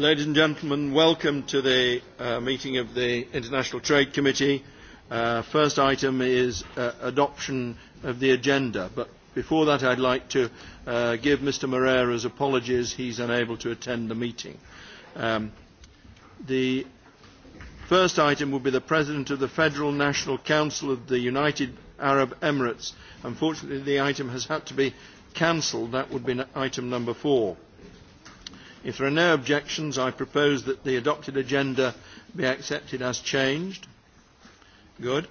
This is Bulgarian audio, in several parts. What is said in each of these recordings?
Ladies and gentlemen, welcome to the uh, meeting of the International Trade Committee. Uh, first item is uh, adoption of the agenda, but before that I'd like to uh, give Mr Moreira's apologies. He's unable to attend the meeting. Um, the first item will be the President of the Federal National Council of the United Arab Emirates. Unfortunately, the item has had to be cancelled. That would be item number four. If there are no objections, I propose that the adopted agenda be accepted as changed. Good.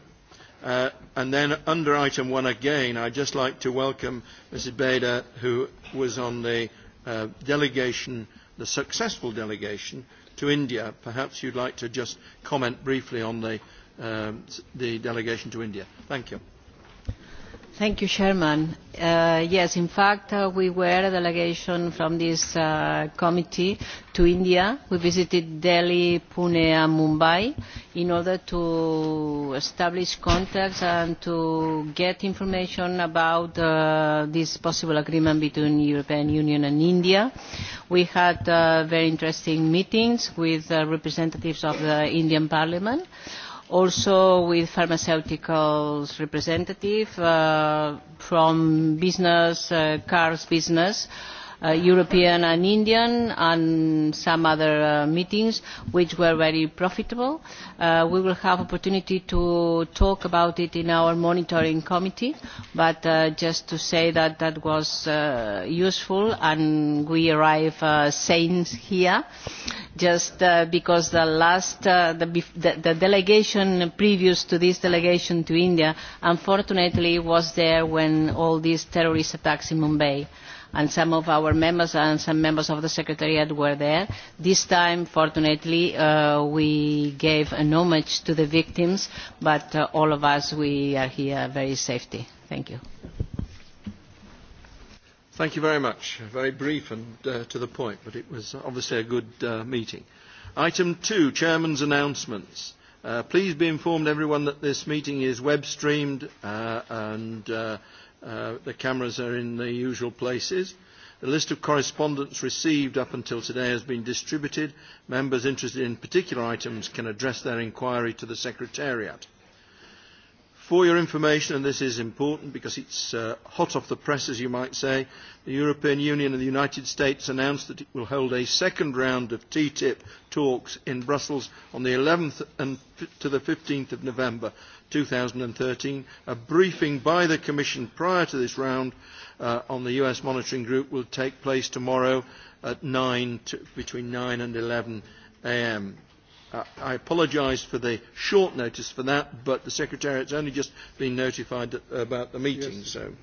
Uh, and then under item one again, I'd just like to welcome Mrs. Bader, who was on the uh, delegation, the successful delegation to India. Perhaps you'd like to just comment briefly on the, um, the delegation to India. Thank you. Thank you, yes, in fact, we were a delegation from this committee to India. We visited Delhi, Pune and Mumbai in order to establish contacts and to get information about this possible agreement between the European Union and India. We had very interesting meetings with representatives of the Indian Parliament also with pharmaceuticals representative uh, from business, uh, cars business, uh, European and Indian and some other uh, meetings which were very profitable. Uh, we will have opportunity to talk about it in our monitoring committee, but uh, just to say that that was uh, useful and we arrive uh, saints here just uh, because the last, uh, the, the, the delegation previous to this delegation to India unfortunately was there when all these terrorist attacks in Mumbai and some of our members and some members of the Secretariat were there. This time, fortunately, uh, we gave an homage to the victims, but uh, all of us, we are here very safety. Thank you. Thank you very much. Very brief and uh, to the point, but it was obviously a good uh, meeting. Item two, Chairman's announcements. Uh, please be informed, everyone, that this meeting is web streamed uh, and uh, the cameras are in their usual places. The list of correspondence received up until today has been distributed. Members interested in particular items can address their inquiry to the Secretariat. For your information, and this is important because it's uh, hot off the press, as you might say, the European Union and the United States announced that it will hold a second round of TTIP talks in Brussels on the 11th and to the 15th of November 2013. A briefing by the Commission prior to this round uh, on the US monitoring group will take place tomorrow at 9 to, between 9 and 11 a.m. I apologise for the short notice for that, but the Secretariat's only just been notified about the meeting. So.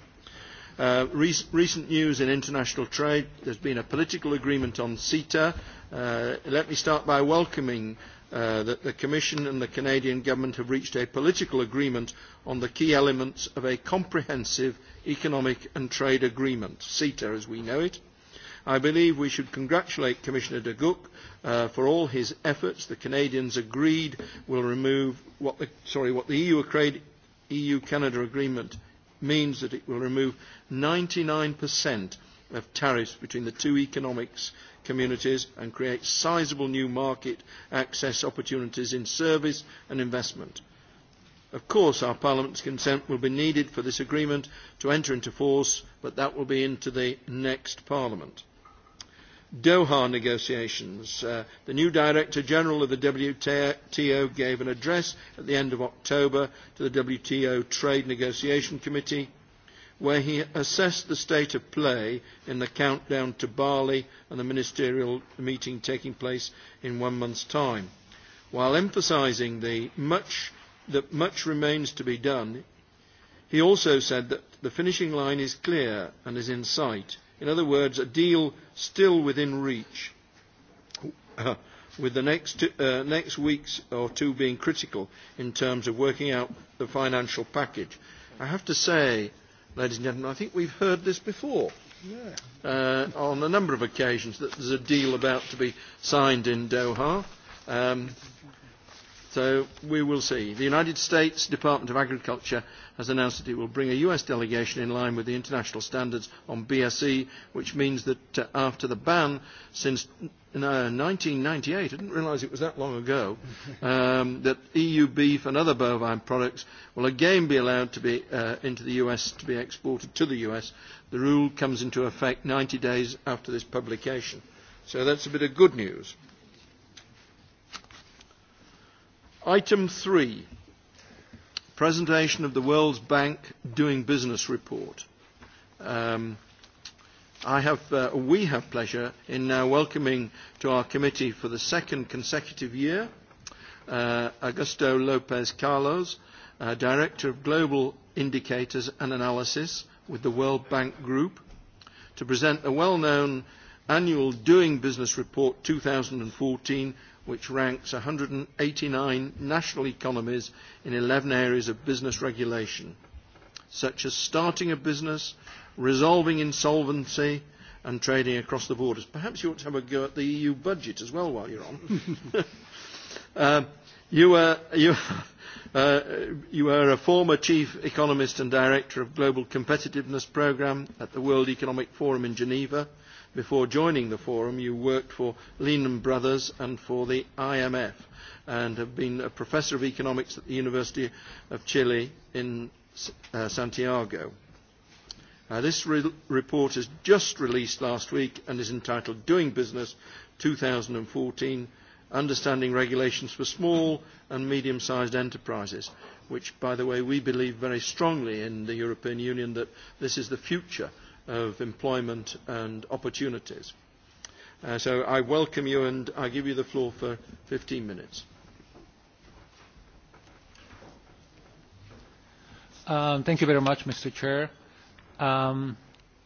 Uh, recent news in international trade, there's been a political agreement on CETA. Uh, let me start by welcoming uh, that the Commission and the Canadian Government have reached a political agreement on the key elements of a comprehensive economic and trade agreement, CETA as we know it. Uh, I believe we should congratulate Commissioner de Gucht for all his efforts. The Canadians agreed will remove what the, sorry, what the EU, EU Canada agreement means that it will remove 99% of tariffs between the two economics communities and create sizable new market access opportunities in service and investment. Of course, our Parliament's consent will be needed for this agreement to enter into force, but that will be into the next Parliament. Doha negotiations. Uh, the new Director General of the WTO gave an address at the end of October to the WTO Trade Negotiation Committee where he assessed the state of play in the countdown to Bali and the ministerial meeting taking place in one month's time. While emphasising the much, that much remains to be done, he also said that the finishing line is clear and is in sight In other words, a deal still within reach, with the next, uh, next weeks or two being critical in terms of working out the financial package. I have to say, ladies and gentlemen, I think we've heard this before uh, on a number of occasions that there's a deal about to be signed in Doha. Um, So we will see. The United States Department of Agriculture has announced that it will bring a US delegation in line with the international standards on BSE, which means that uh, after the ban since uh, 1998, I didn't realise it was that long ago, um, that EU beef and other bovine products will again be allowed to be uh, into the US to be exported to the US. The rule comes into effect 90 days after this publication. So that's a bit of good news. Item three, presentation of the World Bank Doing Business Report. Um, I have, uh, we have pleasure in now welcoming to our committee for the second consecutive year uh, Augusto Lopez Carlos, uh, Director of Global Indicators and Analysis with the World Bank Group, to present a well-known annual Doing Business Report 2014 which ranks one hundred and eighty nine national economies in eleven areas of business regulation, such as starting a business, resolving insolvency, and trading across the borders. Perhaps you ought to have a go at the EU budget as well while you're on. uh, you, were, you, uh, you were a former chief economist and director of Global Competitiveness Programme at the World Economic Forum in Geneva before joining the forum, you worked for Lehman Brothers and for the IMF and have been a professor of economics at the University of Chile in uh, Santiago. Uh, this re- report is just released last week and is entitled Doing Business 2014 Understanding Regulations for Small and Medium Sized Enterprises, which, by the way, we believe very strongly in the European Union that this is the future of employment and opportunities. so I welcome you and I give you the floor for 15 minutes. thank you very much, Mr. Chair. Um,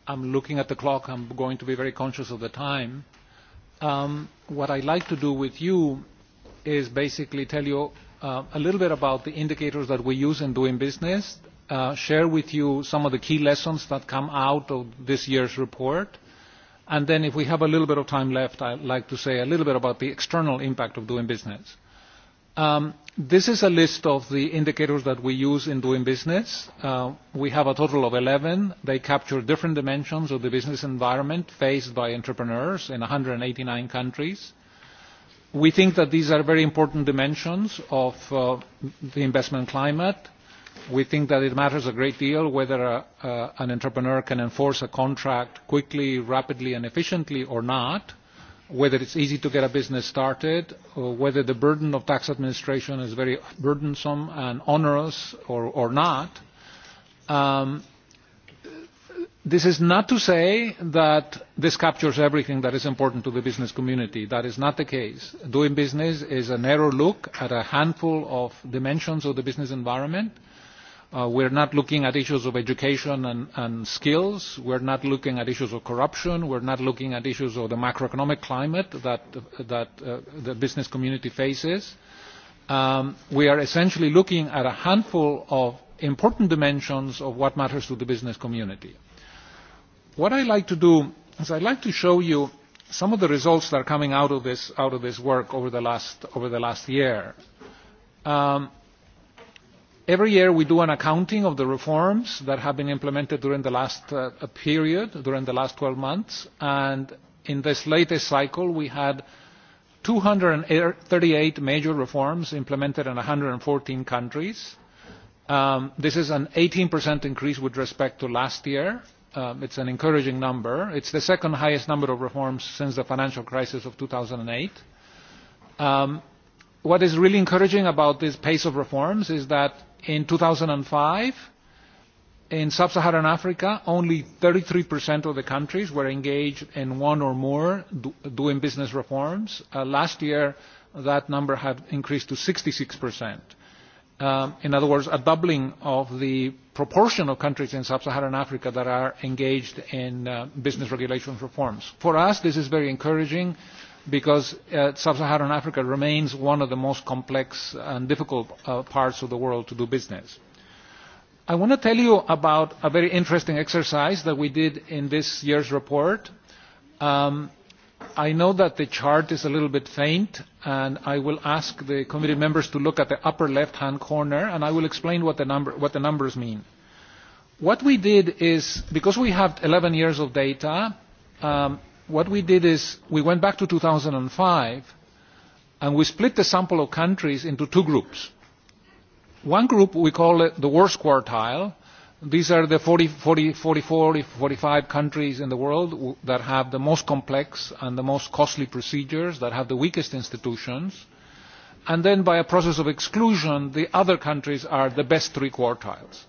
I'm looking at the clock. I'm going to be very conscious of the time. Um, what I'd like to do with you is basically tell you uh, a little bit about the indicators that we use in doing business uh, share with you some of the key lessons that come out of this year's report. And then if we have a little bit of time left, I'd like to say a little bit about the external impact of doing business. Um, this is a list of the indicators that we use in doing business. Uh, we have a total of 11. They capture different dimensions of the business environment faced by entrepreneurs in 189 countries. We think that these are very important dimensions of uh, the investment climate we think that it matters a great deal whether an entrepreneur can enforce a contract quickly, rapidly, and efficiently or not, whether it's easy to get a business started, or whether the burden of tax administration is very burdensome and onerous or, or not. Um, this is not to say that this captures everything that is important to the business community. That is not the case. Doing business is a narrow look at a handful of dimensions of the business environment – We are not looking at issues of education and, and skills. We are not looking at issues of corruption. We are not looking at issues of the macroeconomic climate that, that uh, the business community faces. Um, we are essentially looking at a handful of important dimensions of what matters to the business community. What I like to do is I'd like to show you some of the results that are coming out of this, out of this work over the last, over the last year. Um, Every year we do an accounting of the reforms that have been implemented during the last uh, period, during the last 12 months, and in this latest cycle we had 238 major reforms implemented in 114 countries. Um, this is an 18% increase with respect to last year. Um, it's an encouraging number. It's the second highest number of reforms since the financial crisis of 2008. Um, what is really encouraging about this pace of reforms is that in 2005, in sub-Saharan Africa, only 33% of the countries were engaged in one or more do, doing business reforms. Uh, last year, that number had increased to 66%. Um, in other words, a doubling of the proportion of countries in sub-Saharan Africa that are engaged in uh, business regulation reforms. For us, this is very encouraging because uh, sub-Saharan Africa remains one of the most complex and difficult uh, parts of the world to do business. I want to tell you about a very interesting exercise that we did in this year's report. Um, I know that the chart is a little bit faint, and I will ask the committee members to look at the upper left-hand corner, and I will explain what the, number, what the numbers mean. What we did is, because we have 11 years of data, um, what we did is we went back to two thousand and five and we split the sample of countries into two groups. One group we call it the worst quartile. These are the 40, 40, 40 45 countries in the world that have the most complex and the most costly procedures, that have the weakest institutions. And then by a process of exclusion, the other countries are the best three quartiles.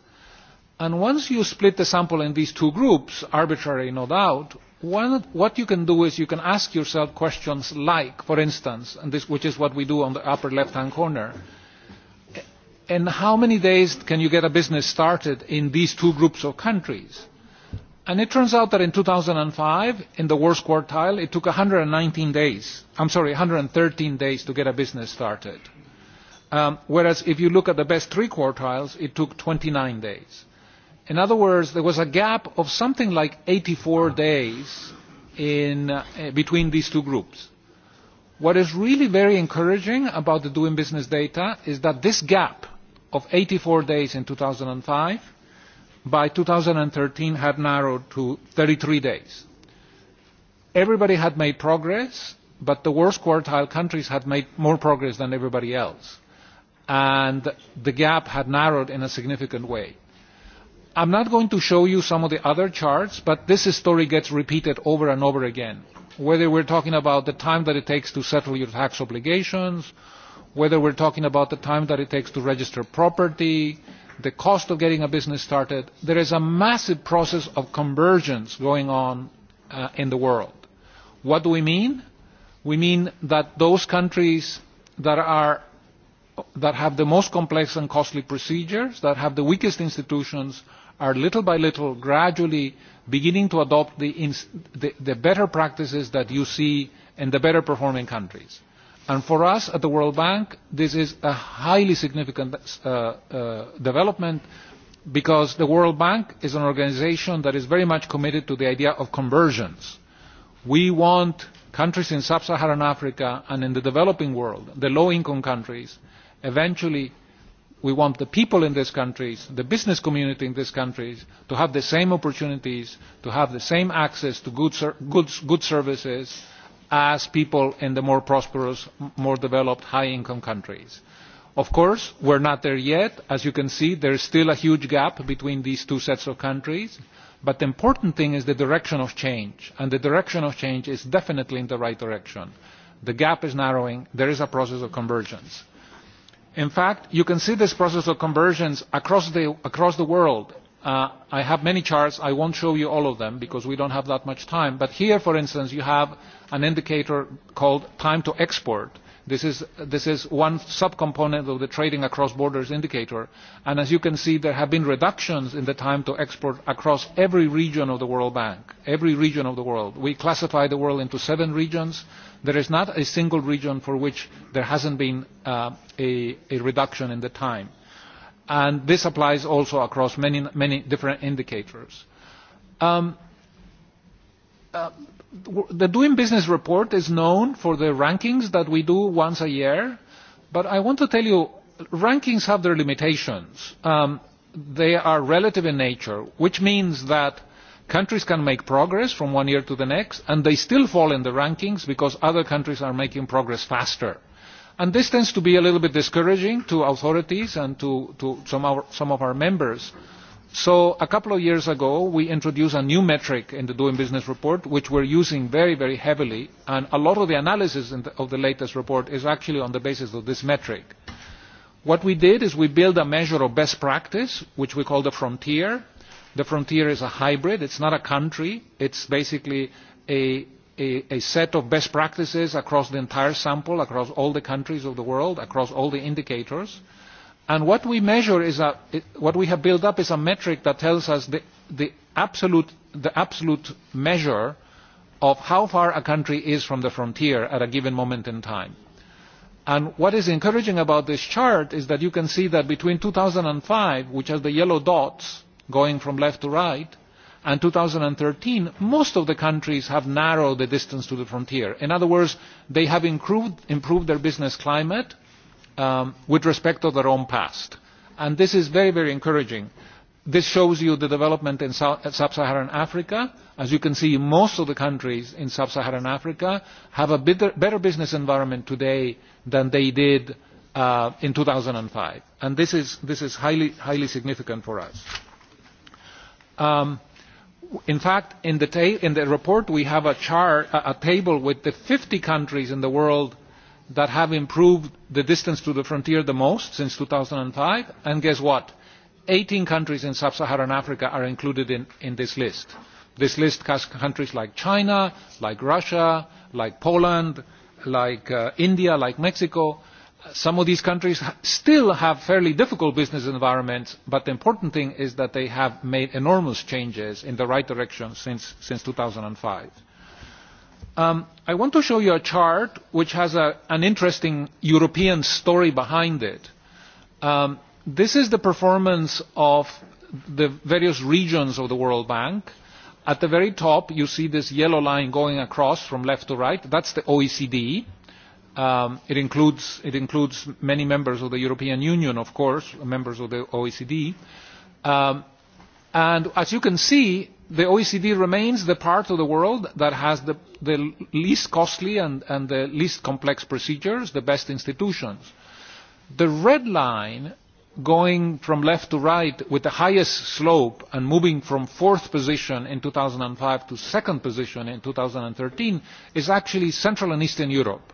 And once you split the sample in these two groups, arbitrary no doubt, one, what you can do is you can ask yourself questions like, for instance, and this, which is what we do on the upper left-hand corner, in how many days can you get a business started in these two groups of countries? And it turns out that in 2005, in the worst quartile, it took 119 days, I'm sorry, 113 days to get a business started. Um, whereas if you look at the best three quartiles, it took 29 days. In other words, there was a gap of something like 84 days in, uh, between these two groups. What is really very encouraging about the doing business data is that this gap of 84 days in 2005 by 2013 had narrowed to 33 days. Everybody had made progress, but the worst quartile countries had made more progress than everybody else. And the gap had narrowed in a significant way I am not going to show you some of the other charts, but this story gets repeated over and over again. Whether we're talking about the time that it takes to settle your tax obligations, whether we're talking about the time that it takes to register property, the cost of getting a business started, there is a massive process of convergence going on in the world. What do we mean? We mean that those countries that are that have the most complex and costly procedures, that have the weakest institutions, are little by little gradually beginning to adopt the, ins the, the better practices that you see in the better performing countries. And for us at the World Bank, this is a highly significant uh, uh, development because the World Bank is an organization that is very much committed to the idea of conversions. We want countries in sub-Saharan Africa and in the developing world, the low-income countries, eventually we want the people in these countries, the business community in these countries, to have the same opportunities, to have the same access to good, good services as people in the more prosperous, more developed, high-income countries. Of course, we're not there yet. As you can see, there is still a huge gap between these two sets of countries. But the important thing is the direction of change. And the direction of change is definitely in the right direction. The gap is narrowing. There is a process of convergence In fact, you can see this process of conversions across the, across the world. Uh, I have many charts. I won't show you all of them because we don't have that much time. But here, for instance, you have an indicator called time to export This is one sub-component of the trading across borders indicator. and As you can see, there have been reductions in the time to export across every region of the World Bank. Every region of the world. We classify the world into seven regions. There is not a single region for which there hasn't been a reduction in the time. and This applies also across many different indicators the Doing Business report is known for the rankings that we do once a year, but I want to tell you, rankings have their limitations. Um, they are relative in nature, which means that countries can make progress from one year to the next, and they still fall in the rankings because other countries are making progress faster. And this tends to be a little bit discouraging to authorities and to, to some, our, some of our members So a couple of years ago, we introduced a new metric in the Doing Business report, which we're using very, very heavily, and a lot of the analysis in the, of the latest report is actually on the basis of this metric. What we did is we built a measure of best practice, which we call the frontier. The frontier is a hybrid. It's not a country. It's basically a, a, a set of best practices across the entire sample, across all the countries of the world, across all the indicators. And what we measure is a, what we have built up is a metric that tells us the, the, absolute, the absolute measure of how far a country is from the frontier at a given moment in time. And what is encouraging about this chart is that you can see that between 2005, which has the yellow dots going from left to right, and 2013, most of the countries have narrowed the distance to the frontier. In other words, they have improved, improved their business climate, with respect to their own past. And this is very, very encouraging. This shows you the development in sub-Saharan Africa. As you can see, most of the countries in sub-Saharan Africa have a better business environment today than they did uh, in 2005. And this is, this is highly, highly significant for us. Um, in fact, in the, ta in the report, we have a, chart, a, a table with the 50 countries in the world that have improved the distance to the frontier the most since two thousand and five and guess what eighteen countries in sub saharan africa are included in this list. this list has countries like china like russia like poland like india like mexico. some of these countries still have fairly difficult business environments but the important thing is that they have made enormous changes in the right direction since two thousand and five Um, I want to show you a chart which has a, an interesting European story behind it. Um, this is the performance of the various regions of the World Bank. At the very top, you see this yellow line going across from left to right. That's the OECD. Um, it, includes, it includes many members of the European Union, of course, members of the OECD. Um, and as you can see, the OECD remains the part of the world that has the, the least costly and, and the least complex procedures, the best institutions. The red line going from left to right with the highest slope and moving from fourth position in 2005 to second position in 2013 is actually Central and Eastern Europe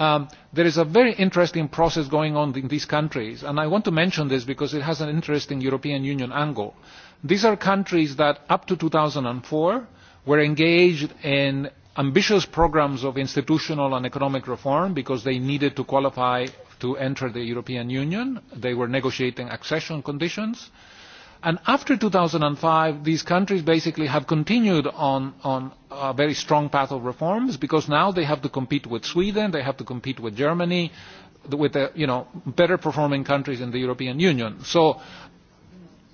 Um, there is a very interesting process going on in these countries, and I want to mention this because it has an interesting European Union angle. These are countries that, up to 2004, were engaged in ambitious programmes of institutional and economic reform because they needed to qualify to enter the European Union. They were negotiating accession conditions And after 2005, these countries basically have continued on, on a very strong path of reforms because now they have to compete with Sweden, they have to compete with Germany, with the you know, better performing countries in the European Union. So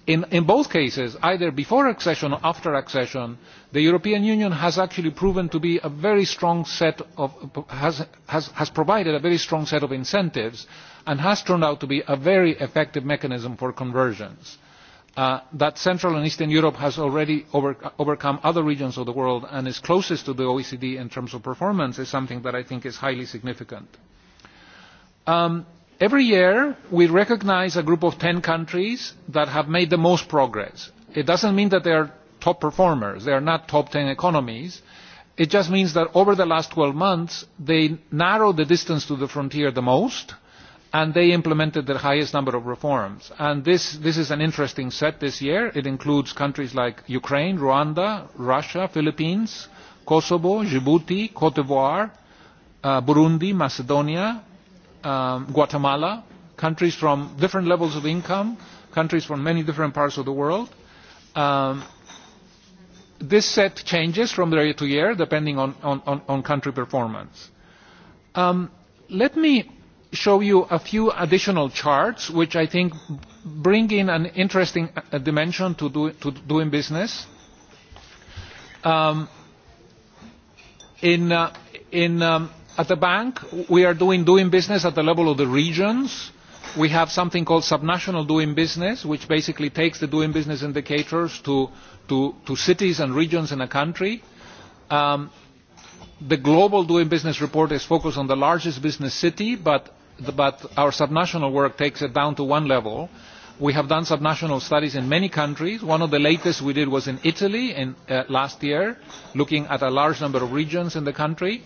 in, in both cases, either before accession or after accession, the European Union has actually proven to be a very strong set of, has, has, has provided a very strong set of incentives and has turned out to be a very effective mechanism for conversions that Central and Eastern Europe has already overcome other regions of the world and is closest to the OECD in terms of performance is something that I think is highly significant. every year, we recognise a group of ten countries that have made the most progress. It does not mean that they are top performers. They are not top ten economies. It just means that over the last twelve months, they narrowed the distance to the frontier the most – and they implemented the highest number of reforms. And this, this is an interesting set this year. It includes countries like Ukraine, Rwanda, Russia, Philippines, Kosovo, Djibouti, Cote d'Ivoire, uh, Burundi, Macedonia, um, Guatemala, countries from different levels of income, countries from many different parts of the world. Um, this set changes from year to year depending on, on, on, on country performance. Um, let me show you a few additional charts which I think bring in an interesting dimension to, do, to doing business. Um, in, uh, in, um, at the bank, we are doing doing business at the level of the regions. We have something called subnational doing business, which basically takes the doing business indicators to, to, to cities and regions in a country. Um, the global doing business report is focused on the largest business city, but, but our subnational work takes it down to one level. We have done subnational studies in many countries. One of the latest we did was in Italy in, uh, last year, looking at a large number of regions in the country.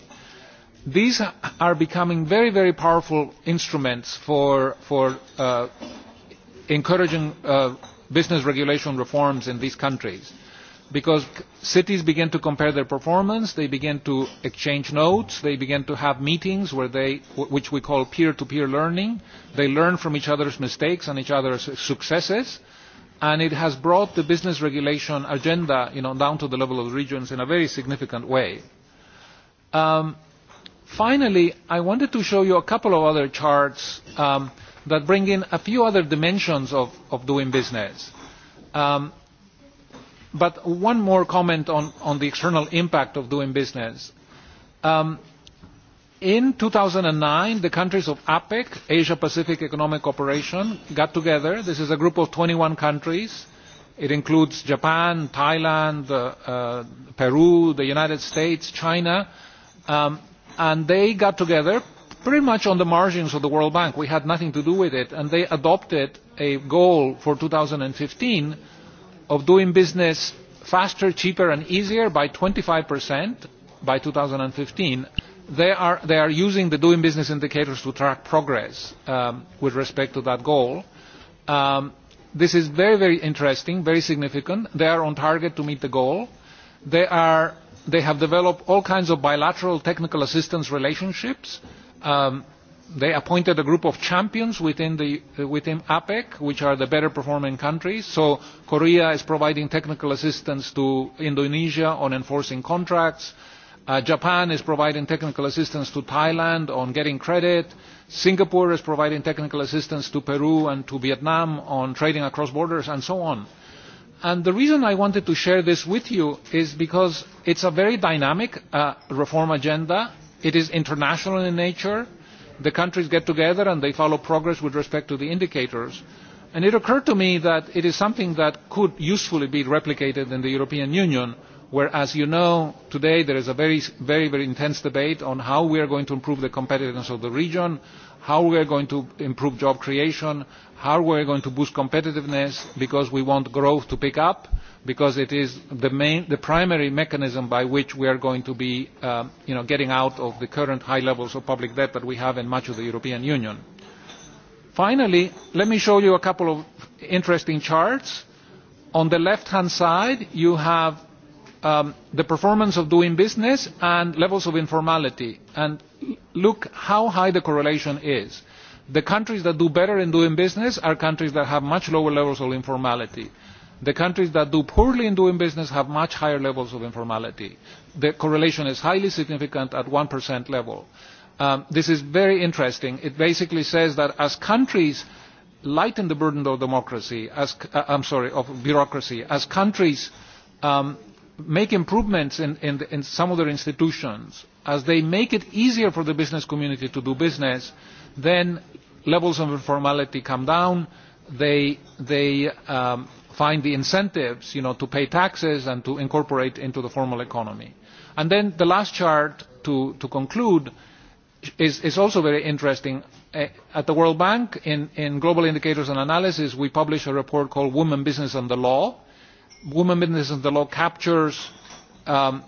These are becoming very, very powerful instruments for, for uh, encouraging uh, business regulation reforms in these countries because cities began to compare their performance, they began to exchange notes, they began to have meetings where they, which we call peer-to-peer -peer learning. They learn from each other's mistakes and each other's successes, and it has brought the business regulation agenda you know, down to the level of the regions in a very significant way. Um, finally, I wanted to show you a couple of other charts um, that bring in a few other dimensions of, of doing business. Um, But one more comment on the external impact of doing business. In two thousand nine, the countries of APEC, Asia Pacific Economic Cooperation, got together. This is a group of twenty one countries. It includes Japan, Thailand, Peru, the United States, China. and they got together pretty much on the margins of the World Bank. We had nothing to do with it. And they adopted a goal for fifteen of doing business faster, cheaper and easier by 25% by 2015, they are, they are using the doing business indicators to track progress um, with respect to that goal. Um, this is very, very interesting, very significant. They are on target to meet the goal. They, are, they have developed all kinds of bilateral technical assistance relationships um, they appointed a group of champions within, the, within APEC, which are the better performing countries. So Korea is providing technical assistance to Indonesia on enforcing contracts. Uh, Japan is providing technical assistance to Thailand on getting credit. Singapore is providing technical assistance to Peru and to Vietnam on trading across borders and so on. And the reason I wanted to share this with you is because it's a very dynamic uh, reform agenda. It is international in nature the countries get together and they follow progress with respect to the indicators. And it occurred to me that it is something that could usefully be replicated in the European Union, where, as you know, today there is a very, very, very intense debate on how we are going to improve the competitiveness of the region, how we are going to improve job creation, how we are going to boost competitiveness because we want growth to pick up because it is the primary mechanism by which we are going to be getting out of the current high levels of public debt that we have in much of the European Union. Finally, let me show you a couple of interesting charts. On the left-hand side, you have the performance of doing business and levels of informality, and look how high the correlation is the countries that do better in doing business are countries that have much lower levels of informality. The countries that do poorly in doing business have much higher levels of informality. The correlation is highly significant at 1% level. Um, this is very interesting. It basically says that as countries lighten the burden of democracy, as, uh, I'm sorry, of bureaucracy, as countries um, make improvements in, in, in some of their institutions, as they make it easier for the business community to do business, then levels of informality come down, they, they um, find the incentives you know, to pay taxes and to incorporate into the formal economy. And then the last chart to, to conclude is, is also very interesting. At the World Bank, in, in Global Indicators and Analysis, we publish a report called Women, Business and the Law. Women, Business and the Law captures um,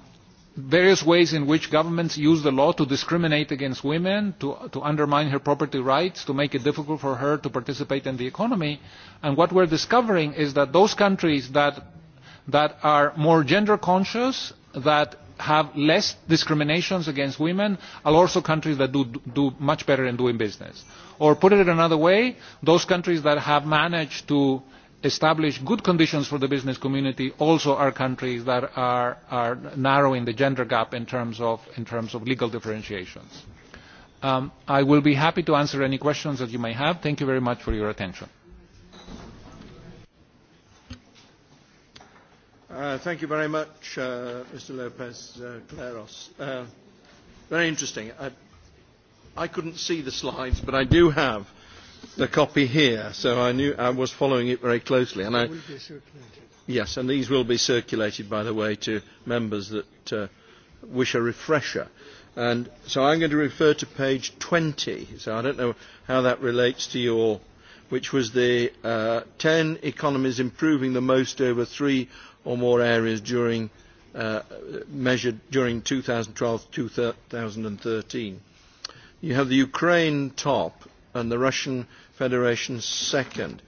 various ways in which governments use the law to discriminate against women, to, to undermine her property rights, to make it difficult for her to participate in the economy. And what we're discovering is that those countries that, that are more gender conscious, that have less discriminations against women are also countries that do, do much better in doing business. Or put it another way, those countries that have managed to establish good conditions for the business community also are countries that are, are narrowing the gender gap in terms of, in terms of legal differentiations. Um, I will be happy to answer any questions that you may have. Thank you very much for your attention. Uh, thank you very much, uh, Mr. Lopez uh, Claros. Uh, very interesting. I, I couldn't see the slides, but I do have The copy here, so I knew I was following it very closely. And I, yes, and these will be circulated, by the way, to members that uh, wish a refresher. And so I'm going to refer to page 20. So I don't know how that relates to your, which was the uh, 10 economies improving the most over three or more areas during uh, measured during 2012-2013. You have the Ukraine top and the Russian Federation second.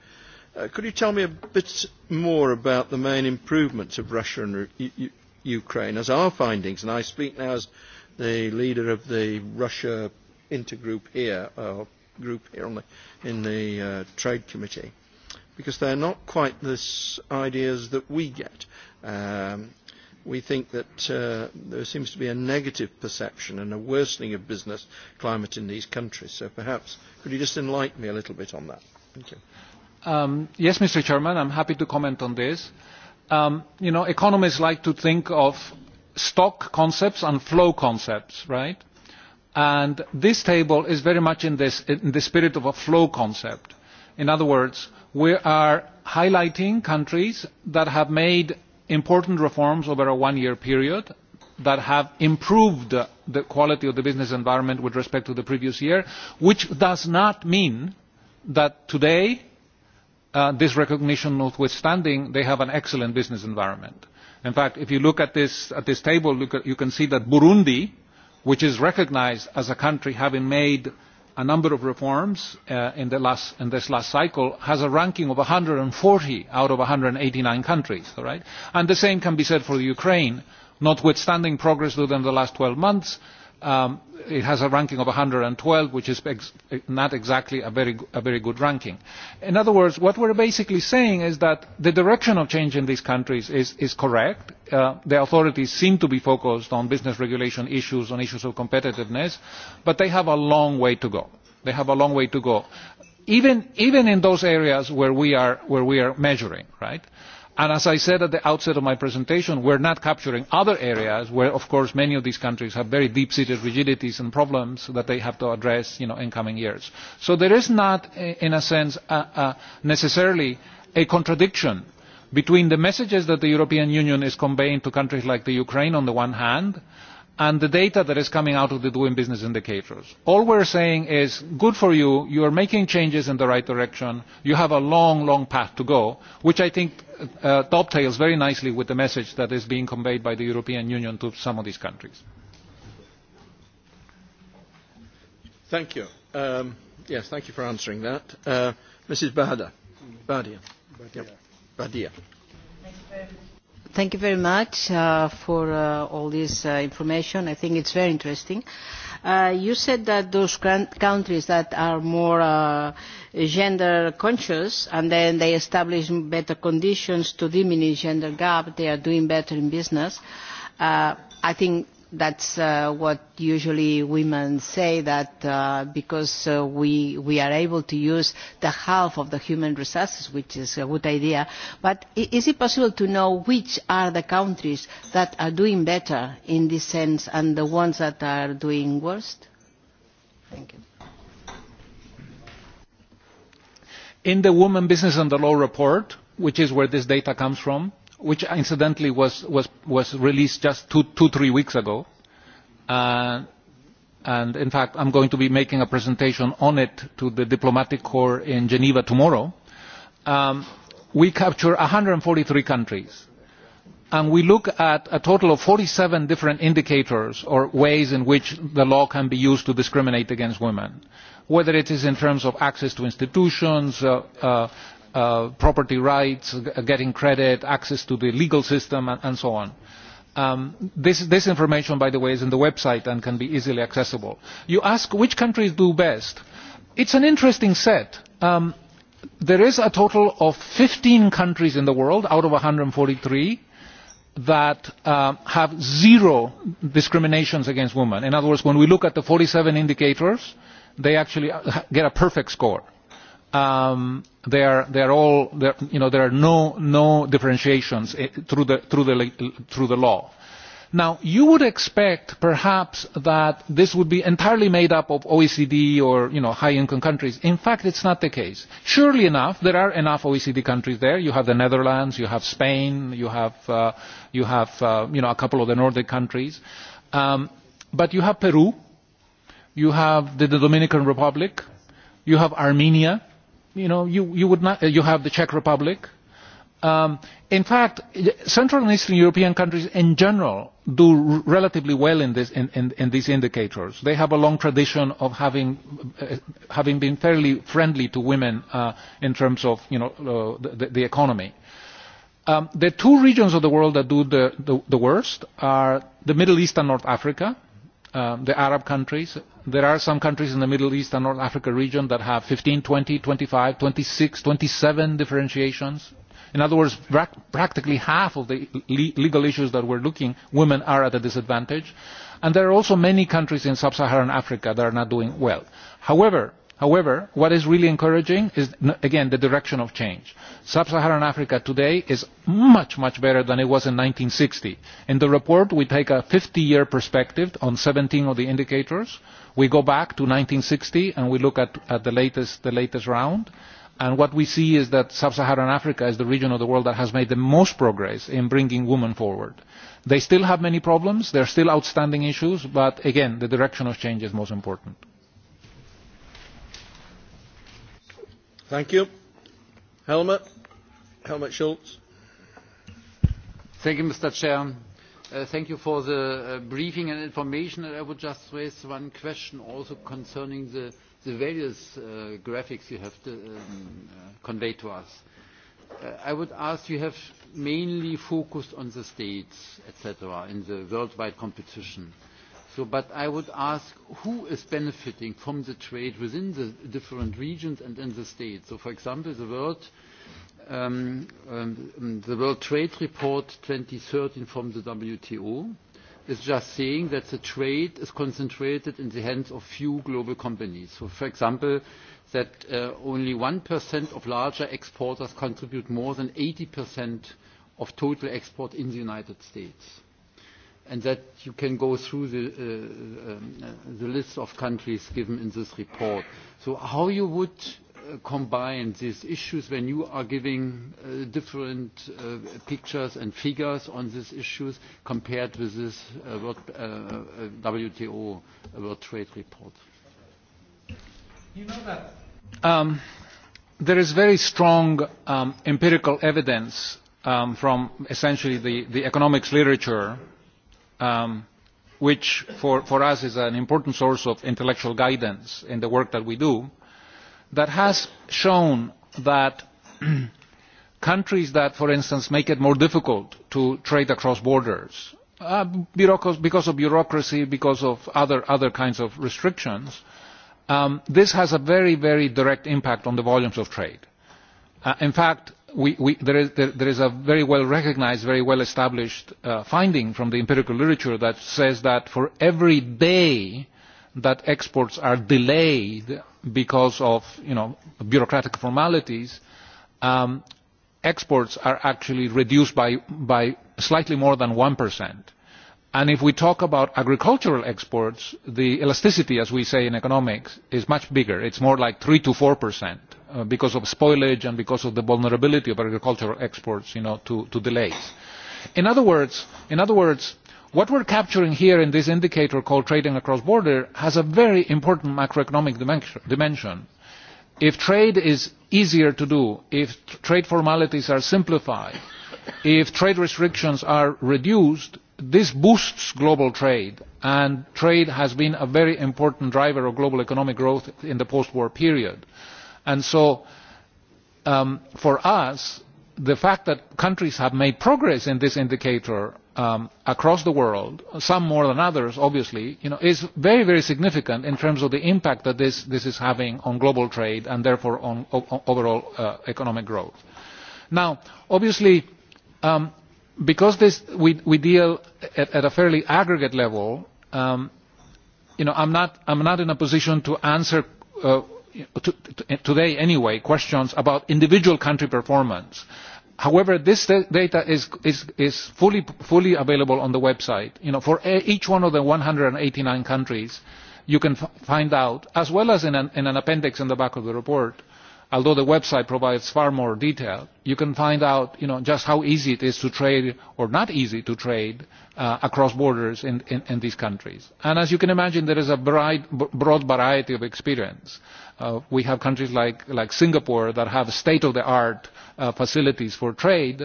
could you tell me a bit more about the main improvements of Russia and Ukraine as our findings? And I speak now as the leader of the Russia intergroup here, or group here on the, in the uh, Trade Committee, because they're not quite the ideas that we get. Um, we think that uh, there seems to be a negative perception and a worsening of business climate in these countries. So perhaps could you just enlighten me a little bit on that? Thank you. Um, yes, Mr. Chairman, I'm happy to comment on this. Um, you know, economists like to think of stock concepts and flow concepts, right? And this table is very much in, this, in the spirit of a flow concept. In other words, we are highlighting countries that have made important reforms over a one-year period that have improved the quality of the business environment with respect to the previous year, which does not mean that today, this recognition notwithstanding, they have an excellent business environment. In fact, if you look at this table, you can see that Burundi, which is recognised as a country having made a number of reforms uh, in, the last, in this last cycle has a ranking of 140 out of 189 countries. All right? And the same can be said for Ukraine, notwithstanding progress within the last 12 months Um, it has a ranking of 112, which is ex not exactly a very, a very good ranking. In other words, what we're basically saying is that the direction of change in these countries is, is correct. Uh, the authorities seem to be focused on business regulation issues, on issues of competitiveness, but they have a long way to go. They have a long way to go, even, even in those areas where we are, where we are measuring, right? Uh, And as I said at the outset of my presentation, we are not capturing other areas where, of course, many of these countries have very deep-seated rigidities and problems that they have to address in coming years. So there is not, in a sense, necessarily a contradiction between the messages that the European Union is conveying to countries like Ukraine on the one hand and the data that is coming out of the doing business indicators. All we are saying is, good for you, you are making changes in the right direction, you have a long, long path to go, which I think dovetails very nicely with the message that is being conveyed by the European Union to some of these countries. Thank you. Um, yes, thank you for answering that. Uh, Mrs. Bahadur. Badia. Badia. Badia. Thank you very much uh, for uh, all this uh, information. I think it's very interesting. Uh, You said that those countries that are more gender conscious and then they establish better conditions to diminish gender gap, they are doing better in business. I think that's uh, what usually women say that uh, because uh, we we are able to use the half of the human resources, which is a good idea. But is it possible to know which are the countries that are doing better in this sense and the ones that are doing worst? Thank you. In the Women Business and the Law report, which is where this data comes from, which incidentally was, was, was released just two, two, three weeks ago. Uh, and in fact, I'm going to be making a presentation on it to the diplomatic corps in Geneva tomorrow. Um, we capture 143 countries. And we look at a total of 47 different indicators or ways in which the law can be used to discriminate against women whether it is in terms of access to institutions, uh, uh, property rights, getting credit, access to the legal system, and, so on. this, information, by the way, is on the website and can be easily accessible. You ask which countries do best. It's an interesting set. there is a total of fifteen countries in the world out of one hundred and forty three that have zero discriminations against women. In other words, when we look at the forty seven indicators, they actually get a perfect score. Um, they are they are all you know there are no no differentiations through the through the through the law now you would expect perhaps that this would be entirely made up of oecd or you know high income countries in fact it's not the case surely enough there are enough oecd countries there you have the netherlands you have spain you have uh, you have uh, you know a couple of the nordic countries um, but you have peru you have the dominican republic you have armenia you know you you would not you have the Czech Republic. Um, in fact, Central and Eastern European countries in general do relatively well in, this, in, in, in these indicators. They have a long tradition of having, uh, having been fairly friendly to women uh, in terms of you know, uh, the, the economy. Um, the two regions of the world that do the, the, the worst are the Middle East and North Africa, the Arab countries. There are some countries in the Middle East and North Africa region that have 15, 20, 25, 26, 27 differentiations. In other words, practically half of the legal issues that we're looking, women are at a disadvantage. And there are also many countries in sub-Saharan Africa that are not doing well. However, However, what is really encouraging is, again, the direction of change. Sub-Saharan Africa today is much, much better than it was in 1960. In the report, we take a 50-year perspective on 17 of the indicators. We go back to 1960 and we look at, at the, latest, the latest round. And what we see is that Sub-Saharan Africa is the region of the world that has made the most progress in bringing women forward. They still have many problems. There are still outstanding issues. But again, the direction of change is most important. Thank you. Helmut. Helmut Thank you, Mr. Chair. Thank you for the briefing and information. I would just raise one question also concerning the various graphics you have conveyed to us. I would ask, you have mainly focused on the states, etc., in the worldwide competition. Uh, but I would ask who is benefiting from the trade within the different regions and in the states. So, for example, the World, trade report two thousand Trade Report from the WTO is just saying that the trade is concentrated in the hands of few global companies. So, for example, that only only percent of larger exporters contribute more than percent of total export in the United States and that you can go through the, uh, the list of countries given in this report. So how you would combine these issues when you are giving uh, different uh, pictures and figures on these issues compared with this uh, World, uh, WTO World Trade Report? You know that um, there is very strong um, empirical evidence um, from essentially the, the economics literature which for us is an important source of intellectual guidance in the work that we do, that has shown that countries that, for instance, make it more difficult to trade across borders because of bureaucracy, because of other kinds of restrictions, this has a very, very direct impact on the volumes of trade. in fact, we, we, there, is, there, is a very well recognised, very well established uh, finding from the empirical literature that says that for every day that exports are delayed because of you know, bureaucratic formalities, um, exports are actually reduced by, by slightly more than 1%. And if we talk about agricultural exports, the elasticity, as we say in economics, is much bigger. It's more like 3 to 4 percent because of spoilage and because of the vulnerability of agricultural exports you know, to, to delays. In other, words, in other words, what we're capturing here in this indicator called trading across border has a very important macroeconomic dimension. If trade is easier to do, if trade formalities are simplified, if trade restrictions are reduced, this boosts global trade and trade has been a very important driver of global economic growth in the post war period and so for us the fact that countries have made progress in this indicator across the world some more than others obviously is very significant in terms of the impact that this is having on global trade and therefore on overall economic growth. now obviously because we deal at a fairly aggregate level i am not in a position to answer today anyway, questions about individual country performance. However, this data is, is, is fully, fully available on the website. You know, for each one of the 189 countries, you can find out, as well as in an, in an appendix in the back of the report, although the website provides far more detail, you can find out you know, just how easy it is to trade or not easy to trade uh, across borders in, in, in these countries. And as you can imagine, there is a broad, broad variety of experience. Uh, Uh, we have countries like, like Singapore that have state-of-the-art uh, facilities for trade,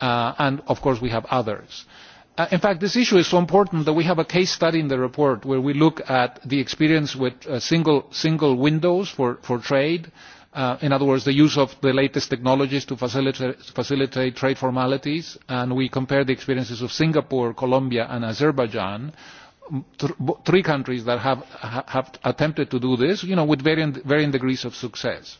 uh, and of course we have others. Uh, in fact, this issue is so important that we have a case study in the report where we look at the experience with uh, single, single windows for, for trade, in other words the use of the latest technologies to facilitate trade formalities and we compare the experiences of singapore colombia and azerbaijan three countries that have, have attempted to do this, you know, with varying, varying degrees of success.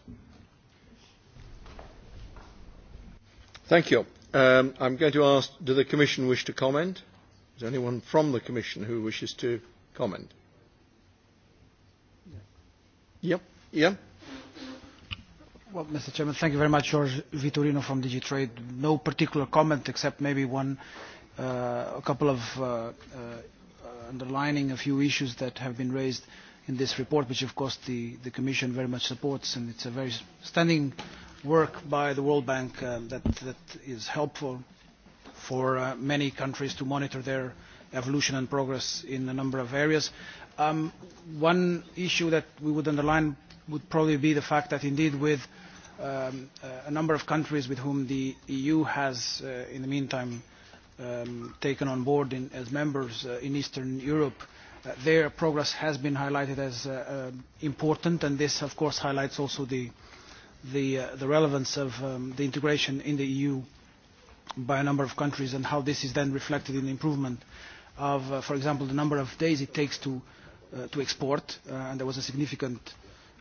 Thank you. Um, going to ask, do the Commission wish to comment? Is there anyone from the Commission who wishes to comment? Yep. Yep. Well, Mr. Chairman, thank you very much, George Vitorino from DigiTrade. No particular comment except maybe one, uh, a couple of uh, uh, underlining a few issues that have been raised in this report, which of course the, the Commission very much supports, and it's a very stunning work by the World Bank um, that, that is helpful for uh, many countries to monitor their evolution and progress in a number of areas. Um, one issue that we would underline would probably be the fact that indeed with um, a number of countries with whom the EU has, uh, in the meantime, taken on board as members in Eastern Europe, their progress has been highlighted as important, and this, of course, highlights also the, relevance of the integration in the EU by a number of countries and how this is then reflected in the improvement of, for example, the number of days it takes to, export, and there was a significant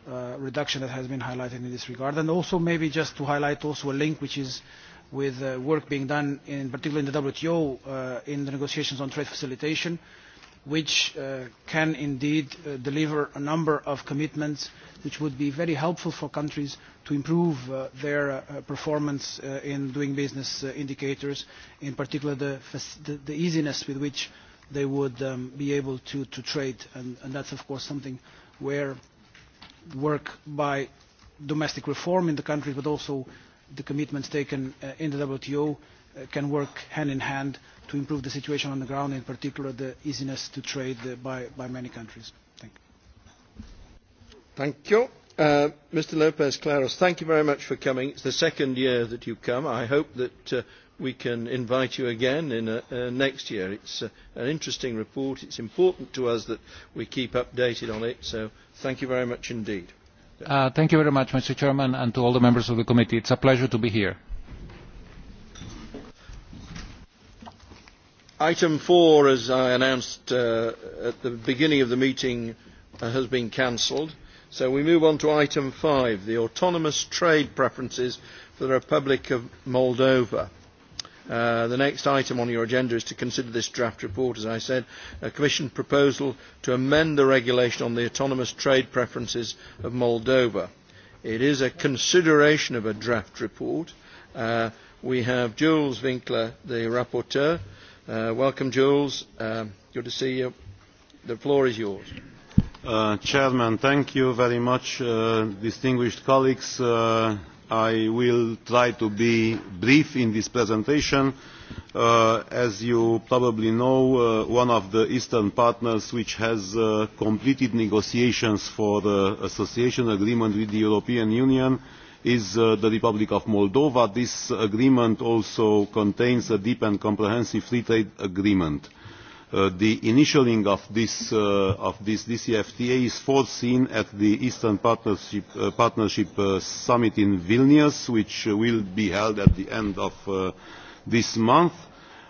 reduction that has been highlighted in this regard. And also maybe just to highlight also a link which is with uh, work being done, in particular in the WTO, uh, in the negotiations on trade facilitation, which uh, can indeed uh, deliver a number of commitments which would be very helpful for countries to improve uh, their uh, performance uh, in doing business uh, indicators, in particular the, the, the easiness with which they would um, be able to, to trade. And, and that's, of course, something where work by domestic reform in the country, but also the commitments taken in the WTO can work hand in hand to improve the situation on the ground, in particular the easiness to trade by, by many countries. Thank you. Thank you. Uh, Mr. Lopez Claros, thank you very much for coming. It's the second year that you've come. I hope that uh, we can invite you again in a, next year. It's is an interesting report. It's important to us that we keep updated on it. So thank you very much indeed thank you very much, Mr. Chairman, and to all the members of the committee. It's a pleasure to be here. Item four, as I announced uh, at the beginning of the meeting, uh, has been cancelled. So we move on to item five, the autonomous trade preferences for the Republic of Moldova the next item on your agenda is to consider this draft report, as I said, a Commission proposal to amend the regulation on the autonomous trade preferences of Moldova. It is a consideration of a draft report. we have Jules Winkler, the rapporteur. welcome, Jules. good to see you. The floor is yours. Uh, Chairman, thank you very much, distinguished colleagues I will try to be brief in this presentation. as you probably know, one of the Eastern partners which has completed negotiations for the association agreement with the European Union is the Republic of Moldova. This agreement also contains a deep and comprehensive free trade agreement the initialing of this, uh, of this DCFTA is foreseen at the Eastern Partnership, uh, Partnership uh, Summit in Vilnius, which will be held at the end of uh, this month.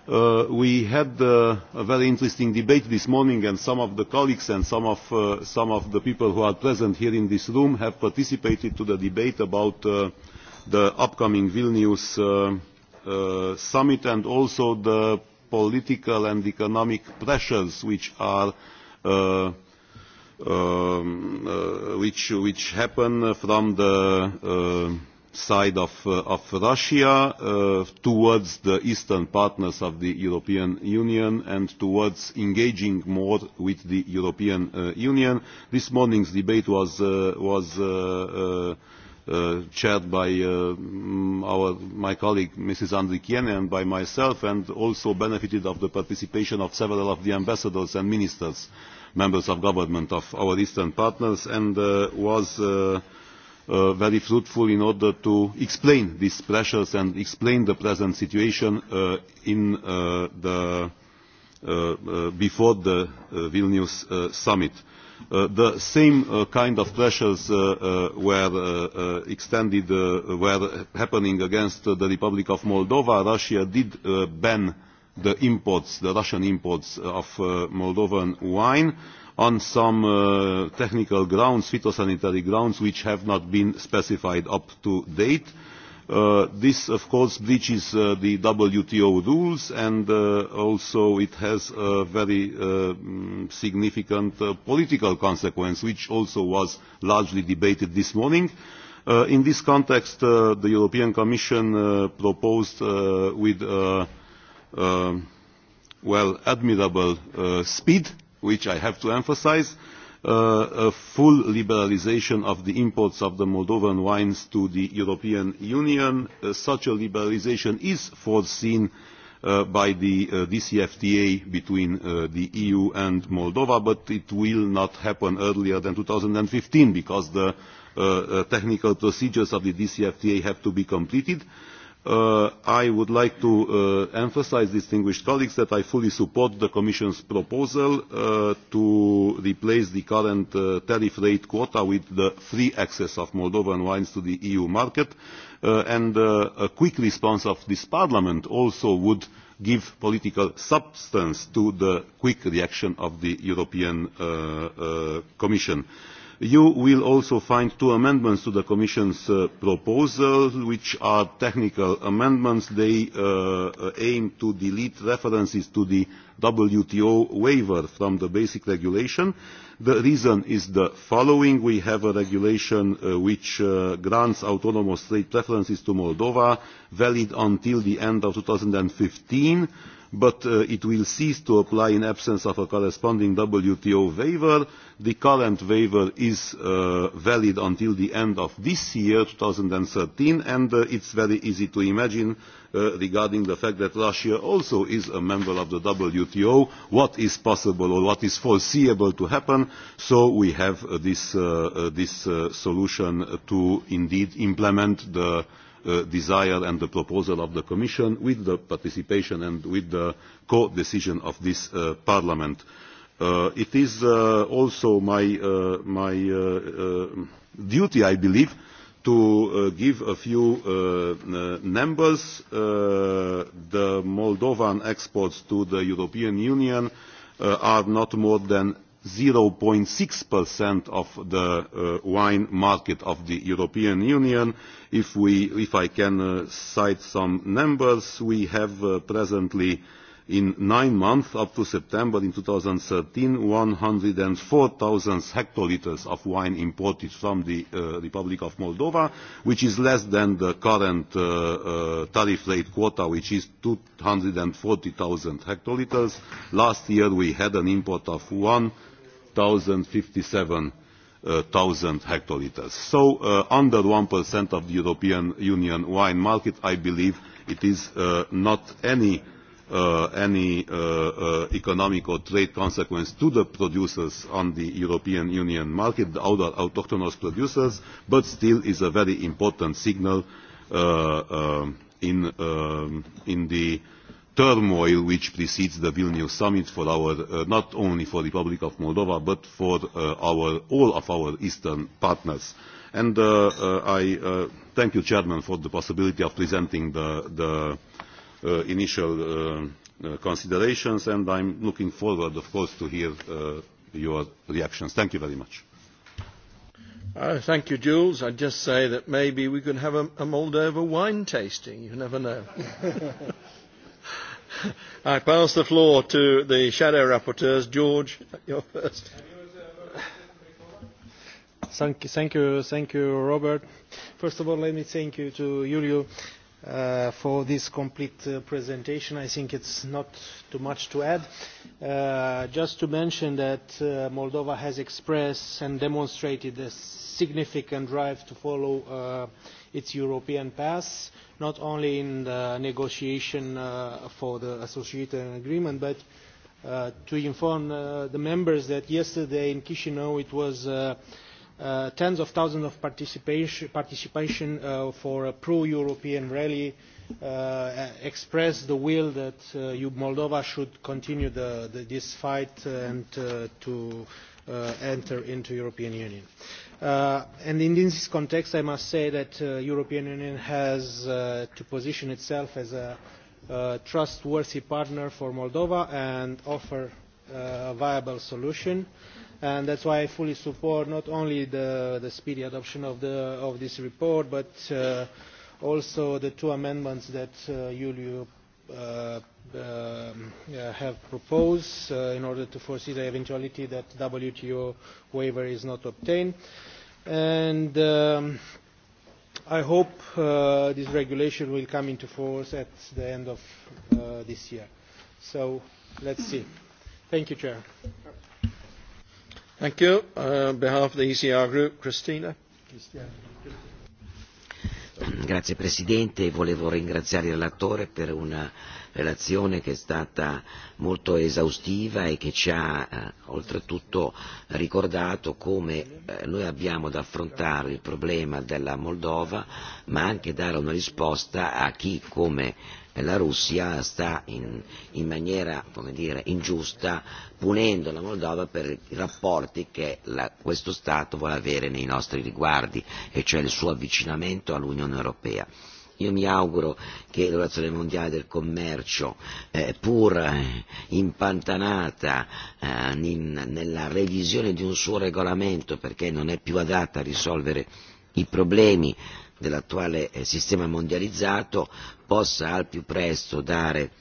Uh, we had uh, a very interesting debate this morning and some of the colleagues and some of, uh, some of the people who are present here in this room have participated to the debate about uh, the upcoming Vilnius uh, uh, summit and also the political and economic pressures which are uh, uh, which which happen from the uh, side of uh, of Russia uh, towards the eastern partners of the European Union and towards engaging more with the European uh, Union. This morning's debate was uh, was uh, uh, uh, chaired by uh, our, my colleague Mrs. Andrikiene and by myself and also benefited of the participation of several of the ambassadors and ministers, members of government of our eastern partners and uh, was uh, uh, very fruitful in order to explain these pressures and explain the present situation uh, in uh, the, uh, uh, before the uh, Vilnius uh, summit. Uh, uh, the same uh, kind of pressures uh, uh, were uh, uh, extended, uh, were happening against uh, the Republic of Moldova. Russia did uh, ban the imports, the Russian imports of uh, Moldovan wine on some uh, technical grounds, phytosanitary grounds, which have not been specified up to date. Uh, Uh, this, of course, breaches uh, the WTO rules and uh, also it has a very uh, significant uh, political consequence, which also was largely debated this morning. Uh, in this context, uh, the European Commission uh, proposed uh, with uh, uh, well, admirable uh, speed, which I have to emphasize, uh, uh, a full liberalisation of the imports of the Moldovan wines to the European Union. Uh, such a liberalisation is foreseen uh, by the uh, DCFTA between uh, the EU and Moldova, but it will not happen earlier than 2015 because the uh, uh, technical procedures of the DCFTA have to be completed. Uh, I would like to uh, emphasize, distinguished colleagues, that I fully support the Commission's proposal uh, to replace the current uh, tariff rate quota with the free access of Moldovan wines to the EU market, uh, and uh, a quick response of this Parliament also would give political substance to the quick reaction of the European uh, uh, Commission. Uh, You will also find two amendments to the Commission's uh, proposal, which are technical amendments. They uh, aim to delete references to the WTO waiver from the basic regulation. The reason is the following. We have a regulation uh, which uh, grants autonomous trade preferences to Moldova, valid until the end of 2015 but uh, it will cease to apply in absence of a corresponding WTO waiver. The current waiver is uh, valid until the end of this year, 2013, and uh, it's very easy to imagine uh, regarding the fact that Russia also is a member of the WTO, what is possible or what is foreseeable to happen, so we have uh, this, uh, uh, this uh, solution to indeed implement the desire and the proposal of the Commission with the participation and with the co-decision of this Parliament. it is also my, duty, I believe, to give a few numbers. the Moldovan exports to the European Union are not more than 0.6% of the uh, wine market of the European Union. If, we, if I can uh, cite some numbers, we have uh, presently in nine months up to September in 2013, 104,000 hectolitres of wine imported from the uh, Republic of Moldova, which is less than the current uh, uh, tariff rate quota, which is 240,000 hectolitres. Last year we had an import of one 1,057 thousand hectoliters. So uh, under 1% of the European Union wine market, I believe it is uh, not any, uh, any uh, uh, economic or trade consequence to the producers on the European Union market, the other autochthonous producers, but still is a very important signal uh, uh, in, uh, in the uh, turmoil which precedes the Vilnius summit for our, uh, not only for the Republic of Moldova, but for uh, our, all of our eastern partners. And uh, uh, I uh, thank you, Chairman, for the possibility of presenting the, the uh, initial uh, uh, considerations, and I'm looking forward, of course, to hear uh, your reactions. Thank you very much. Uh, thank you, Jules. I'd just say that maybe we could have a, a Moldova wine tasting. You never know. I pass the floor to the shadow rapporteurs. George, you're first. Thank you, thank you, thank you, Robert. First of all, let me thank you to Julio for this complete presentation. I think it's not too much to add. Just to mention that Moldova has expressed and demonstrated a significant drive to follow its European path, not only in the negotiation for the associated agreement, but to inform the members that yesterday in Chisinau it was uh, tens of thousands of participation, participation uh, for a pro-European rally uh, expressed the will that uh, Moldova should continue the, the, this fight and uh, to uh, enter into European Union. Uh, and in this context, I must say that the uh, European Union has uh, to position itself as a uh, trustworthy partner for Moldova and offer a viable solution and that is why i fully support not only the speedy adoption of this report but also the two amendments that you have proposed in order to foresee the eventuality that a wto waiver is not obtained and i hope this regulation will come into force at the end of this year so let us see. Thank you, Chair. Thank you. Uh, on behalf of the ECR Group, Christina. Grazie Presidente, volevo ringraziare il relatore per una relazione che è stata molto esaustiva e che ci ha eh, oltretutto ricordato come eh, noi abbiamo da affrontare il problema della Moldova ma anche dare una risposta a chi come la Russia sta in, in maniera come dire, ingiusta punendo la Moldova per i rapporti che la, questo Stato vuole avere nei nostri riguardi, e cioè il suo avvicinamento all'Unione Europea. Io mi auguro che l'Orazione Mondiale del Commercio, eh, pur impantanata eh, in, nella revisione di un suo regolamento perché non è più adatta a risolvere i problemi dell'attuale sistema mondializzato possa al più presto dare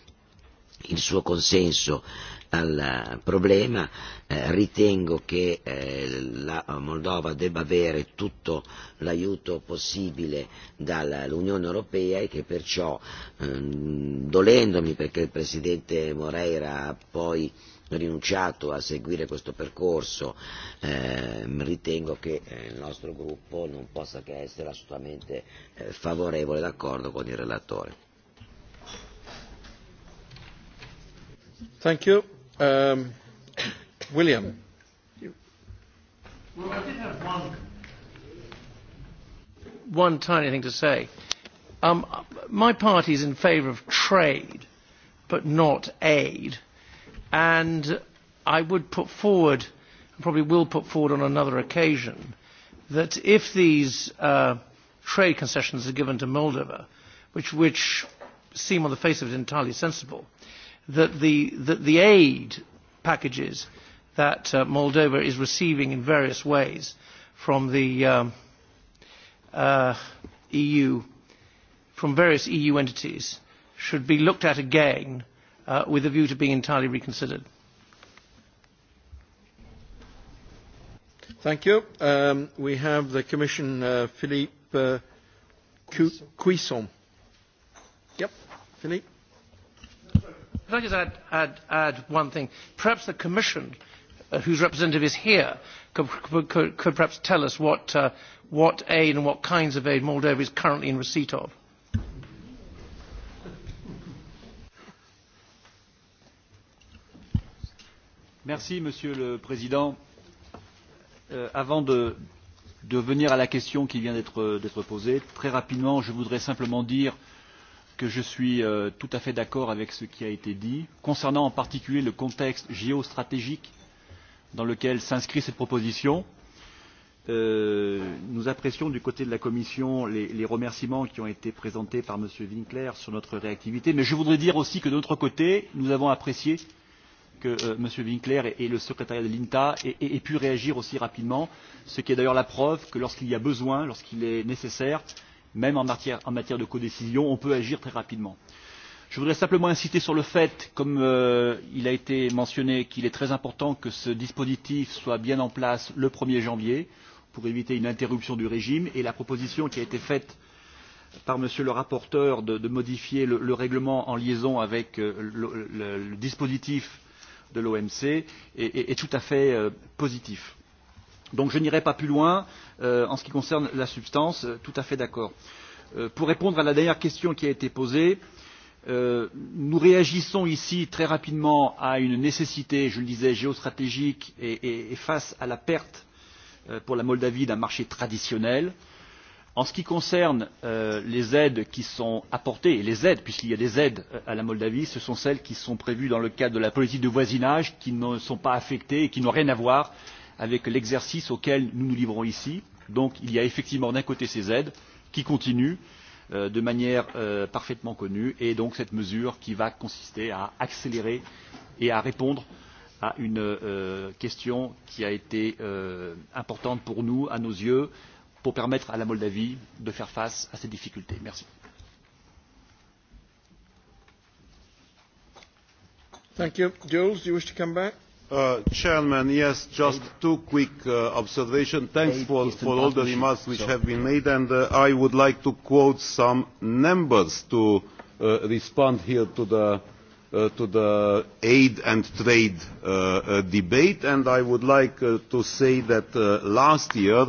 il suo consenso al problema, eh, ritengo che eh, la Moldova debba avere tutto l'aiuto possibile dall'Unione Europea e che perciò, ehm, dolendomi perché il Presidente Moreira ha poi eh, rinunciato a seguire questo percorso, eh, ritengo che il nostro gruppo non possa che essere assolutamente eh, favorevole d'accordo con il relatore. Thank you. Um, William. one, tiny thing to say. Um, my party is in favour of trade, but not aid And I would put forward, and probably will put forward on another occasion, that if these uh, trade concessions are given to Moldova, which, which seem on the face of it entirely sensible, that the, that the aid packages that uh, Moldova is receiving in various ways from the um, uh, EU, from various EU entities, should be looked at again uh, with a view to being entirely reconsidered. Thank you. Um, we have the Commission, uh, Philippe uh, Cuisson. Yep, Philippe. Could I just add, add, add one thing? Perhaps the Commission, uh, whose representative is here, could, could, could perhaps tell us what, uh, what aid and what kinds of aid Moldova is currently in receipt of monsieur le président avant de venir à la question qui vient d'être posée très rapidement je voudrais simplement dire que je suis tout à fait d'accord avec ce qui a été dit concernant en particulier le contexte géostratégique dans lequel s'inscrit cette proposition. nous apprécions du côté de la commission les remerciements qui ont été présentés par m. winkler sur notre réactivité mais je voudrais dire aussi que de notre côté nous avons apprécié que euh, M. Winkler et, et le secrétariat de l'INTA aient, aient pu réagir aussi rapidement, ce qui est d'ailleurs la preuve que lorsqu'il y a besoin, lorsqu'il est nécessaire, même en matière, en matière de codécision, on peut agir très rapidement. Je voudrais simplement insister sur le fait, comme euh, il a été mentionné, qu'il est très important que ce dispositif soit bien en place le 1er janvier pour éviter une interruption du régime et la proposition qui a été faite par Monsieur le rapporteur de, de modifier le, le règlement en liaison avec euh, le, le, le dispositif de l'OMC est, tout à fait positif. Donc je n'irai pas plus loin en ce qui concerne la substance, tout à fait d'accord. pour répondre à la dernière question qui a été posée, nous réagissons ici très rapidement à une nécessité, je le disais, géostratégique et, face à la perte pour la Moldavie d'un marché traditionnel En ce qui concerne les aides qui sont apportées, et les aides, puisqu'il y a des aides à la Moldavie, ce sont celles qui sont prévues dans le cadre de la politique de voisinage, qui ne sont pas affectées et qui n'ont rien à voir avec l'exercice auquel nous nous livrons ici. Donc il y a effectivement d'un côté ces aides qui continuent de manière parfaitement connue, et donc cette mesure qui va consister à accélérer et à répondre à une question qui a été importante pour nous, à nos yeux, pour permettre à la Moldavie de faire face à ces difficultés. Merci. Jules, do you wish to come back? Uh, Chairman, yes, just two quick observations. Thanks for, all the remarks which have been made, and I would like to quote some numbers to respond here to the, aid and trade uh, uh, debate, and I would like uh, to say that uh, last year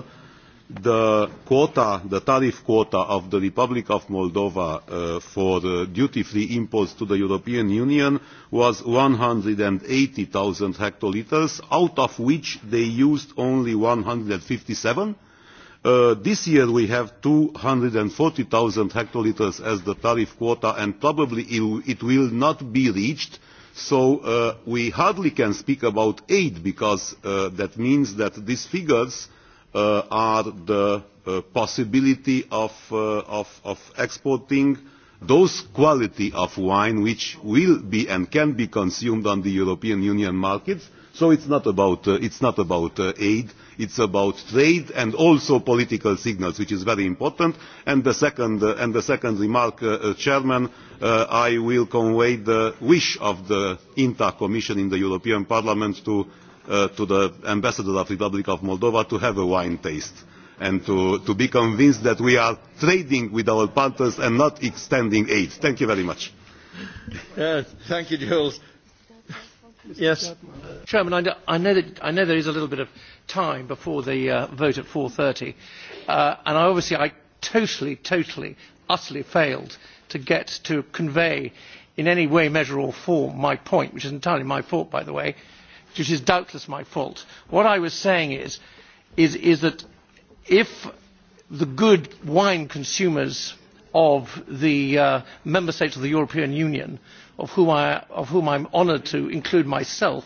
the quota, the tariff quota of the Republic of Moldova uh, for uh, duty-free imports to the European Union was 180,000 hectoliters, out of which they used only 157. Uh, this year we have 240,000 hectoliters as the tariff quota and probably it, it will not be reached so uh, we hardly can speak about aid because uh, that means that these figures are the possibility of, exporting those quality of wine which will be and can be consumed on the European Union markets. So it's not about, uh, it's not about uh, aid, it's about trade and also political signals, which is very important. And the second, uh, and the second remark, uh, uh, Chairman, uh, I will convey the wish of the INTA Commission in the European Parliament to uh, to the ambassador of the Republic of Moldova to have a wine taste and to, to be convinced that we are trading with our partners and not extending aid. Thank you very much. Uh, thank you, Jules. Yes, Chairman, I, I, know that, I know there is a little bit of time before the uh, vote at 4.30, uh, and I obviously I totally, totally, utterly failed to get to convey in any way, measure or form my point, which is entirely my fault, by the way, uh, which is doubtless my fault. What I was saying is, is, is that if the good wine consumers of the uh, member states of the European Union, of whom, I, of whom I'm honoured to include myself,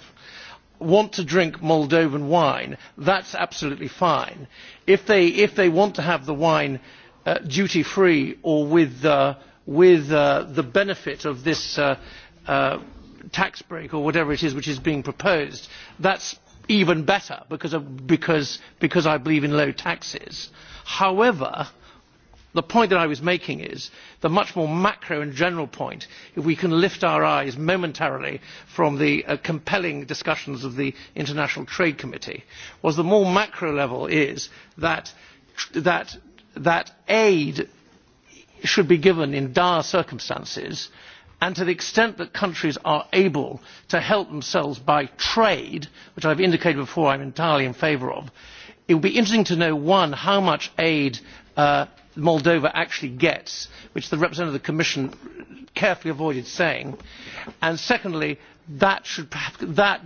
want to drink Moldovan wine, that's absolutely fine. If they, if they want to have the wine uh, duty free or with, uh, with uh, the benefit of this uh, uh, tax break or whatever it is which is being proposed, that is even better because, I believe in low taxes. However, the point that I was making is the much more macro and general point. If we can lift our eyes momentarily from the compelling discussions of the International Trade Committee, was the more macro level is that, that, that aid should be given in dire circumstances and to the extent that countries are able to help themselves by trade which i have indicated before i am entirely in favour of it would be interesting to know one how much aid moldova actually gets which the representative of the commission carefully avoided saying and secondly that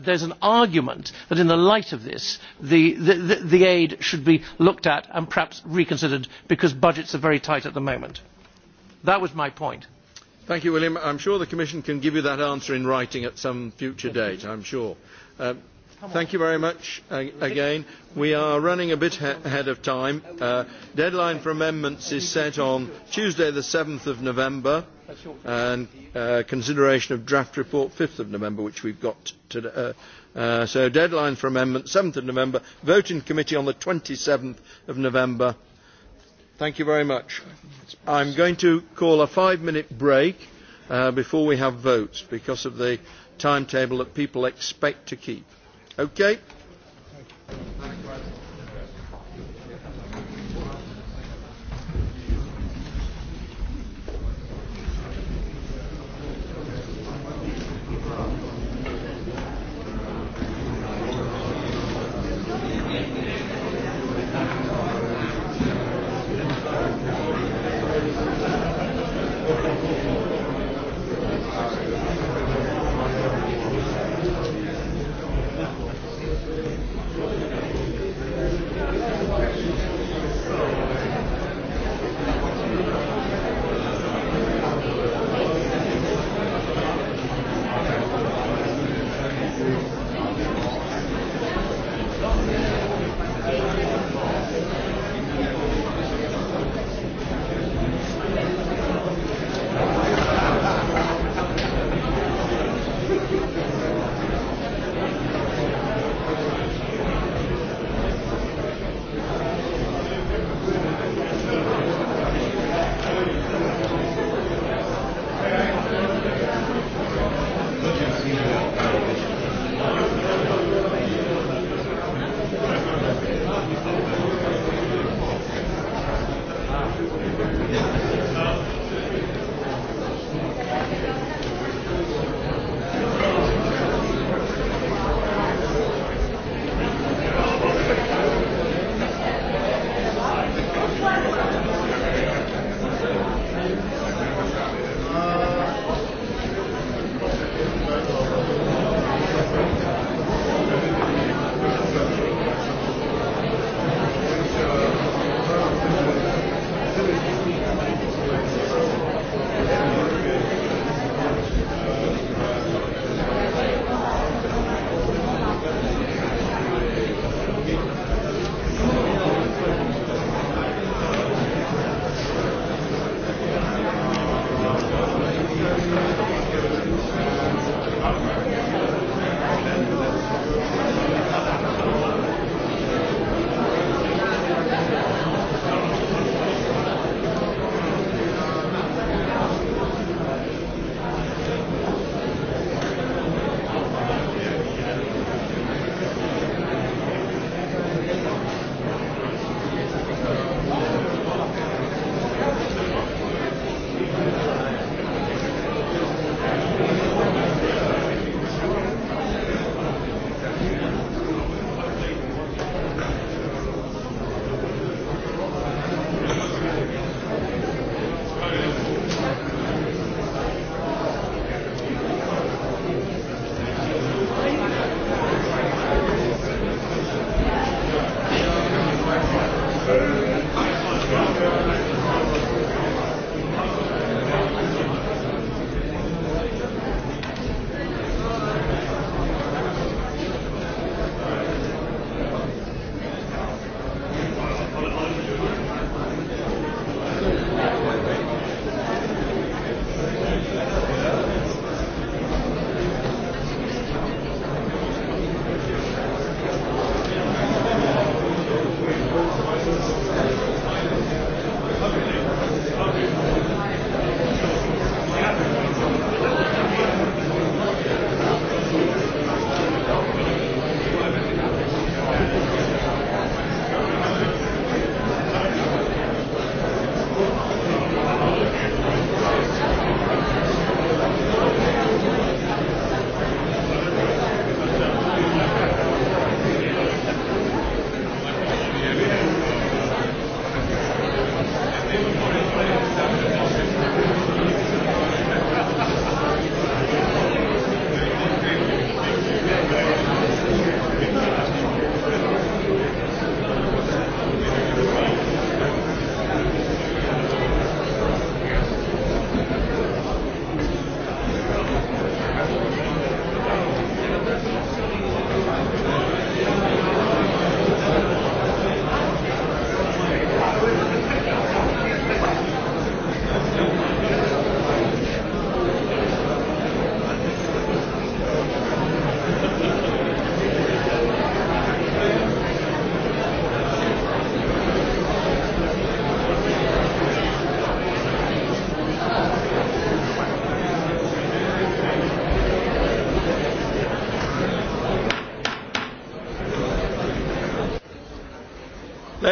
there is an argument that in the light of this the aid should be looked at and perhaps reconsidered because budgets are very tight at the moment. that was my point. Thank you, William. I'm sure the Commission can give you that answer in writing at some future date, I'm sure. thank you very much again. We are running a bit ahead of time. Uh, deadline for amendments is set on Tuesday, the 7th of November, and uh, consideration of draft report 5th of November, which we've got today. uh, so deadline for amendments 7th of November, vote in committee on the 27th of November Thank you very much. I'm going to call a five-minute break uh, before we have votes because of the timetable that people expect to keep. Okay? Thank you.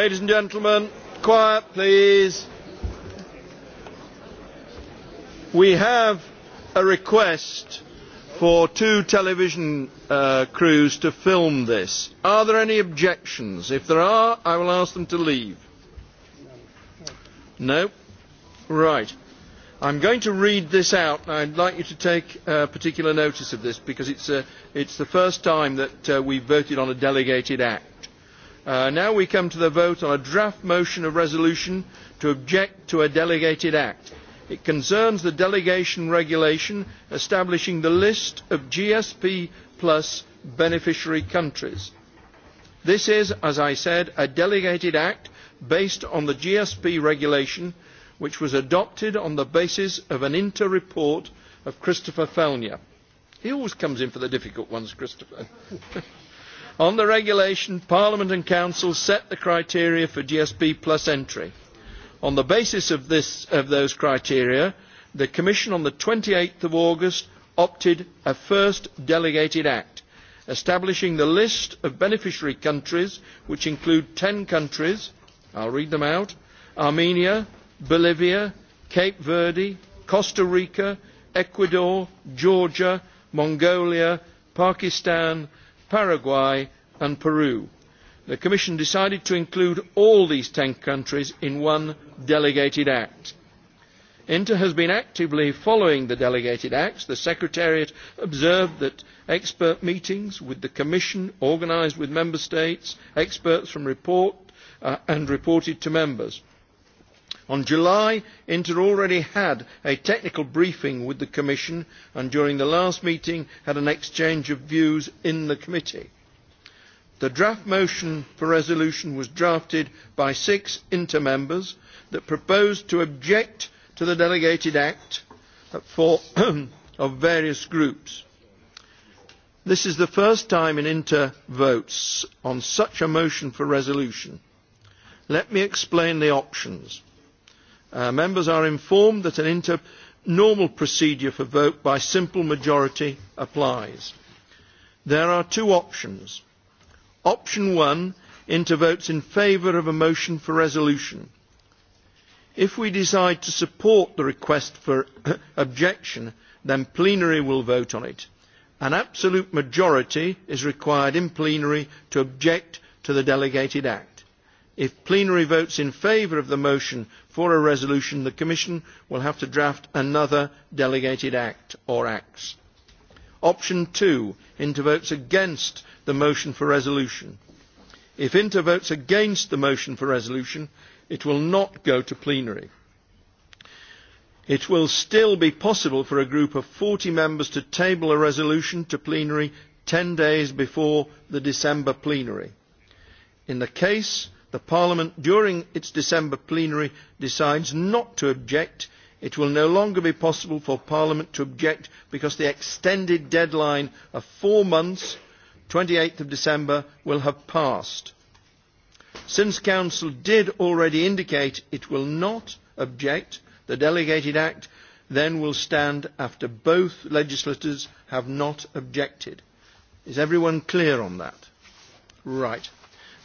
Ladies and gentlemen, quiet please. We have a request for two television crews to film this. Are there any objections? If there are, I will ask them to leave. No? Right. I'm going to read this out. and I'd like you to take uh, particular notice of this because it's, uh, it's the first time that uh, we've voted on a delegated act now we come to the vote on a draft motion of resolution to object to a delegated act. it concerns the delegation regulation establishing the list of gsp beneficiary countries. this is as i said a delegated act based on the gsp regulation which was adopted on the basis of an inter report of christopher fjellner. he always comes in for the difficult ones christopher on the regulation parliament and council set the criteria for gsp entry. on the basis of those criteria the commission on twenty eight august opted a first delegated act establishing the list of beneficiary countries which include ten countries i will read them out armenia bolivia cape verde costa rica ecuador georgia mongolia pakistan Paraguay and Peru. The Commission decided to include all these ten countries in one delegated act. Inter has been actively following the delegated acts. The Secretariat observed that expert meetings with the Commission organised with Member States, experts from report and reported to members in july inter already had a technical briefing with the commission and during the last meeting had an exchange of views in the committee. the draft motion for a resolution was drafted by six inter members that proposed to object to the delegated act of various groups. this is the first time in inter votes on such a motion for a resolution. let me explain the options members are informed that an normal procedure for vote by simple majority applies. There are two options. Option one, inter votes in favour of a motion for resolution. If we decide to support the request for objection, then plenary will vote on it. An absolute majority is required in plenary to object to the delegated act if plenary votes in favour of the motion for a resolution the commission will have to draft another delegated act or acts. option two inter votes against the motion for resolution. if inter votes against the motion for resolution it will not go to plenary. it will still be possible for a group of forty members to table a resolution to plenary ten days before the december plenary. in the case parliament during its december plenary decides not to object it will no longer be possible for parliament to object because the extended deadline of four months twenty eight december will have passed. since the council did already indicate it will not object the delegated act then will stand after both legislators have not objected. is everyone clear on that? right.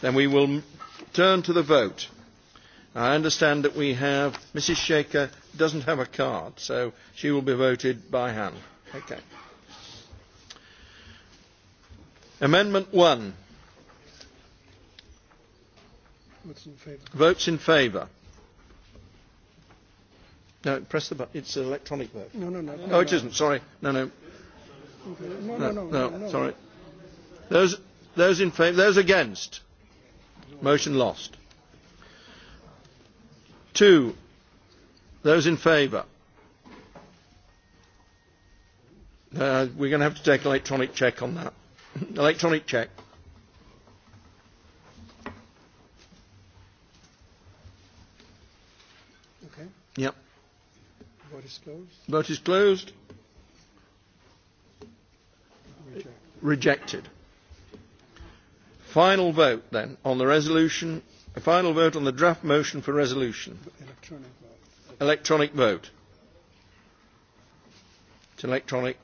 then we will turn to the vote. I understand that we have Mrs. Shaker doesn't have a card, so she will be voted by hand. Okay. Amendment one. Votes in favour. No, press the button. It's an electronic vote. No, no, no. Oh, it isn't. Sorry. No, no. No, no, no. Sorry. Those, those in favour. Those against. Motion lost. Two. Those in favour? Uh, we're going to have to take electronic check on that. electronic check. Okay. Yep. Vote is closed. Vote is closed. Rejected. Final vote then on the resolution. A final vote on the draft motion for resolution. Electronic vote. Electronic vote. It's electronic.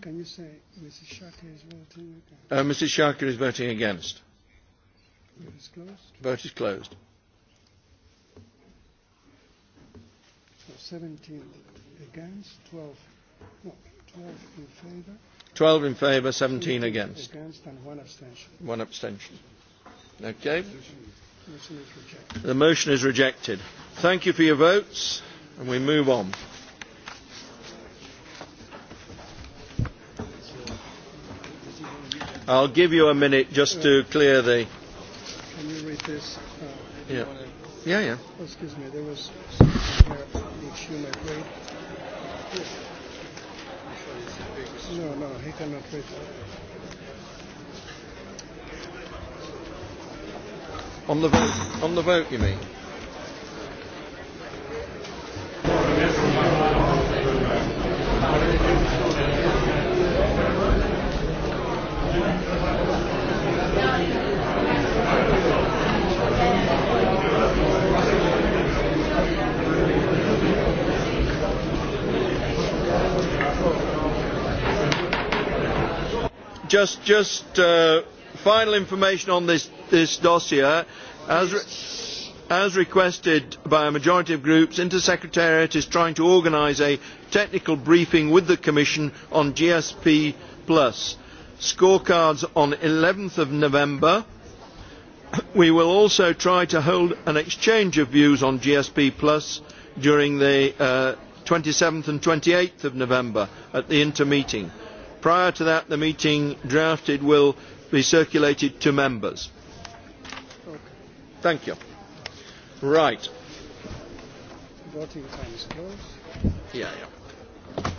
Can you say Mrs. Shaka is voting against? Uh, Mrs. Shaka is voting against. Vote is closed. Vote is closed. So 17 against, 12, no, 12 in favour. 12 in favour, 17 against. Against and one abstention. One abstention. Okay. The motion is rejected. Thank you for your votes, and we move on. I'll give you a minute just to clear the. Can you read this? Uh, yeah. Yeah, yeah. Excuse me, there was something you might read. No, no, he cannot that. On the vote, on the vote, you mean? Just, just uh, final information on this, this dossier. As, as requested by a majority of groups, Intersecretariat is trying to organise a technical briefing with the Commission on GSP Plus. Scorecards on 11th of November. We will also try to hold an exchange of views on GSP Plus during the uh, 27th and 28th of November at the intermeeting. meeting Prior to that, the meeting drafted will be circulated to members. Thank you. Right. Voting time is closed. Yeah, yeah.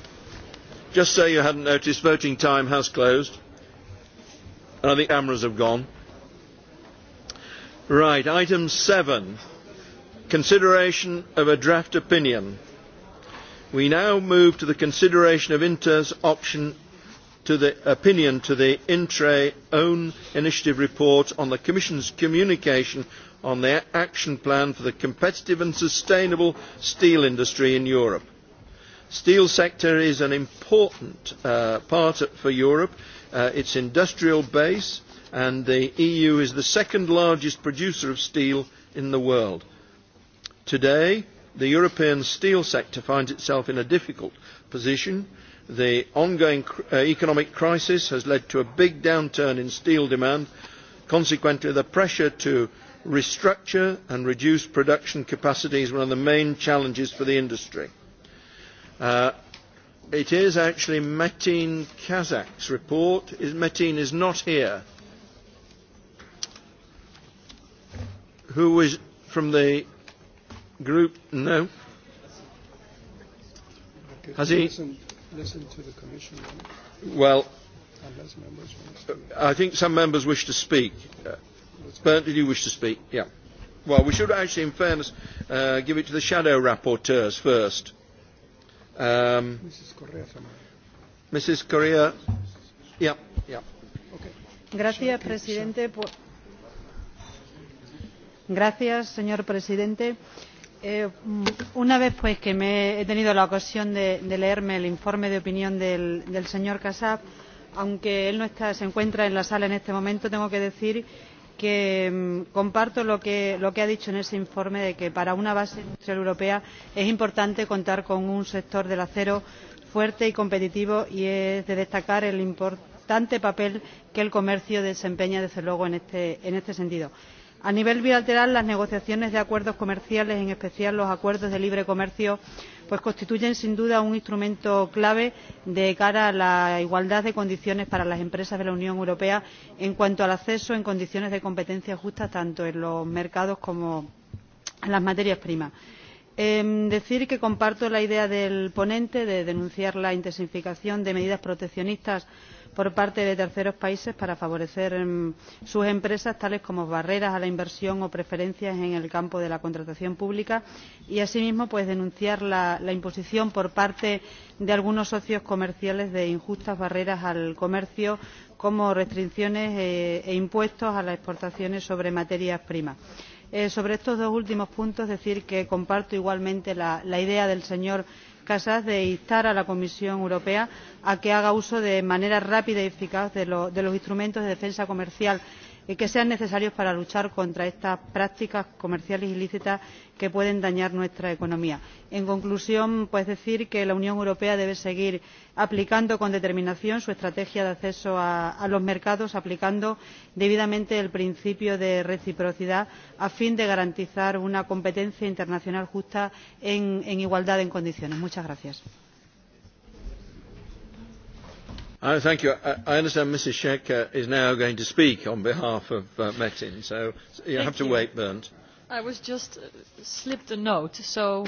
Just so you hadn't noticed, voting time has closed. And I think AMRAs have gone. Right, item seven. Consideration of a draft opinion. We now move to the consideration of Inter's option opinion to the intre own initiative report on the commission's communication on the action plan for the competitive and sustainable steel industry in europe. the steel sector is an important part for europe its industrial base and the eu is the second largest producer of steel in the world. today the european steel sector finds itself in a difficult position the ongoing economic crisis has led to a big downturn in steel demand. consequently the pressure to restructure and reduce production capacity is one of the main challenges for the industry. it is actually metin kazak's report. metin is not here. who is from the group? no. has he? listen to the Commission? Well, Unless members want to I think some members wish to speak. Uh, Bernd, did you wish to speak? Yeah. Well, we should actually, in fairness, uh, give it to the shadow rapporteurs first. Um, Mrs. Correa. Mrs. Correa. Yeah, yeah. Okay. Gracias, Presidente. Gracias, señor Presidente una vez que he tenido la ocasión de leerme el informe de opinión del señor casak aunque él no se encuentra en la sala en este momento tengo que decir que comparto lo que ha dicho en ese informe de que para una base industrial europea es importante contar con un sector del acero fuerte y competitivo y es de destacar el importante papel que el comercio desempeña desde luego en este sentido a nivel bilateral las negociaciones de acuerdos comerciales en especial los acuerdos de libre comercio constituyen sin duda un instrumento clave de cara a la igualdad de condiciones para las empresas de la unión europea en cuanto al acceso en condiciones de competencia justa tanto en los mercados como en las materias primas. decir que comparto la idea del ponente de denunciar la intensificación de medidas proteccionistas por parte de terceros países para favorecer sus empresas tales como barreras a la inversión o preferencias en el campo de la contratación pública y asimismo denunciar la imposición por parte de algunos socios comerciales de injustas barreras al comercio como restricciones e impuestos a las exportaciones sobre materias primas. sobre estos dos últimos puntos decir que comparto igualmente la idea del señor casas de instar a la comisión europea a que haga uso de manera rápida y eficaz de los instrumentos de defensa comercial y que sean necesarios para luchar contra estas prácticas comerciales ilícitas que pueden dañar nuestra economía. en conclusión puedo decir que la unión europea debe seguir aplicando con determinación su estrategia de acceso a los mercados aplicando debidamente el principio de reciprocidad a fin de garantizar una competencia internacional justa en igualdad de condiciones. muchas gracias. I, understand Mrs. Sheck is now going to speak on behalf of Metin, so you have to wait, Bernd. I was just slipped a note, so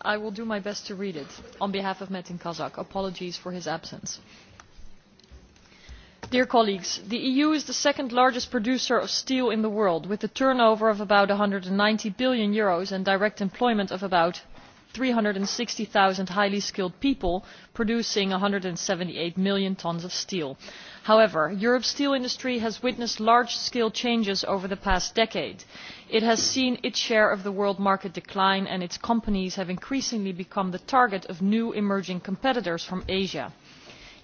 I will do my best to read it on behalf of Metin Kazak. Apologies for his absence. Dear colleagues, the EU is the second largest producer of steel in the world, with a turnover of about EUR one hundred ninety billion and direct employment of about three hundred and sixty highly skilled people producing one hundred and seventy eight million tonnes of steel. however europe's steel industry has witnessed large scale changes over the past decade. it has seen its share of the world market decline and its companies have increasingly become the target of new emerging competitors from asia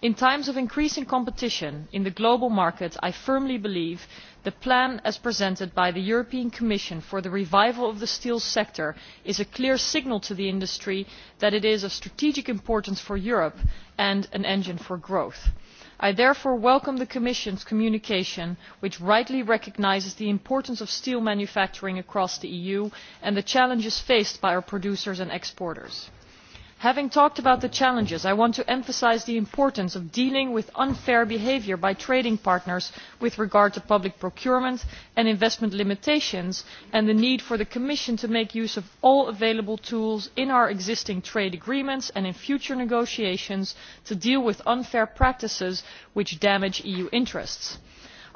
in times of increasing competition in the global market i firmly believe the plan as presented by the european commission for the revival of the steel sector is a clear signal to the industry that it is of strategic importance for europe and an engine for growth. i therefore welcome the commission's communication which rightly recognises the importance of steel manufacturing across the eu and the challenges faced by our producers and exporters having talked about the challenges i want to emphasise the importance of dealing with unfair behaviour by trading partners with regard to public procurement and investment limitations and the need for the commission to make use of all available tools in our existing trade agreements and in future negotiations to deal with unfair practices which damage eu interests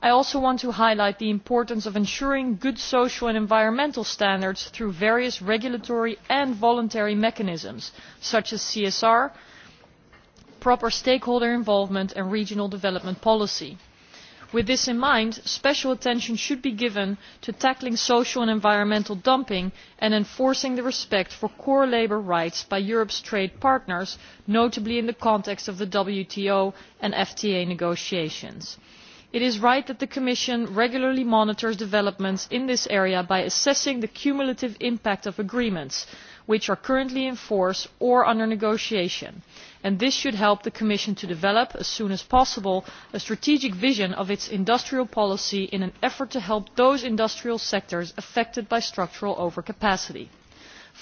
i also want to highlight the importance of ensuring good social and environmental standards through various regulatory and voluntary mechanisms such as csr proper stakeholder involvement and regional development policy. with this in mind special attention should be given to tackling social and environmental dumping and enforcing respect for core labour rights by europe's trade partners notably in the context of the wto and fta negotiations it is right that the commission regularly monitors developments in this area by assessing the cumulative impact of agreements which are currently in force or under negotiation and this should help the commission to develop as soon as possible a strategic vision of its industrial policy in an effort to help those industrial sectors affected by structural overcapacity.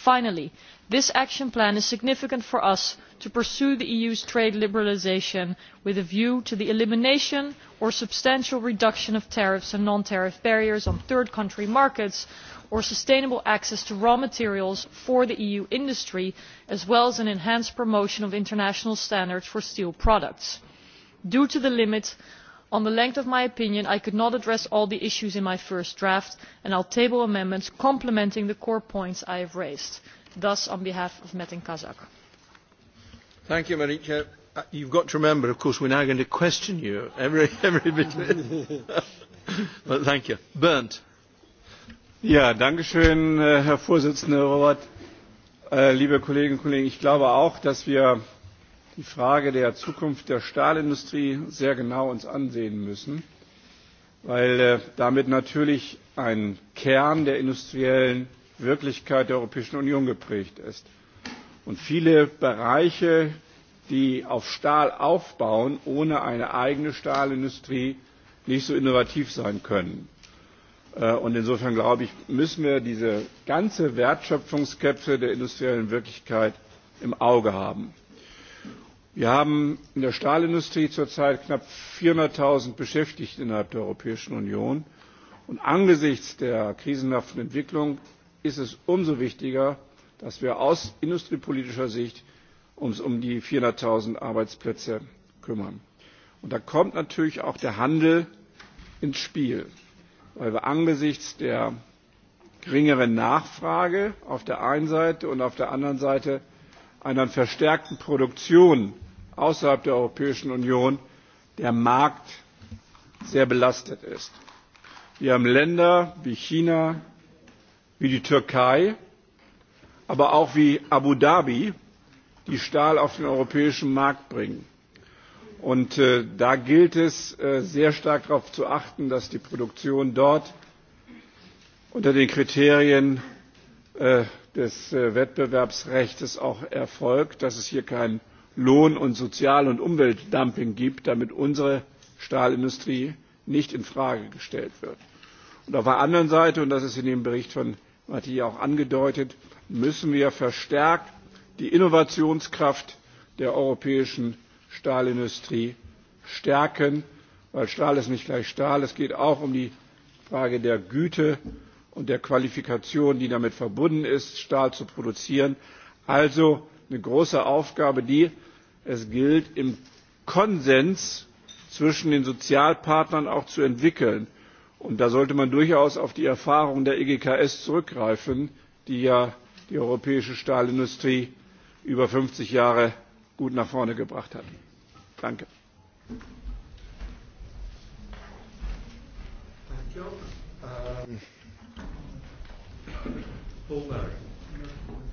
finally this action plan is significant for us to pursue the eu's trade liberalisation with a view to the elimination or substantial reduction of tariffs and non tariff barriers on third country markets or sustainable access to raw materials for the eu industry as well as an enhanced promotion of international standards for steel products. due to the limit on the length of my opinion i could not address all the issues in my first draft and i will table amendments complementing the core points i have raised thus on behalf of metin kazak you, You've got to remember, of course, we're now going to question you every, every bit of it. but thank you. Bernd. Ja, danke schön, Herr Vorsitzender Robert. Liebe Kolleginnen und Kollegen, ich glaube auch, dass wir uns die Frage der Zukunft der Stahlindustrie sehr genau ansehen müssen, weil damit natürlich ein Kern der industriellen Wirklichkeit der Europäischen Union geprägt ist. Und viele Bereiche, die auf Stahl aufbauen, ohne eine eigene Stahlindustrie nicht so innovativ sein können. Und insofern glaube ich, müssen wir diese ganze Wertschöpfungskette der industriellen Wirklichkeit im Auge haben. Wir haben in der Stahlindustrie zurzeit knapp 400.000 Beschäftigte innerhalb der Europäischen Union. Und angesichts der krisenhaften Entwicklung ist es umso wichtiger, dass wir aus industriepolitischer Sicht uns um die 400.000 Arbeitsplätze kümmern. Und da kommt natürlich auch der Handel ins Spiel, weil wir angesichts der geringeren Nachfrage auf der einen Seite und auf der anderen Seite einer verstärkten Produktion außerhalb der Europäischen Union der Markt sehr belastet ist. Wir haben Länder wie China, wie die Türkei, aber auch wie Abu Dhabi, die Stahl auf den europäischen Markt bringen. Und da gilt es, sehr stark darauf zu achten, dass die Produktion dort unter den Kriterien des Wettbewerbsrechts auch erfolgt, dass es hier kein Lohn- und Sozial- und Umweltdumping gibt, damit unsere Stahlindustrie nicht in Frage gestellt wird. Und auf der anderen Seite, und das ist in dem Bericht von Mathieu auch angedeutet, müssen wir verstärkt die Innovationskraft der europäischen Stahlindustrie stärken, weil Stahl ist nicht gleich Stahl. Es geht auch um die Frage der Güte und der Qualifikation, die damit verbunden ist, Stahl zu produzieren. Also eine große Aufgabe, die es gilt, im Konsens zwischen den Sozialpartnern auch zu entwickeln. Und da sollte man durchaus auf die Erfahrung der EGKS zurückgreifen, die ja die europäische Stahlindustrie über 50 Jahre gut nach vorne gebracht hat. Danke.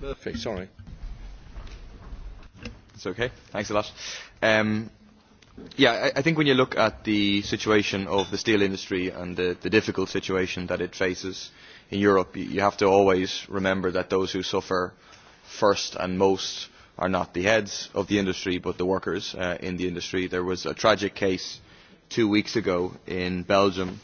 Perfect, sorry. It's okay. Thanks a lot. Um, yeah, I, I think when you look at the situation of the steel industry and the, the difficult situation that it faces, in Europe, you have to always remember that those who suffer first and most are not the heads of the industry, but the workers uh, in the industry. There was a tragic case two weeks ago in Belgium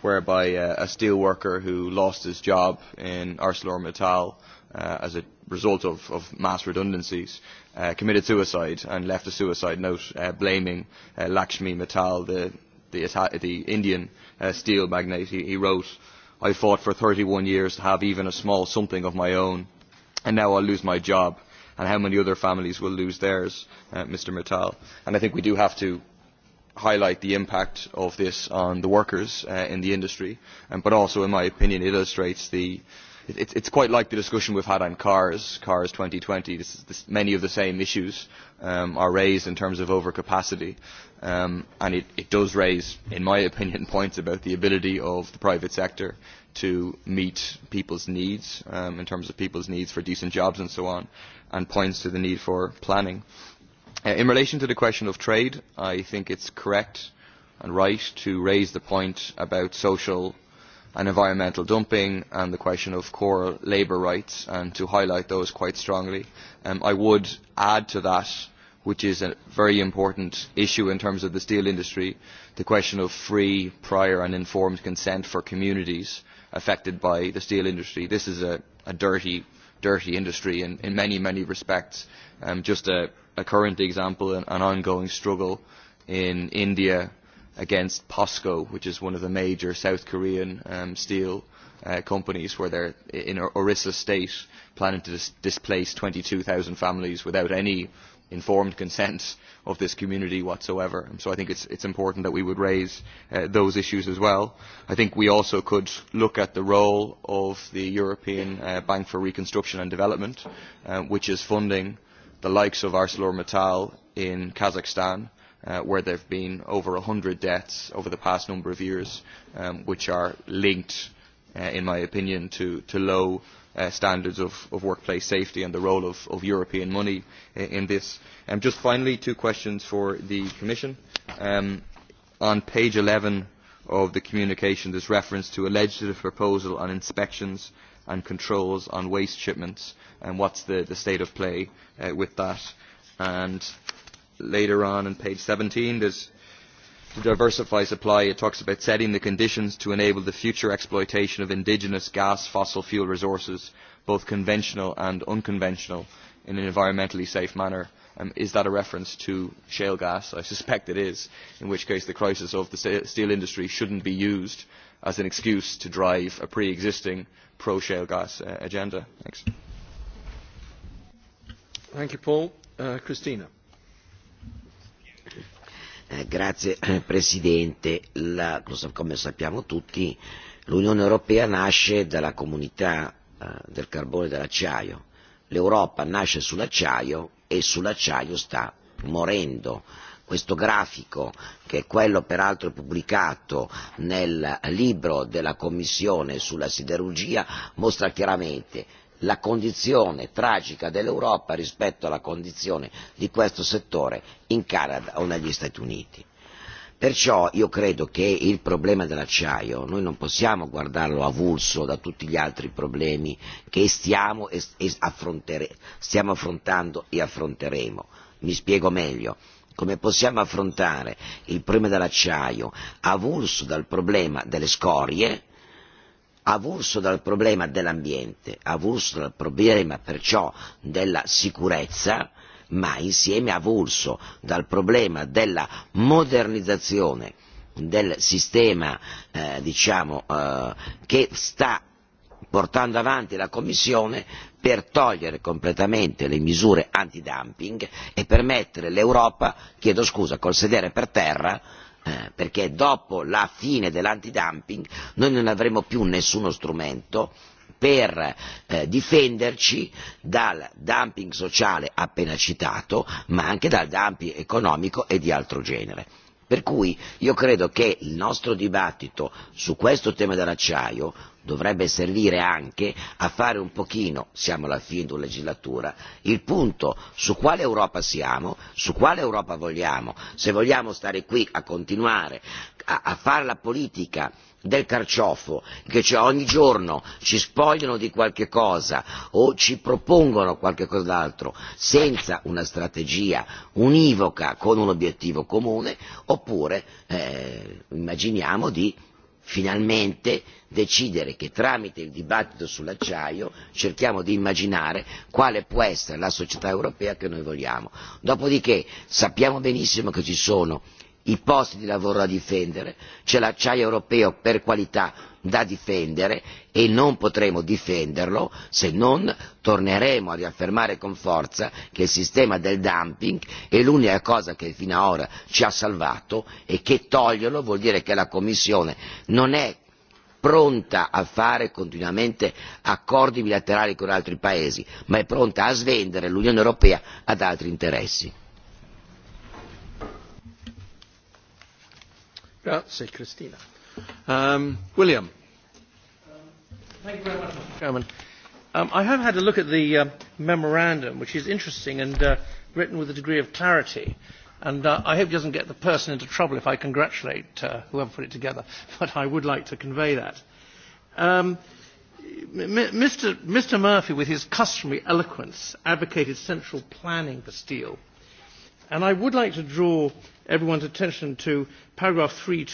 whereby uh, a steel worker who lost his job in ArcelorMittal uh, as a result of, of mass redundancies uh, committed suicide and left a suicide note uh, blaming uh, Lakshmi Mittal, the, the, the Indian uh, steel magnate. He, he wrote, I fought for 31 years to have even a small something of my own, and now I'll lose my job. And how many other families will lose theirs, uh, Mr. Mittal? And I think we do have to highlight the impact of this on the workers uh, in the industry, um, but also, in my opinion, illustrates the uh, it, it's quite like the discussion we've had on cars, cars 2020. This, this, many of the same issues um, are raised in terms of overcapacity. Um, and it, it does raise, in my opinion, points about the ability of the private sector to meet people's needs um, in terms of people's needs for decent jobs and so on, and points to the need for planning. Uh, in relation to the question of trade, I think it's correct and right to raise the point about social and environmental dumping and the question of core labour rights and to highlight those quite strongly. I would add to that, which is a very important issue in terms of the steel industry, the question of free, prior and informed consent for communities affected by the steel industry. This is a, a dirty, dirty industry in, in many, many respects. Um, just a, a current example, an, an ongoing struggle in India against POSCO, which is one of the major South Korean um, steel uh, companies where they're in Orissa state planning to dis displace 22,000 families without any informed consent of this community whatsoever. So I think it's, it's important that we would raise uh, those issues as well. I think we also could look at the role of the European uh, Bank for Reconstruction and Development, uh, which is funding the likes of ArcelorMittal in Kazakhstan, uh, where there have been over 100 deaths over the past number of years, um, which are linked, uh, in my opinion, to, to low uh, standards of, of workplace safety and the role of, of European money in this. Um, just finally, two questions for the Commission. Um, on page 11 of the communication, there's reference to a legislative proposal on inspections and controls on waste shipments, and what's the, the state of play uh, with that? And later on on page seventeen there is to diversify supply it talks about setting the conditions to enable the future exploitation of indigenous gas fossil fuel resources both conventional and unconventional in an environmentally safe manner. Um, is that a reference to shale gas? I suspect it is, in which case the crisis of the steel industry shouldn't be used as an excuse to drive a pre-existing pro-shale gas uh, agenda. Thanks. Thank you, Paul. Uh, Christina. Signor Presidente, come sappiamo tutti l'Unione Europea nasce dalla comunità del carbone e dell'acciaio. L'Europa nasce sull'acciaio e sull'acciaio sta morendo. Questo grafico, che è quello peraltro pubblicato nel libro della Commissione sulla siderurgia, mostra chiaramente la condizione tragica dell'Europa rispetto alla condizione di questo settore in Canada o negli Stati Uniti. Perciò io credo che il problema dell'acciaio noi non possiamo guardarlo avulso da tutti gli altri problemi che stiamo, e stiamo affrontando e affronteremo. Mi spiego meglio. Come possiamo affrontare il problema dell'acciaio avulso dal problema delle scorie, avulso dal problema dell'ambiente, avulso dal problema perciò della sicurezza, ma insieme avulso dal problema della modernizzazione del sistema eh, diciamo, eh, che sta portando avanti la Commissione per togliere completamente le misure antidumping e permettere l'Europa chiedo scusa, col sedere per terra, perché dopo la fine dell'antidumping noi non avremo più nessuno strumento per eh, difenderci dal dumping sociale appena citato, ma anche dal dumping economico e di altro genere. Per cui io credo che il nostro dibattito su questo tema dell'acciaio dovrebbe servire anche a fare un pochino, siamo alla fine di una legislatura, il punto su quale Europa siamo, su quale Europa vogliamo, se vogliamo stare qui a continuare a, a fare la politica del carciofo, che cioè ogni giorno ci spogliano di qualche cosa o ci propongono qualche cos'altro senza una strategia univoca con un obiettivo comune, oppure eh, immaginiamo di finalmente decidere che tramite il dibattito sull'acciaio cerchiamo di immaginare quale può essere la società europea che noi vogliamo. Dopodiché sappiamo benissimo che ci sono i posti di lavoro da difendere c'è l'acciaio europeo per qualità da difendere e non potremo difenderlo se non torneremo a riaffermare con forza che il sistema del dumping è l'unica cosa che fino ad ora ci ha salvato e che toglierlo vuol dire che la commissione non è pronta a fare continuamente accordi bilaterali con altri paesi ma è pronta a svendere l'unione europea ad altri interessi. William. Thank you very much, Mr. Chairman. I have had a look at the memorandum, which is interesting and written with a degree of clarity. And I hope it doesn't get the person into trouble if I congratulate whoever put it together. But I would like to convey that. Mr. Murphy, with his customary eloquence, advocated central planning for steel And I would like to draw everyone's attention to paragraph three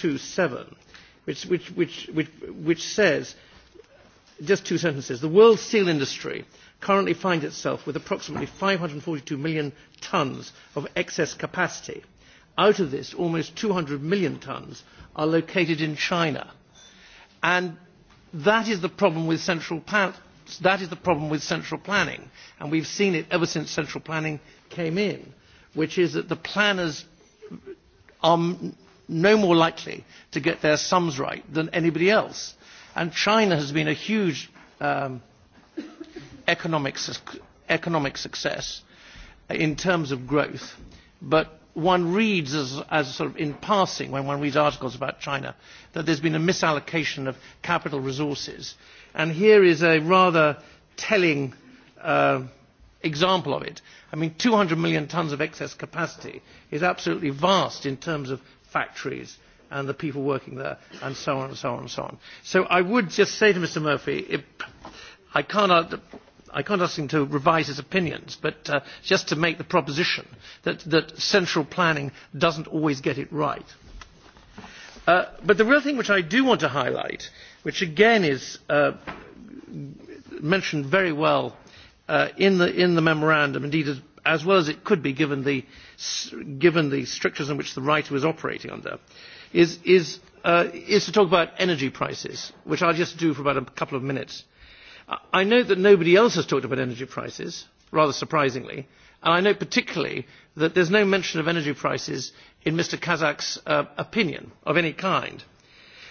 which, which, which, which, which says, just two sentences, the world steel industry currently finds itself with approximately five hundred and forty two million tonnes of excess capacity. Out of this, almost two hundred million tonnes are located in China. And that is the problem with central that is the problem with central planning and we have seen it ever since central planning came in which is that the planners are no more likely to get their sums right than anybody else. And China has been a huge um, economic, economic success in terms of growth. But one reads as, as sort of in passing when one reads articles about China that there's been a misallocation of capital resources. And here is a rather telling uh, example of it. I mean, 200 million tonnes of excess capacity is absolutely vast in terms of factories and the people working there and so on and so on and so on. So I would just say to Mr Murphy, it, I can't I can't ask him to revise his opinions, but uh, just to make the proposition that, that central planning doesn't always get it right. Uh, but the real thing which I do want to highlight, which again is uh, mentioned very well in the in the memorandum, indeed as, as well as it could be given the given the strictures in which the writer was operating under, is is uh, is to talk about energy prices, which I'll just do for about a couple of minutes. I note that nobody else has talked about energy prices, rather surprisingly, and I note particularly that there's no mention of energy prices in Mr. Kazak's uh, opinion of any kind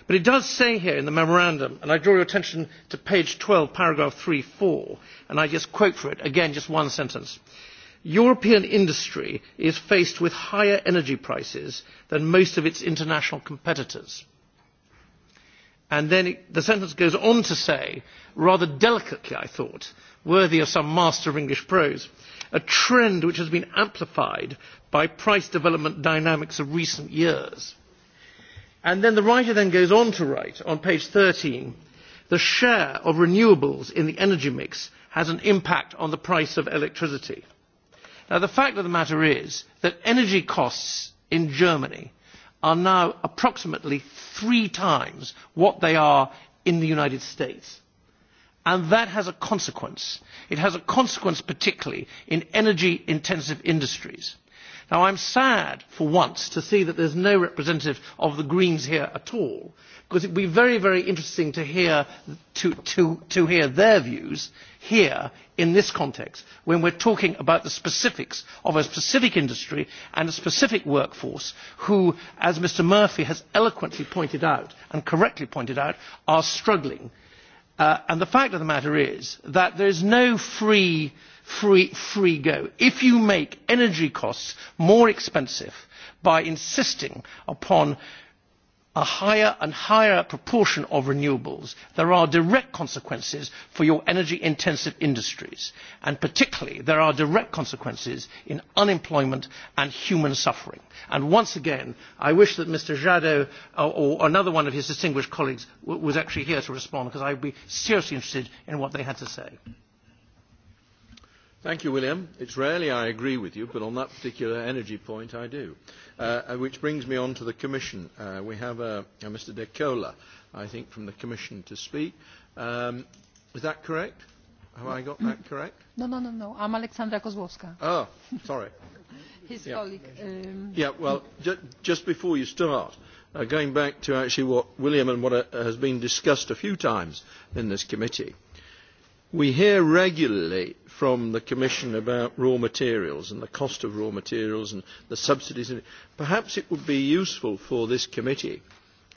but it does say here in the memorandum and i draw your attention to page twelve paragraph three four and i just quote for it again just one sentence european industry is faced with higher energy prices than most of its international competitors and then the sentence goes on to say rather delicately i thought worthy of some master of english prose a trend which has been amplified by price development dynamics of recent years And then the writer then goes on to write on page 13, the share of renewables in the energy mix has an impact on the price of electricity. Now, the fact of the matter is that energy costs in Germany are now approximately three times what they are in the United States. And that has a consequence. It has a consequence particularly in energy intensive industries Now, am sad for once to see that there is no representative of the Greens here at all, because it would be very, interesting to hear, their views here in this context, when we are talking about the specifics of a specific industry and a specific workforce who, as Mr Murphy has eloquently pointed out, and correctly pointed out, are struggling. the fact of the matter is that there is no free free, free go. If you make energy costs more expensive by insisting upon a higher and higher proportion of renewables, there are direct consequences for your energy intensive industries. And particularly, there are direct consequences in unemployment and human suffering. And once again, I wish that Mr. Jadot or, another one of his distinguished colleagues was actually here to respond because I would be seriously interested in what they had to say. Thank you, William. It's rarely I agree with you, but on that particular energy point, I do. Uh, which brings me on to the Commission. Uh, we have uh, Mr. De Cola, I think, from the Commission to speak. Um, is that correct? Have I got that correct? No, no, no, no. I'm Alexandra Kozłowska. Oh, sorry. His yeah. colleague. Um... Yeah, well, ju just before you start, uh, going back to actually what William and what uh, has been discussed a few times in this committee, We hear regularly from the Commission about raw materials and the cost of raw materials and the subsidies. Perhaps it would be useful for this committee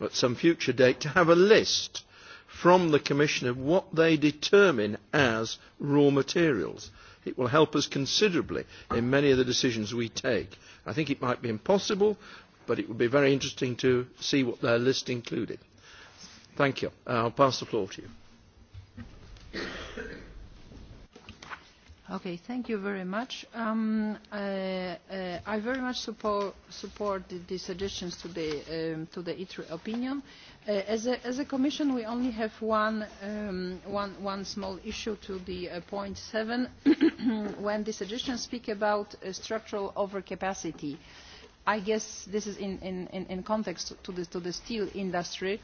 at some future date to have a list from the Commission of what they determine as raw materials. It will help us considerably in many of the decisions we take. I think it might be impossible, but it would be very interesting to see what their list included. Thank you. I'll pass the floor to you. Okay, thank you very much. Um, uh, uh, I very much support, support the suggestions to the, um, to the ITRE opinion. Uh, as, a, as a Commission, we only have one, um, one, one small issue to the uh, point seven, when the suggestions speak about uh, structural overcapacity. I guess this is in, in, in context to the, to the steel industry. Uh,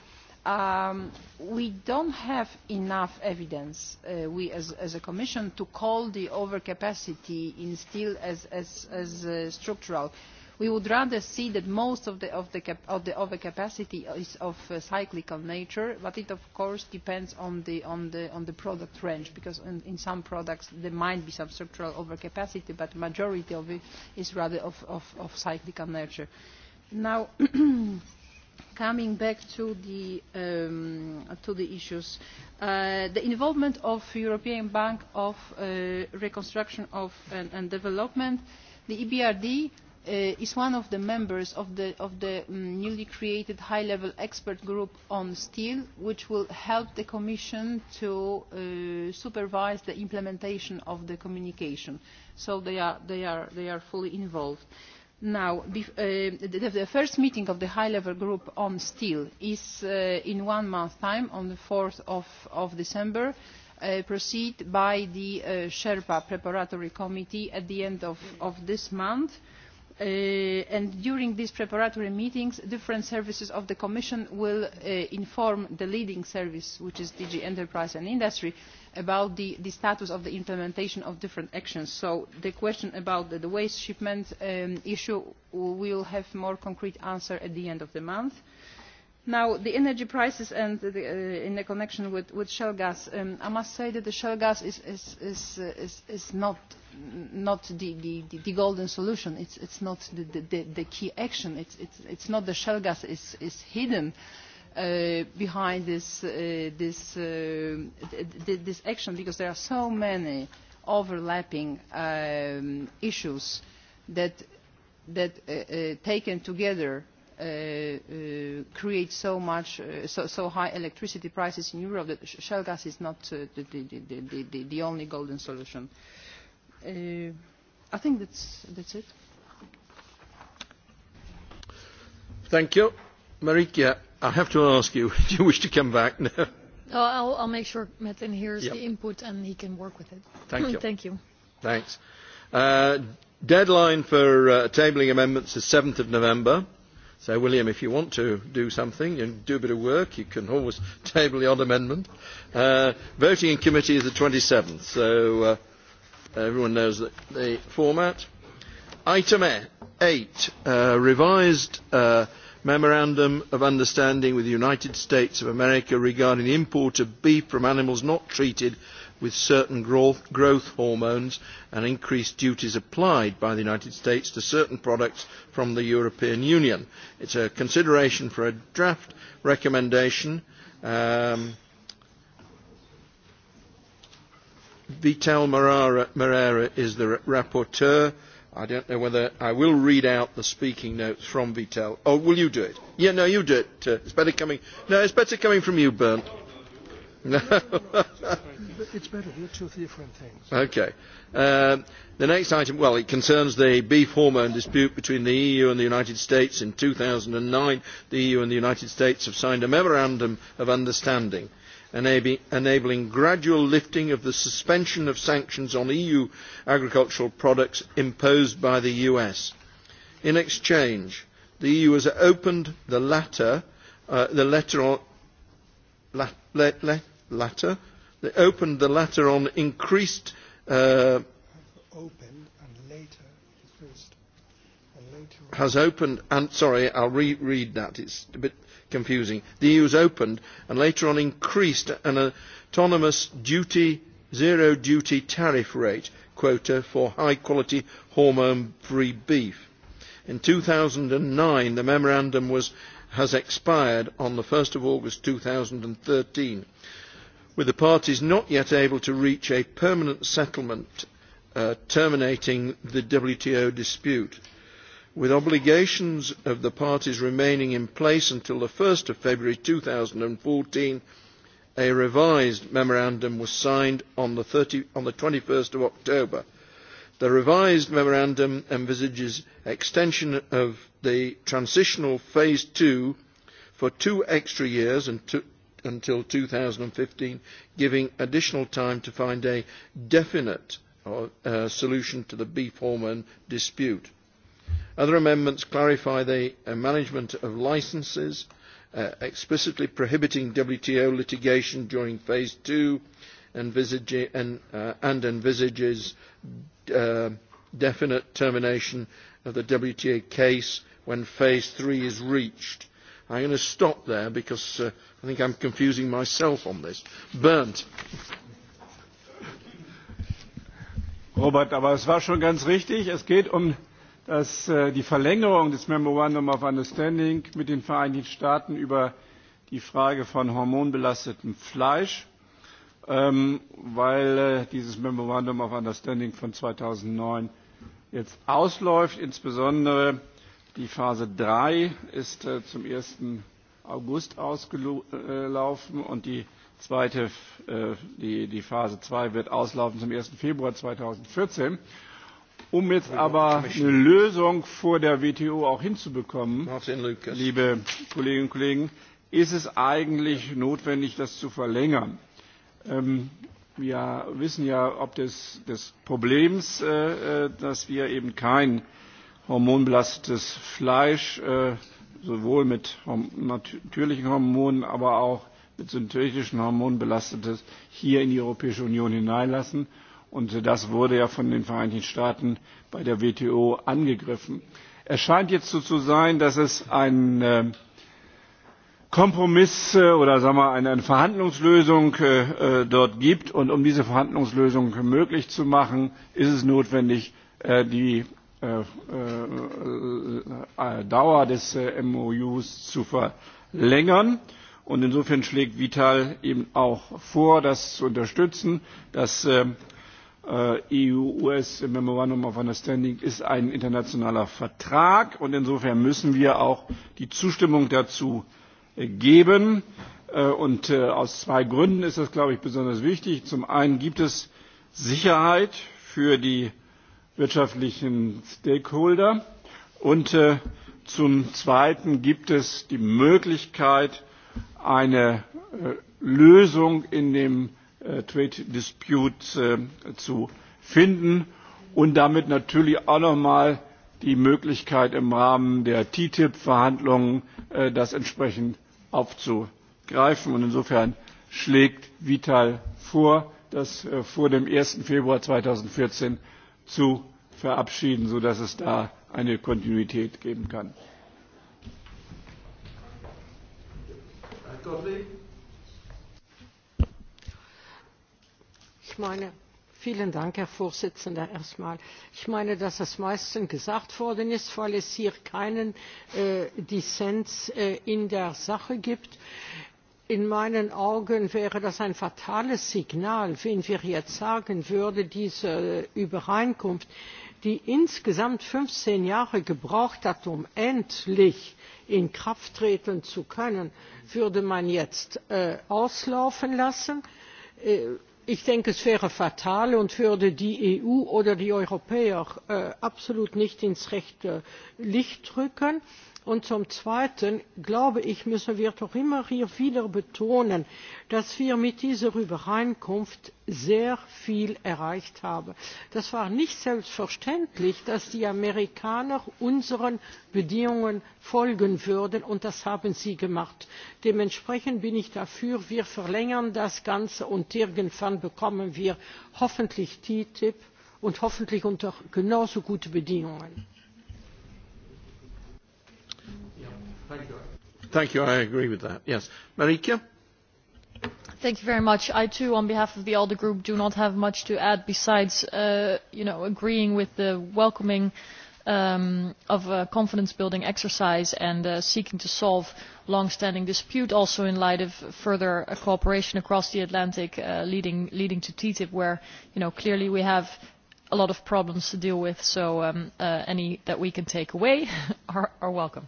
um, we don't have enough evidence, uh, we as, as a Commission, to call the overcapacity in steel as, as, as uh, structural. We would rather see that most of the, of the, cap of the overcapacity is of uh, cyclical nature, but it of course depends on the, on the, on the product range, because in, in some products there might be some structural overcapacity, but the majority of it is rather of, of, of cyclical nature. Now, coming back to the, um, to the issues, uh, the involvement of European Bank of uh, Reconstruction of, and, and Development, the EBRD uh, is one of the members of the, of the um, newly created high-level expert group on steel, which will help the Commission to uh, supervise the implementation of the communication. So they are, they are, they are fully involved. Uh, Now, the first meeting of the high-level group on steel is in one month's time, on the of December, preceded by the Sherpa Preparatory Committee at the end of this month and during these preparatory meetings different services of the commission will inform the leading service which is dg enterprise and industry about the status of the implementation of different actions so the question about the waste shipment issue will have a more concrete answer at the end of the month now the energy prices and in the connection with with shale gas i must say that the shale gas is not the golden solution It's it's not the key action It's it's not the shale gas is hidden behind this action because there are so many overlapping issues that taken together create so much, so, so high electricity prices in Europe that shale gas is not the, the, the, the the only golden solution. I think that's, that's it. Thank you. Marikia, I have to ask you, do you wish to come back now? No, I'll, I'll make sure Metin hears the input and he can work with it. Thank you. Thank you. Thanks. Uh, deadline for uh, tabling amendments is 7th of November So, William, if you want to do something and do a bit of work, you can always table the odd amendment. Uh, voting in committee is the 27th, so uh, everyone knows the, the format. Item 8, uh, revised uh, memorandum of understanding with the United States of America regarding the import of beef from animals not treated with certain growth hormones and increased duties applied by the United States to certain products from the European Union. It is a consideration for a draft recommendation. Um, Vital Moreira is the rapporteur. I don't know whether I will read out the speaking notes from Vitel. Oh, will you do it? Yeah, no, you do it. Uh, it's better coming. No, it's better coming from you, Bernd. No. it's better. They're two different things. Okay. Um, the next item, well, it concerns the beef hormone dispute between the EU and the United States. In 2009, the EU and the United States have signed a memorandum of understanding enabling gradual lifting of the suspension of sanctions on EU agricultural products imposed by the US. In exchange, the EU has opened the latter, uh the letter on, Letter. They opened the latter on increased. Uh, open and later first. And later has opened and sorry, I'll reread that. It's a bit confusing. The EU has opened and later on increased an autonomous duty zero duty tariff rate quota for high quality hormone free beef. In two thousand nine the memorandum has expired on the 1st of August thirteen with the parties not yet able to reach a permanent settlement terminating the WTO dispute. With obligations of the parties remaining in place until the 1st of February fourteen, a revised memorandum was signed on the, 30, on the 21st of October. The revised memorandum envisages extension of the transitional phase two for two extra years and until fifteen, giving additional time to find a definite solution to the beef hormone dispute. Other amendments clarify the management of licences, explicitly prohibiting WTO litigation during phase two and envisages definite termination of the WTA case when phase three is reached I am going to stop there because uh, I think I am confusing myself on this. Bernd. Robert, aber es war schon ganz richtig. Es geht um das, äh, die Verlängerung des Memorandum of Understanding mit den Vereinigten Staaten über die Frage von hormonbelastetem Fleisch, ähm, weil äh, dieses Memorandum of Understanding von 2009 jetzt ausläuft, insbesondere Die Phase 3 ist äh, zum 1. August ausgelaufen und die zweite, äh, die, die Phase 2 wird auslaufen zum 1. Februar 2014. Um jetzt aber eine Lösung vor der WTO auch hinzubekommen, liebe Kolleginnen und Kollegen, ist es eigentlich notwendig, das zu verlängern. Ähm, wir wissen ja ob des, des Problems, äh, dass wir eben kein hormonbelastetes Fleisch, sowohl mit natürlichen Hormonen, aber auch mit synthetischen Hormonen belastetes, hier in die Europäische Union hineinlassen. Und das wurde ja von den Vereinigten Staaten bei der WTO angegriffen. Es scheint jetzt so zu sein, dass es ein Kompromiss oder sagen wir, eine Verhandlungslösung dort gibt. Und um diese Verhandlungslösung möglich zu machen, ist es notwendig, die Dauer des MOUs zu verlängern. Und insofern schlägt Vital eben auch vor, das zu unterstützen. Das EU-US Memorandum of Understanding ist ein internationaler Vertrag und insofern müssen wir auch die Zustimmung dazu geben. Und aus zwei Gründen ist das, glaube ich, besonders wichtig. Zum einen gibt es Sicherheit für die wirtschaftlichen Stakeholder. Und zum Zweiten gibt es die Möglichkeit, eine Lösung in dem Trade Dispute zu finden und damit natürlich auch noch mal die Möglichkeit im Rahmen der TTIP-Verhandlungen das entsprechend aufzugreifen. Und insofern schlägt Vital vor, das vor dem 1. Februar 2014 zu verabschieden, sodass es da eine Kontinuität geben kann. Ich meine, vielen Dank, Herr Vorsitzender, erstmal. Ich meine, dass das meiste gesagt worden ist, weil es hier keinen Dissens in der Sache gibt. In meinen Augen wäre das ein fatales Signal, wenn wir jetzt sagen würden, diese Übereinkunft die insgesamt fünfzehn jahre gebraucht hat um endlich in kraft treten zu können würde man jetzt auslaufen lassen? ich denke es wäre fatal und würde die eu oder die europäer absolut nicht ins rechte licht rücken und zum zweiten glaube ich müssen wir doch immer hier wieder betonen dass wir mit dieser übereinkunft sehr viel erreicht haben. es war nicht selbstverständlich dass die amerikaner unseren bedingungen folgen würden und das haben sie gemacht. dementsprechend bin ich dafür wir verlängern das ganze und irgendwann bekommen wir hoffentlich ttip und hoffentlich unter genauso guten bedingungen. Thank you. I agree with that. Yes. I too, on behalf of the ALDE group, do not have much to add besides agreeing with the welcoming of a confidence building exercise and seeking to solve long standing dispute also in light of further cooperation across the Atlantic leading, to TTIP where clearly we have a lot of problems to deal with so any that we can take away are, are welcome.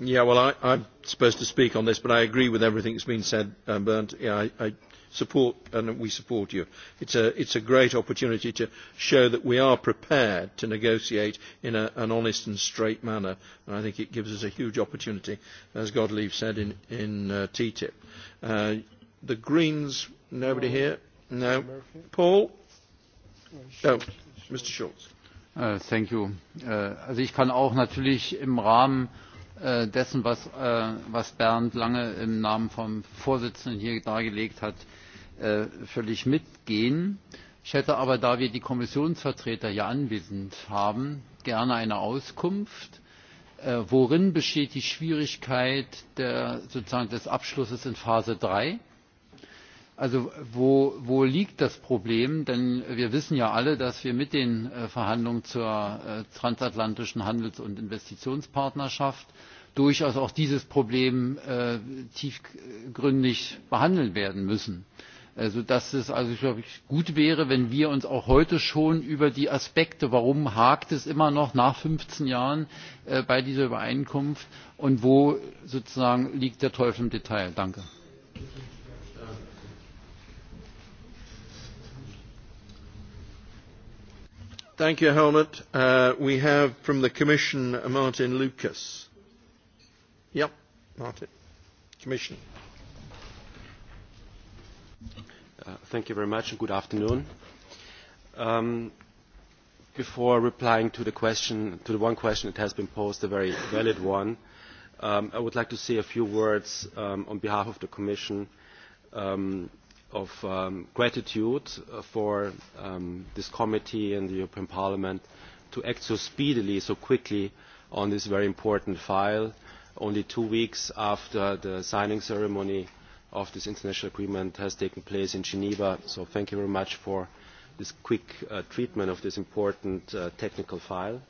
Yeah, well, I, am supposed to speak on this, but I agree with everything that has been said, Bernd. Yeah, I, I support and we support you. it a, it's a great opportunity to show that we are prepared to negotiate in an honest and straight manner. And I think it gives us a huge opportunity, as Godlieve said in, in TTIP. the Greens, nobody here? No. Paul? no. Mr. Schultz Herr Präsident. Also ich kann auch natürlich im Rahmen dessen, was, Bernd Lange im Namen vom Vorsitzenden hier dargelegt hat, völlig mitgehen. Ich hätte aber, da wir die Kommissionsvertreter hier anwesend haben, gerne eine Auskunft. Worin besteht die Schwierigkeit sozusagen des Abschlusses in Phase drei? Also wo, liegt das Problem? Denn wir wissen ja alle, dass wir mit den Verhandlungen zur transatlantischen Handels- und Investitionspartnerschaft durchaus auch dieses Problem tiefgründig behandeln werden müssen. Sodass es also, glaube gut wäre, wenn wir uns auch heute schon über die Aspekte, warum hakt es immer noch nach fünfzehn Jahren bei dieser Übereinkunft und wo sozusagen liegt der Teufel im Detail. Danke Thank you, Helmut. Uh, we have from the Commission Martin Lucas. Yep, Martin. Commission. Uh, thank you very much and good afternoon. Um, before replying to the question, to the one question that has been posed, a very valid one, um, I would like to say a few words um, on behalf of the Commission um, of um, gratitude for um, this committee and the European Parliament to act so speedily, so quickly on this very important file, only two weeks after the signing ceremony of this international agreement has taken place in Geneva. So thank you very much for this quick uh, treatment of this important uh, technical file.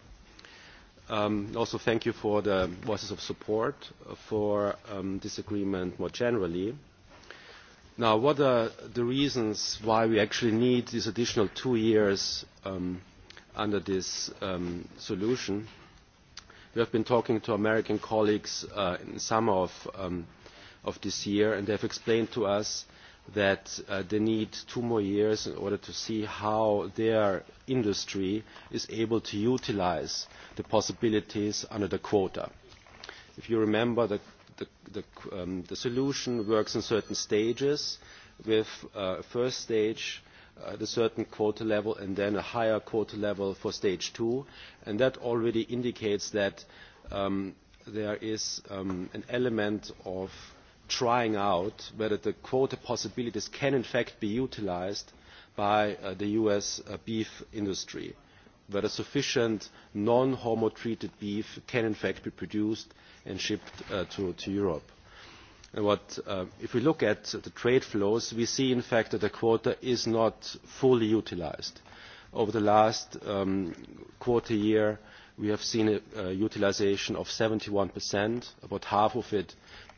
Um, also thank you for the voices of support for um, this agreement more generally Now, what are the reasons why we actually need these additional two years um, under this um, solution? We have been talking to American colleagues uh, in summer of, um, of this year, and they have explained to us that uh, they need two more years in order to see how their industry is able to utilize the possibilities under the quota. If you remember, the the solution works in certain stages with a first stage at a certain quota level and then a higher quota level for stage two. and That already indicates that there is an element of trying out whether the quota possibilities can in fact be utilised by the U.S. beef industry, whether sufficient non-homo-treated beef can in fact be produced and shipped to Europe. If we look at the trade flows, we see in fact that the quota is not fully utilized. Over the last quarter year, we have seen a utilization of 71%, about half of it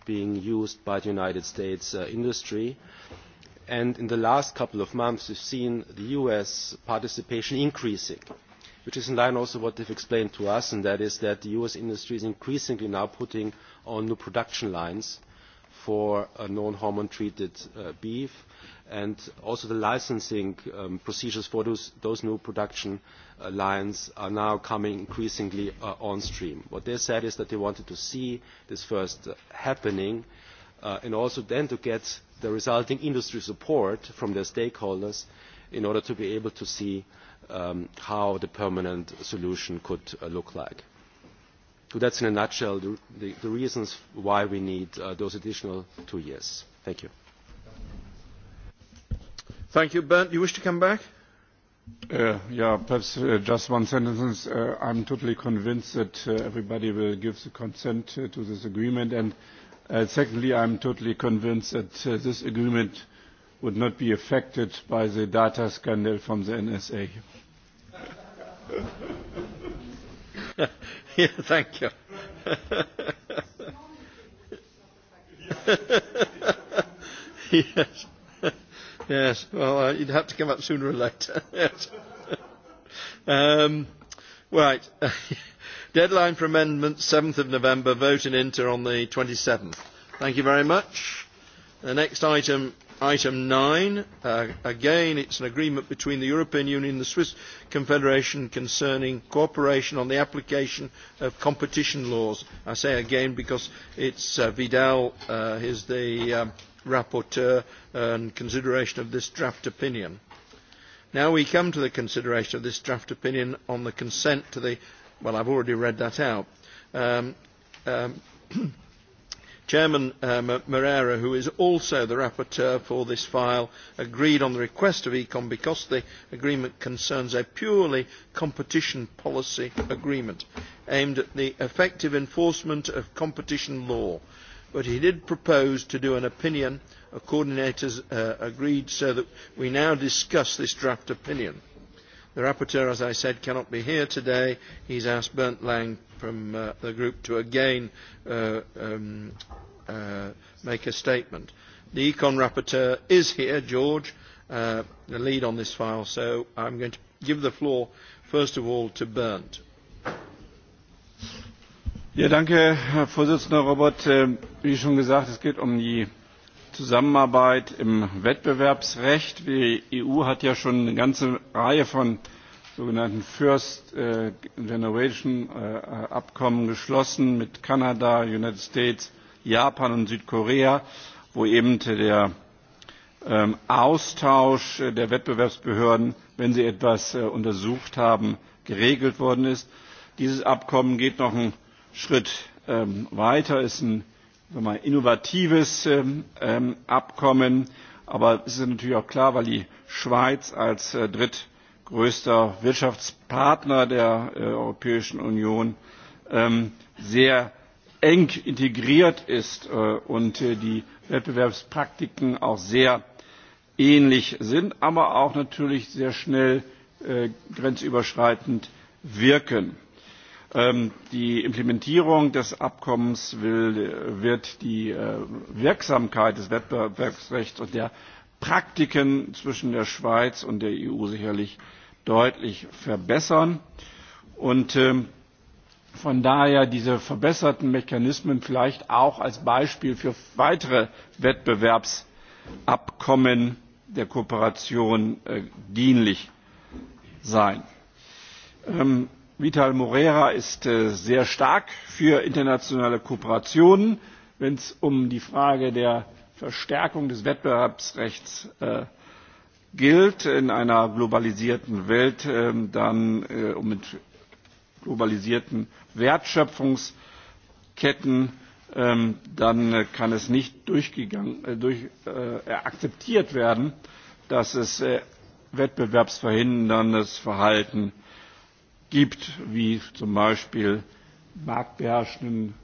being used by the United States industry. and In the last couple of months, we've seen the U.S. participation increasing which is in line also with what they have explained to us, and that is that the U.S. industry is increasingly now putting on new production lines for non-hormone-treated beef, and also the licensing procedures for those new production lines are now coming increasingly on stream. What they said is that they wanted to see this first happening, and also then to get the resulting industry support from their stakeholders in order to be able to see how the permanent solution could look like. So that's in a nutshell the, the, the reasons why we need those additional two years. Thank you. Thank you. Bernd, you wish to come back? Yeah, perhaps just one sentence. I'm totally convinced that everybody will give the consent to this agreement. And secondly, I'm totally convinced that this agreement would not be affected by the data scandal from the NSA. yeah, thank you. yes. Yes. Well, uh, you'd have to come up sooner or later. yes. Um, right. Deadline for amendments, 7th of November. Vote in Inter on the 27th. Thank you very much. The next item Item nine, Again it is an agreement between the European Union and the Swiss Confederation concerning cooperation on the application of competition laws. I say again because it is Vidal who is the rapporteur and consideration of this draft opinion. Now we come to the consideration of this draft opinion on the consent to the, well, I have already read that out. Um, um, Chairman Moreira, who is also the rapporteur for this file, agreed on the request of Econ because the agreement concerns a purely competition policy agreement aimed at the effective enforcement of competition law. But he did propose to do an opinion, a coordinators agreed, so that we now discuss this draft opinion The rapporteur, as I said, cannot be here today. He's asked Bernd Lang from uh, the group to again uh, um, uh, make a statement. The Econ rapporteur is here, George, uh, the lead on this file, so I'm going to give the floor first of all to Bernd. Ja, danke, Herr Vorsitzender Robert. Wie schon gesagt, es geht um die Zusammenarbeit im Wettbewerbsrecht. Die EU hat ja schon eine ganze Reihe von sogenannten First Generation Abkommen geschlossen mit Kanada, United States, Japan und Südkorea, wo eben der Austausch der Wettbewerbsbehörden, wenn sie etwas untersucht haben, geregelt worden ist. Dieses Abkommen geht noch einen Schritt weiter, ist mal, innovatives Abkommen. Aber es ist natürlich auch klar, weil die Schweiz als drittgrößter Wirtschaftspartner der Europäischen Union sehr eng integriert ist und die Wettbewerbspraktiken auch sehr ähnlich sind, aber auch natürlich sehr schnell grenzüberschreitend wirken. Die Implementierung des Abkommens wird die Wirksamkeit des Wettbewerbsrechts und der Praktiken zwischen der Schweiz und der EU sicherlich deutlich verbessern. Und von daher diese verbesserten Mechanismen vielleicht auch als Beispiel für weitere Wettbewerbsabkommen der Kooperation dienlich sein. Vital Moreira ist sehr stark für internationale Kooperationen, wenn es um die Frage der Verstärkung des Wettbewerbsrechts gilt in einer globalisierten Welt, dann um mit globalisierten Wertschöpfungsketten, dann kann es nicht akzeptiert werden, dass es wettbewerbsverhinderndes Verhalten gibt, wie zum Beispiel marktbeherrschenden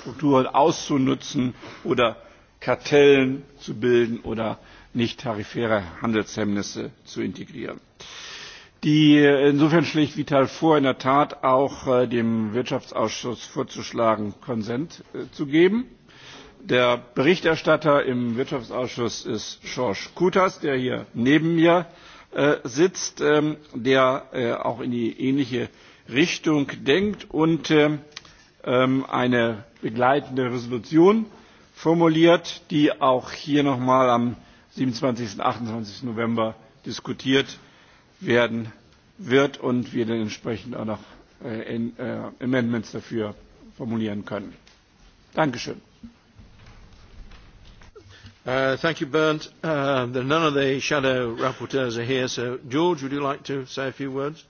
Strukturen auszunutzen oder Kartellen zu bilden oder nichttarifäre Handelshemmnisse zu integrieren. Die, insofern schlägt Vital vor, in der Tat auch dem Wirtschaftsausschuss vorzuschlagen, Konsent zu geben. Der Berichterstatter im Wirtschaftsausschuss ist George Kutas, der hier neben mir sitzt, der auch in die ähnliche Richtung denkt und eine begleitende Resolution formuliert, die auch hier nochmal am siebenundzwanzig und achtundzwanzig. November diskutiert werden wird und wir dann entsprechend auch noch änderungsanträge dafür formulieren können. schön thank you, Bernd. none of the shadow rapporteurs are here, so George, would you like to say a few words?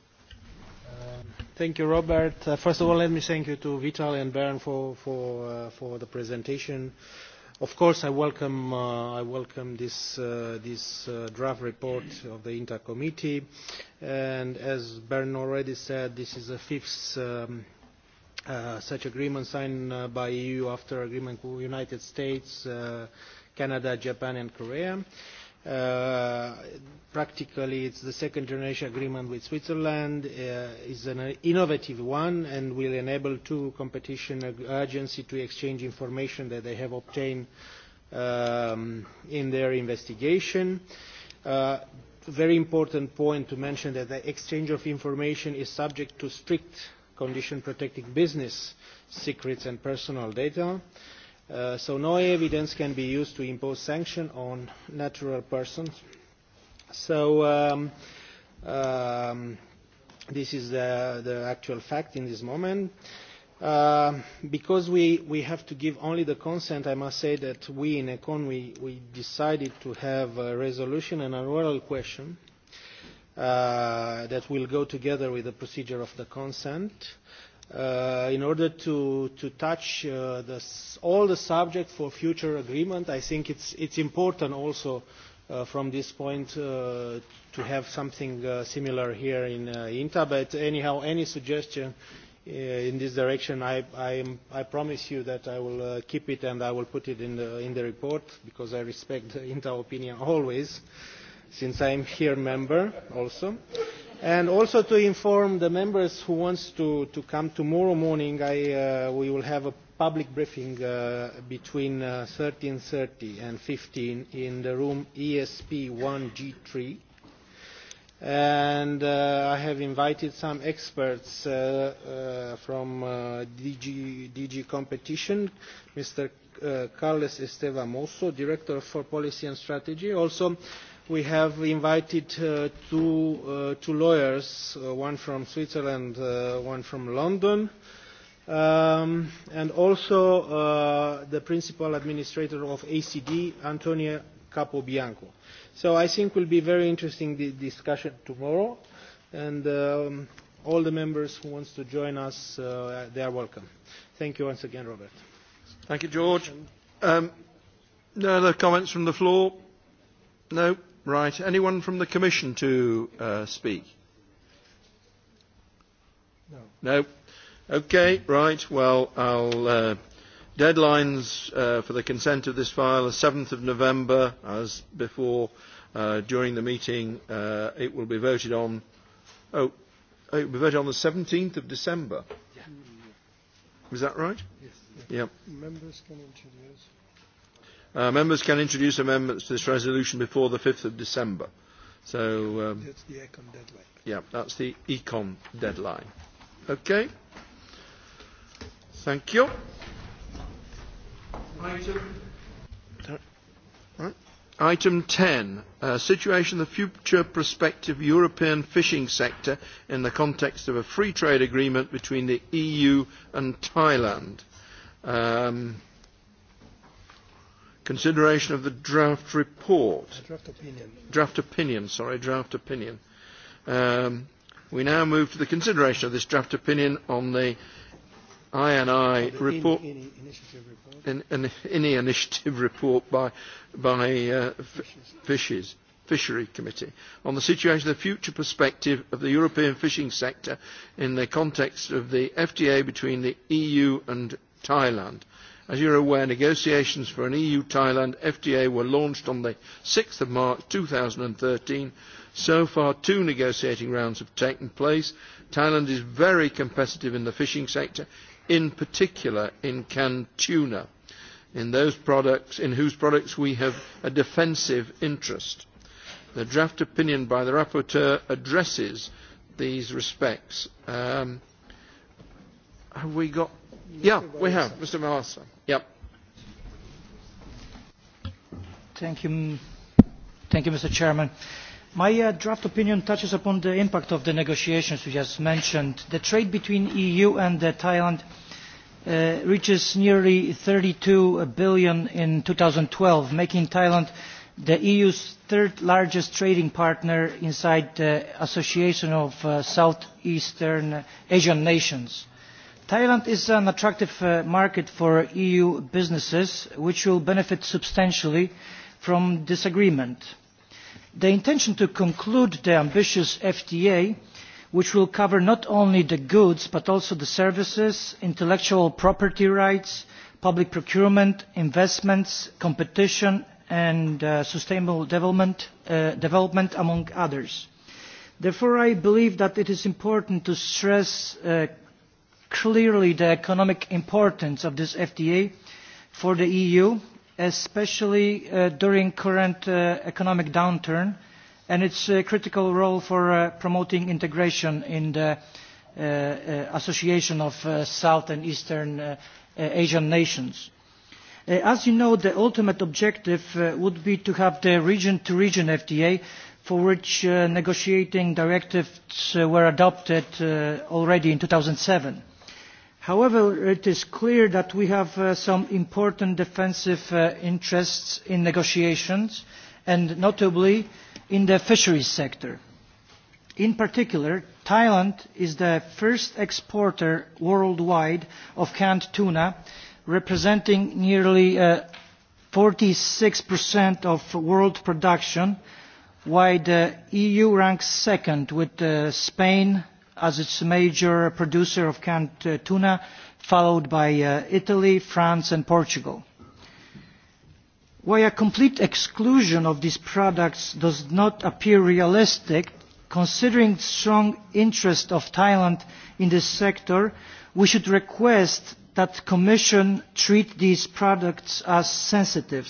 Thank you, Robert. first of all, let me thank you to Vital and Bernd for, for, for the presentation. Of course, I welcome, uh, I welcome this, this draft report of the Inter committee. And as Bernd already said, this is the fifth such agreement signed by EU after agreement with the United States Canada, Japan, and Korea. Uh, practically, it's the second generation agreement with Switzerland. Uh, is an innovative one and will enable two competition agencies to exchange information that they have obtained um, in their investigation. Uh, very important point to mention that the exchange of information is subject to strict conditions protecting business secrets and personal data. Uh, so no evidence can be used to impose sanctions on natural persons. So this is the, the actual fact in this moment. Uh, because we, we have to give only the consent, I must say that we in ECON, we, we decided to have a resolution and an oral question uh, that will go together with the procedure of the consent. Uh, uh, in order to, to touch uh, the, all the subject for future agreement. I think it's, it's important also uh, from this point uh, to have something uh, similar here in uh, INTA, but anyhow, any suggestion uh, in this direction, I, I, I promise you that I will uh, keep it and I will put it in the, in the report because I respect the INTA opinion always since I am here member also. And also to inform the members who wants to, to come tomorrow morning, I, uh, we will have a public briefing uh, between uh, thirty and 15 in the room ESP 1G3. And uh, I have invited some experts uh, uh, from uh, DG, DG Competition, Mr. Uh, Carles Esteva Mosso, Director for Policy and Strategy, also we have invited uh, two, uh, two lawyers, uh, one from Switzerland, uh, one from London, um, and also uh, the principal administrator of ACD, Antonia Capobianco. So I think will be very interesting the discussion tomorrow, and um, all the members who want to join us, uh, they are welcome. Thank you once again, Robert. Thank you, George. Um, no other comments from the floor? No. Right. Anyone from the Commission to uh, speak? No. No. Okay. Right. Well, I'll. Uh, deadlines uh, for the consent of this file are 7th of November, as before. Uh, during the meeting, uh, it will be voted on. Oh, it will be voted on the 17th of December. Yeah. Is that right? Yes. Yeah. Members can introduce members can introduce amendments to this resolution before the 5th of December. So um, that's the econ deadline. Yeah, that's the econ deadline. Okay. Thank you. Item. Right. Item 10, uh, situation of the future prospective European fishing sector in the context of a free trade agreement between the EU and Thailand. Um, Consideration of the draft report. Draft opinion. Draft opinion, sorry, draft opinion. Um, we now move to the consideration of this draft opinion on the INI report, INI initiative report. In, INI initiative report by, by uh, Fishes. Fishery Committee on the situation of the future perspective of the European fishing sector in the context of the FTA between the EU and Thailand. As you are aware, negotiations for an EU-Thailand FTA were launched on the 6 of March thirteen. So far, two negotiating rounds have taken place. Thailand is very competitive in the fishing sector, in particular in canned tuna, in those products in whose products we have a defensive interest. The draft opinion by the rapporteur addresses these respects. have we got Yeah, we have. Mr. Malassa. Yeah. Thank you. Thank you, Mr. Chairman. My uh, draft opinion touches upon the impact of the negotiations you just mentioned. The trade between EU and uh, Thailand uh, reaches nearly 32 billion in 2012, making Thailand the EU's third largest trading partner inside the Association of uh, Southeastern Asian Nations Thailand is an attractive market for EU businesses, which will benefit substantially from this agreement. The intention to conclude the ambitious FTA, which will cover not only the goods but also the services, intellectual property rights, public procurement, investments, competition and sustainable development, among others. Therefore, I believe that it is important to stress clearly the economic importance of this FTA for the EU, especially uh, during current uh, economic downturn, and its uh, critical role for uh, promoting integration in the uh, uh, association of uh, South and Eastern uh, Asian nations. Uh, as you know, the ultimate objective uh, would be to have the region-to-region FTA for which uh, negotiating directives uh, were adopted uh, already in 2007 However, it is clear that we have some important defensive interests in negotiations, and notably in the fisheries sector. In particular, Thailand is the first exporter worldwide of canned tuna, representing nearly uh, 46% of world production, while the EU ranks second with Spain, as its major producer of canned tuna, followed by Italy, France and Portugal. While a complete exclusion of these products does not appear realistic, considering the strong interest of Thailand in this sector, we should request that the Commission treat these products as sensitive,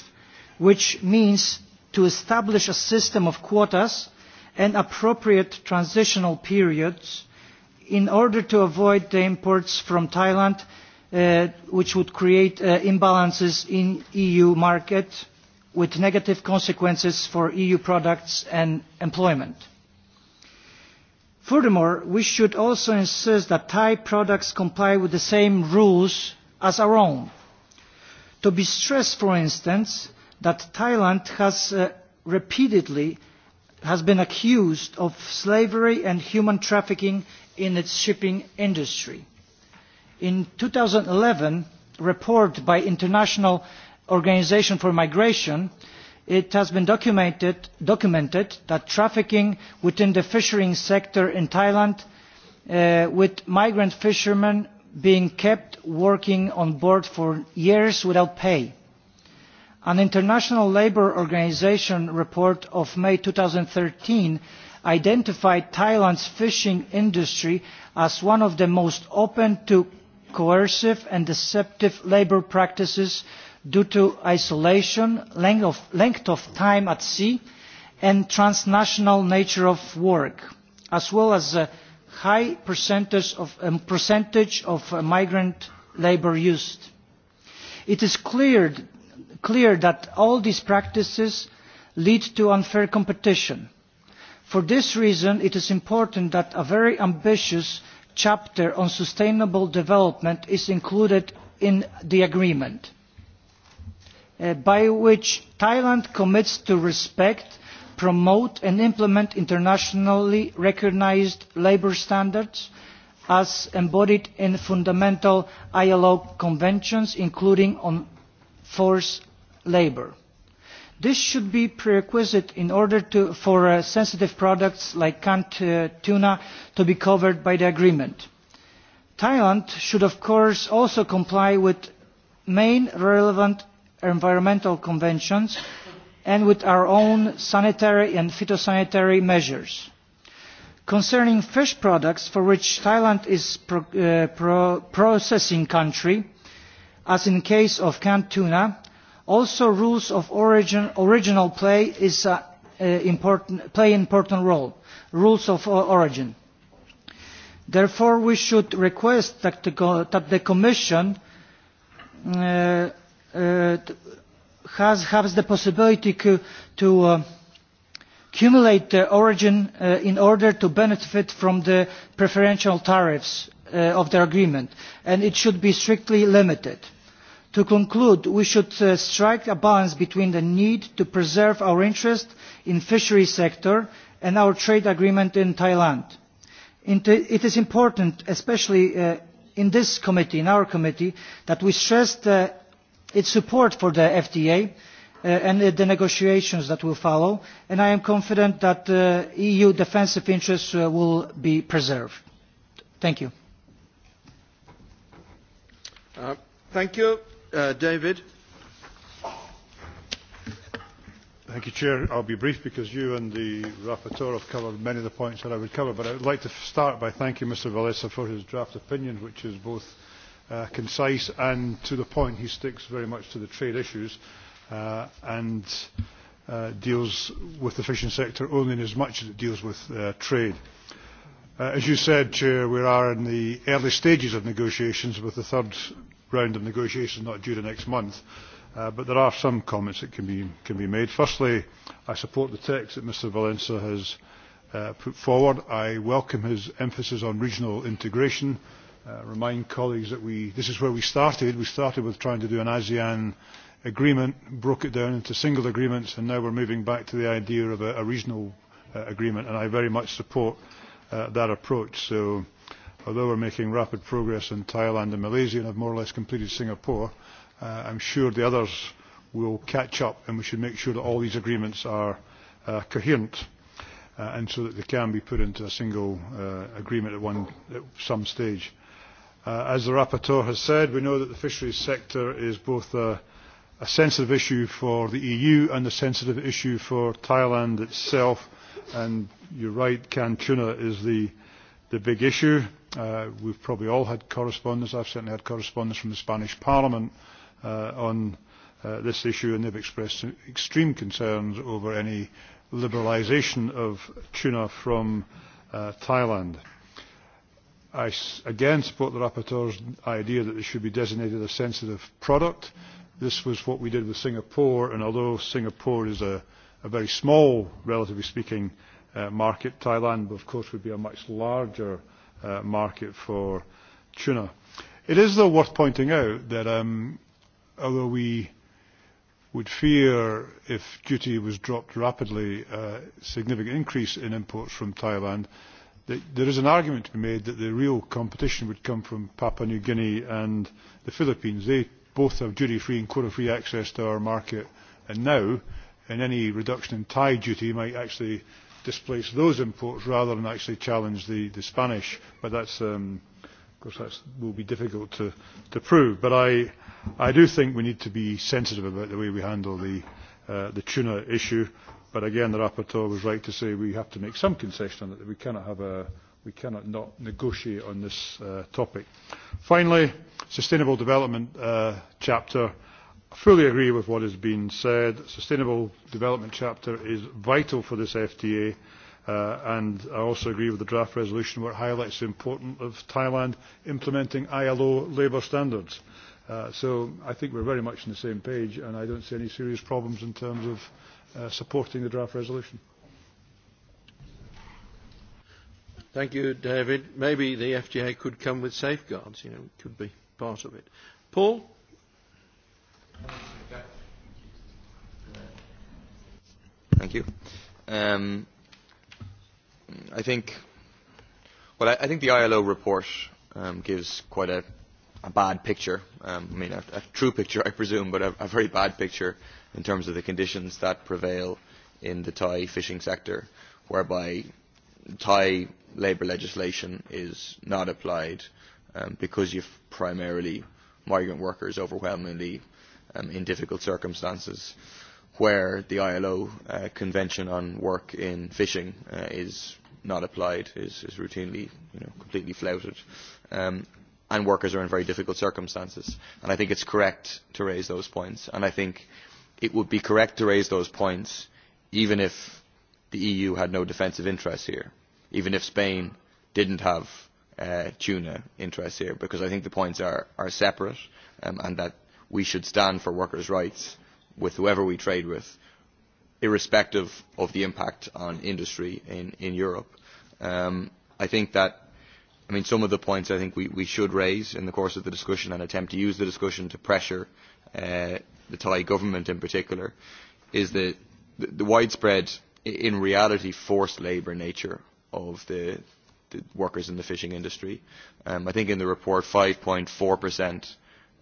which means to establish a system of quotas and appropriate transitional periods in order to avoid the imports from Thailand, which would create imbalances in the EU market with negative consequences for EU products and employment. Furthermore, we should also insist that Thai products comply with the same rules as our own. To be stressed, for instance, that Thailand has repeatedly has been accused of slavery and human trafficking in its shipping industry. In eleven report by International Organisation for Migration, it has been documented, that trafficking within the fishing sector in Thailand, with migrant fishermen being kept working on board for years without pay. An International Labour Organisation report of May thirteen identified Thailand's fishing industry as one of the most open to coercive and deceptive labour practices due to isolation, length of, time at sea, and transnational nature of work, as well as a high percentage of, um, percentage of migrant labour used. It is clear that all these practices lead to unfair competition For this reason, it is important that a very ambitious chapter on sustainable development is included in the agreement, by which Thailand commits to respect, promote and implement internationally recognised labour standards as embodied in fundamental ILO conventions, including on forced labour This should be prerequisite in order to, for uh, sensitive products like canned uh, tuna to be covered by the agreement. Thailand should of course also comply with main relevant environmental conventions and with our own sanitary and phytosanitary measures. Concerning fish products for which Thailand is pro, uh, pro processing country, as in case of canned tuna, Also, rules of origin, original play is a, uh, important, play an important role. Rules of origin. Therefore, we should request that the, that the Commission uh, uh, has, has the possibility to, to uh, accumulate the origin uh, in order to benefit from the preferential tariffs uh, of the agreement, and it should be strictly limited To conclude, we should uh, strike a balance between the need to preserve our interest in fishery sector and our trade agreement in Thailand. It is important, especially uh, in this committee, in our committee, that we stress uh, its support for the FTA uh, and the negotiations that will follow, and I am confident that the EU defensive interests uh, will be preserved. Thank you. Uh, thank you. David. Thank you, Chair. be brief because you and the rapporteur have covered many of the points that I would cover. But I would like to start by thanking Mr. wasa for his draft opinion, which is both concise and to the point. He sticks very much to the trade issues and deals with the fishing sector only in as much as it deals with trade. as you said, Chair, we are in the early stages of negotiations with the third round of negotiations not due to next month. but there are some comments that can be, can be made. Firstly, I support the text that Mr Valenza has put forward. I welcome his emphasis on regional integration. Uh, remind colleagues that we, this is where we started. We started with trying to do an ASEAN agreement, broke it down into single agreements, and now we're moving back to the idea of a, a regional uh, agreement, and I very much support uh, that approach. So although we are making rapid progress in thailand and malaysia and have more or less completed singapore i am sure the others will catch up and we should make sure that all these agreements are coherent and so that they can be put into a single agreement at, one, at some stage. as the rapporteur has said, we know that the fisheries sector is both a, a sensitive issue for the EU and a sensitive issue for Thailand itself. And you're right, canned tuna is the, the big issue. Uh, we've probably all had correspondence, I've certainly had correspondence from the Spanish Parliament uh, on uh, this issue, and they've expressed extreme concerns over any liberalisation of tuna from uh, Thailand. I again support the rapporteur's idea that this should be designated a sensitive product. This was what we did with Singapore, and although Singapore is a, a very small, relatively speaking, uh, market, Thailand, of course, would be a much larger uh, uh, market for tuna. It is, though, worth pointing out that um, although we would fear if duty was dropped rapidly, a significant increase in imports from Thailand, that there is an argument to be made that the real competition would come from Papua New Guinea and the Philippines. They both have duty-free and quota-free access to our market, and now, and any reduction in Thai duty might actually displace those imports rather than actually challenge the, the Spanish. But that's, um, of course, that will be difficult to, to prove. But I, I do think we need to be sensitive about the way we handle the, uh, the tuna issue. But again, the rapporteur was right to say we have to make some concession on it. We cannot have a we cannot not negotiate on this uh, topic. Finally, sustainable development uh, chapter fully agree with what has been said. The Sustainable Development chapter is vital for this FTA, uh, and I also agree with the draft resolution where it highlights the importance of Thailand implementing ILO labour standards. Uh, so I think we're very much on the same page, and I don't see any serious problems in terms of uh, supporting the draft resolution. Thank you, David. Maybe the FTA could come with safeguards, you know, could be part of it. Paul? Thank you. Um, I think, well, I, I think the ILO report um, gives quite a, a bad picture. Um, I mean, a, a true picture, I presume, but a, a very bad picture in terms of the conditions that prevail in the Thai fishing sector, whereby Thai labour legislation is not applied um, because you've primarily migrant workers overwhelmingly um, in difficult circumstances where the ILO uh, Convention on Work in Fishing uh, is not applied, is, is routinely you know, completely flouted, um, and workers are in very difficult circumstances. And I think it's correct to raise those points. And I think it would be correct to raise those points even if the EU had no defensive interests here, even if Spain didn't have uh, tuna interests here, because I think the points are, are separate um, and that we should stand for workers' rights with whoever we trade with, irrespective of the impact on industry in, in Europe. Um, I think that, I mean, some of the points I think we, we should raise in the course of the discussion and attempt to use the discussion to pressure uh, the Thai government in particular is the, the, widespread, in reality, forced labour nature of the, the workers in the fishing industry. Um, I think in the report, 5.4 percent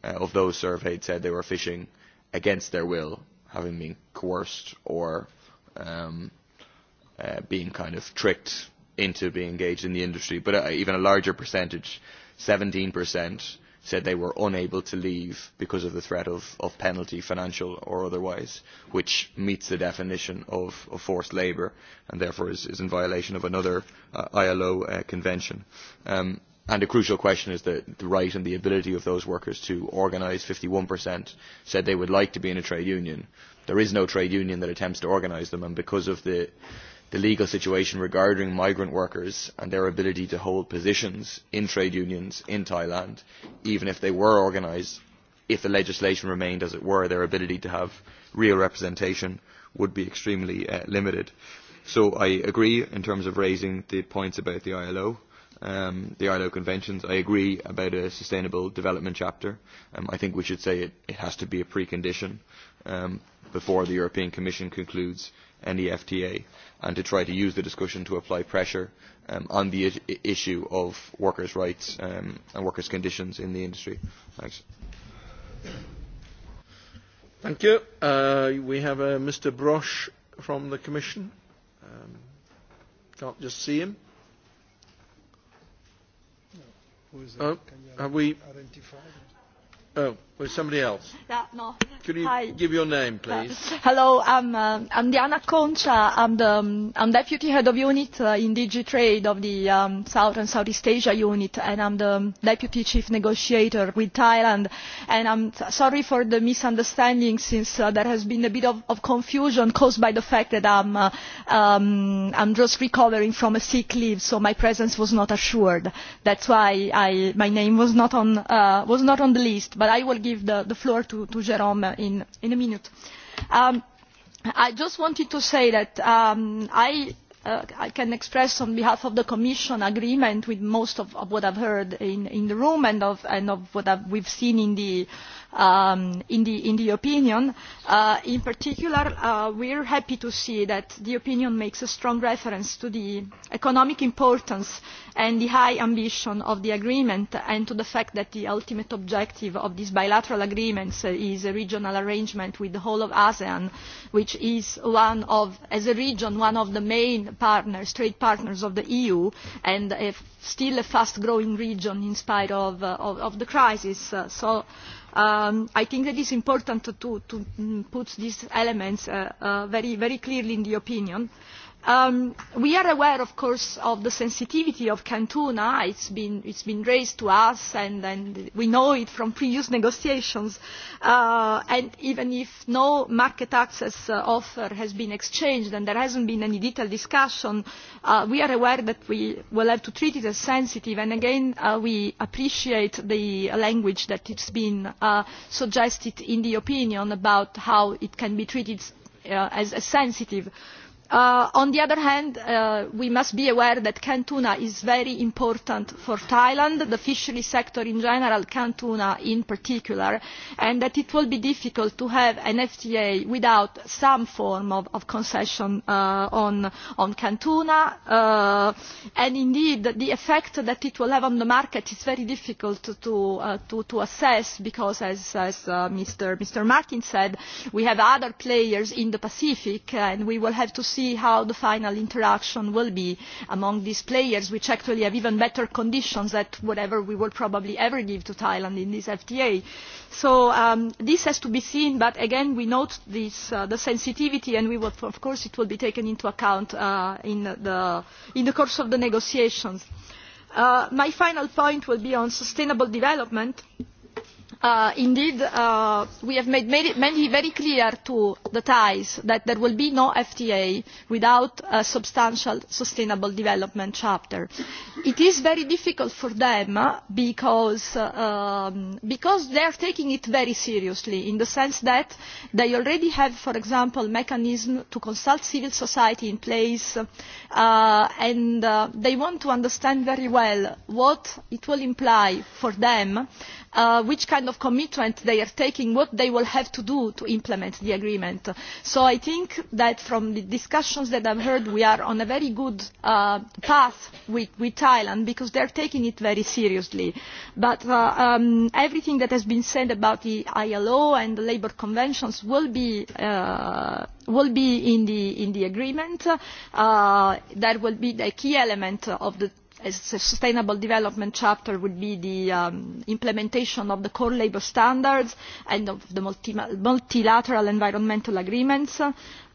of those surveyed said they were fishing against their will, having been coerced or um, uh, being kind of tricked into being engaged in the industry. But uh, even a larger percentage, 17%, said they were unable to leave because of the threat of, of penalty, financial or otherwise, which meets the definition of, of forced labour and therefore is, is in violation of another uh, ILO uh, convention. Um, And the crucial question is the, the right and the ability of those workers to organise. 51% said they would like to be in a trade union. There is no trade union that attempts to organise them, and because of the, the legal situation regarding migrant workers and their ability to hold positions in trade unions in Thailand, even if they were organised, if the legislation remained as it were, their ability to have real representation would be extremely uh, limited. So I agree in terms of raising the points about the ILO um, the ILO conventions. I agree about a sustainable development chapter. Um, I think we should say it, it has to be a precondition um, before the European Commission concludes any FTA and to try to use the discussion to apply pressure um, on the I issue of workers' rights um, and workers' conditions in the industry. Thanks. Thank you. Uh, we have uh, Mr. Brosh from the Commission. Um, can't just see him. Who is that? Uh, have we? Identified? Oh. Or somebody else? Yeah, no. Could you Hi. give your name, please? Hello, I'm, uh, I'm Diana Concha. I'm the um, I'm deputy head of unit uh, in DG Trade of the um, South and Southeast Asia unit, and I'm the deputy chief negotiator with Thailand. And I'm sorry for the misunderstanding, since uh, there has been a bit of, of confusion caused by the fact that I'm uh, um, I'm just recovering from a sick leave, so my presence was not assured. That's why I my name was not on uh, was not on the list, but I will give the, the floor to, to Jérôme in, in a minute. Um, I just wanted to say that um, I I can express on behalf of the Commission agreement with most of, of what I've heard in, in the room and of, and of what I've, we've seen in the in the opinion. in particular we are happy to see that the opinion makes a strong reference to the economic importance and the high ambition of the agreement and to the fact that the ultimate objective of these bilateral agreements is a regional arrangement with the whole of asean which is one of as a region one of the main partners trade partners of the eu and still a fast growing region in spite of the crisis. so I think that is important to, put these elements very, clearly in the opinion we are aware of course of the sensitivity of Cantuna. It's been, has been raised to us and, we know it from previous negotiations. and even if no market access offer has been exchanged and there has not been any detailed discussion, we are aware that we will have to treat it as sensitive. And again, we appreciate the language that has been suggested in the opinion about how it can be treated as sensitive on the other hand we must be aware that canned tuna is very important for thailand the fishery sector in general canned tuna in particular and that it will be difficult to have an fta without some form of concession on canned tuna and indeed the effect that it will have on the market is very difficult to assess because as mr martin said we have other players in the pacific and we will have see how the final interaction will be among these players, which actually have even better conditions than whatever we will probably ever give to Thailand in this FTA. So um, this has to be seen, but again, we note this, uh, the sensitivity, and we will, of course it will be taken into account uh, in, the, in the course of the negotiations. Uh, my final point will be on sustainable development. Uh, indeed we have made it very clear to the thais that there will be no fta without a substantial sustainable development chapter. it is very difficult for them because they are taking it very seriously in the sense that they already have for example mechanisms to consult civil society in place and they want to understand very well what it will imply for them which kind of commitment they are taking what they will have to do to implement the agreement. so i think that from the discussions that i have heard we are on a very good path with thailand because they are taking it very seriously. but everything that has been said about the ilo and the labour conventions will be will be in the agreement. that will be the key element of the a sustainable development chapter would be the um, implementation of the core labour standards and of the multi multilateral environmental agreements.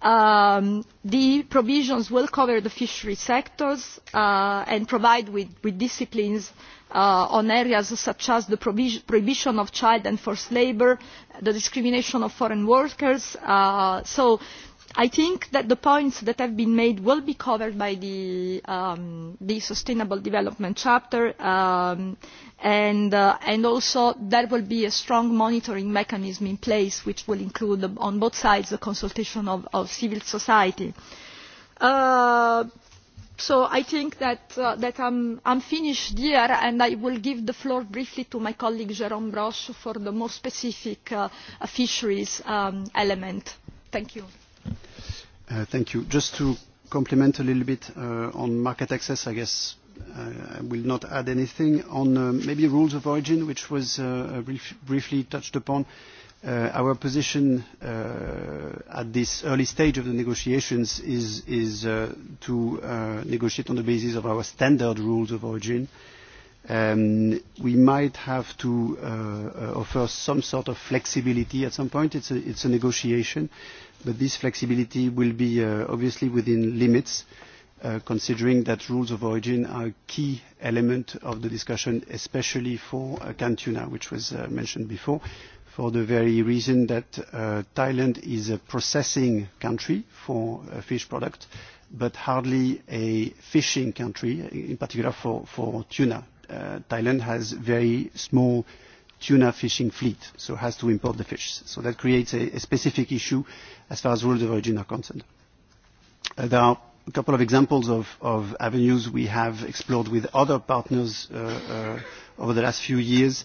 Um, the provisions will cover the fishery sectors uh, and provide with, with disciplines uh, on areas such as the prohibition of child and forced labour, the discrimination of foreign workers. Uh, so I think that the points that have been made will be covered by the, um, the Sustainable Development chapter, um, and, uh, and also there will be a strong monitoring mechanism in place which will include on both sides the consultation of, of civil society. Uh, so I think that, uh, that I'm, I'm finished here and I will give the floor briefly to my colleague Jerome Broche for the more specific uh, fisheries um, element. Thank you. Thank you. Just to complement a little bit on market access, I guess I will not add anything. On maybe rules of origin, which was briefly touched upon, our position at this early stage of the negotiations is to negotiate on the basis of our standard rules of origin, we might have to uh, offer some sort of flexibility at some point. It's a, it's a negotiation, but this flexibility will be uh, obviously within limits, uh, considering that rules of origin are a key element of the discussion, especially for uh, canned tuna, which was uh, mentioned before, for the very reason that uh, Thailand is a processing country for fish products, but hardly a fishing country, in particular for, for tuna uh, Thailand has very small tuna fishing fleet, so has to import the fish. So that creates a, a specific issue as far as rules of origin are concerned. Uh, there are a couple of examples of, of avenues we have explored with other partners uh, uh, over the last few years.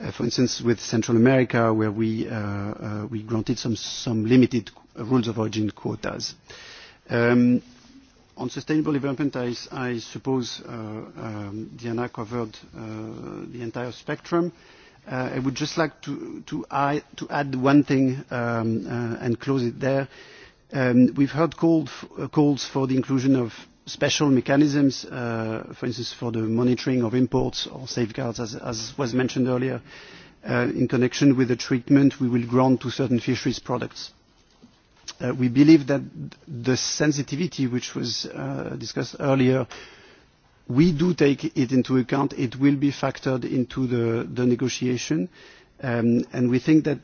Uh, for instance, with Central America, where we, uh, uh, we granted some, some limited rules of origin quotas. Um, On sustainable development, I, I suppose uh, um, Diana covered uh, the entire spectrum. Uh, I would just like to, to, I, to add one thing um, uh, and close it there. Um, we've heard called f- calls for the inclusion of special mechanisms, uh, for instance, for the monitoring of imports or safeguards, as, as was mentioned earlier, uh, in connection with the treatment we will grant to certain fisheries products uh, we believe that the sensitivity which was uh, discussed earlier, we do take it into account. It will be factored into the, the negotiation. Um, and we think that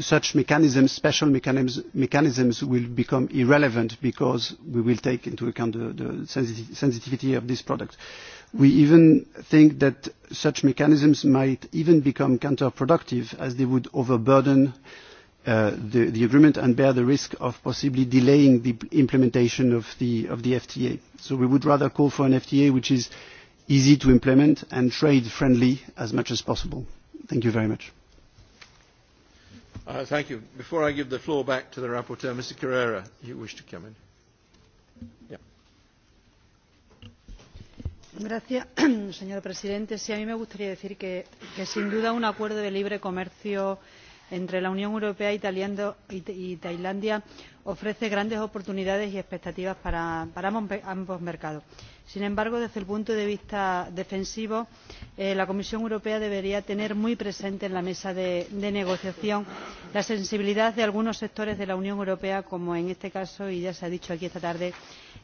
such mechanisms, special mechanisms, mechanisms will become irrelevant because we will take into account the, the sensitivity of this product. We even think that such mechanisms might even become counterproductive as they would overburden uh, the, the agreement and bear the risk of possibly delaying the implementation of the, of the FTA. So we would rather call for an FTA which is easy to implement and trade friendly as much as possible. Thank you very much. Uh, thank you. Before I give the floor back to the rapporteur, Mr. Carrera, you wish to come in. Gracias, señor presidente. Sí, a mí me gustaría decir que, que sin duda un acuerdo de libre comercio entre la unión europea y tailandia ofrece grandes oportunidades y expectativas para ambos mercados. sin embargo desde el punto de vista defensivo la comisión europea debería tener muy presente en la mesa de negociación la sensibilidad de algunos sectores de la unión europea como en este caso y ya se ha dicho aquí esta tarde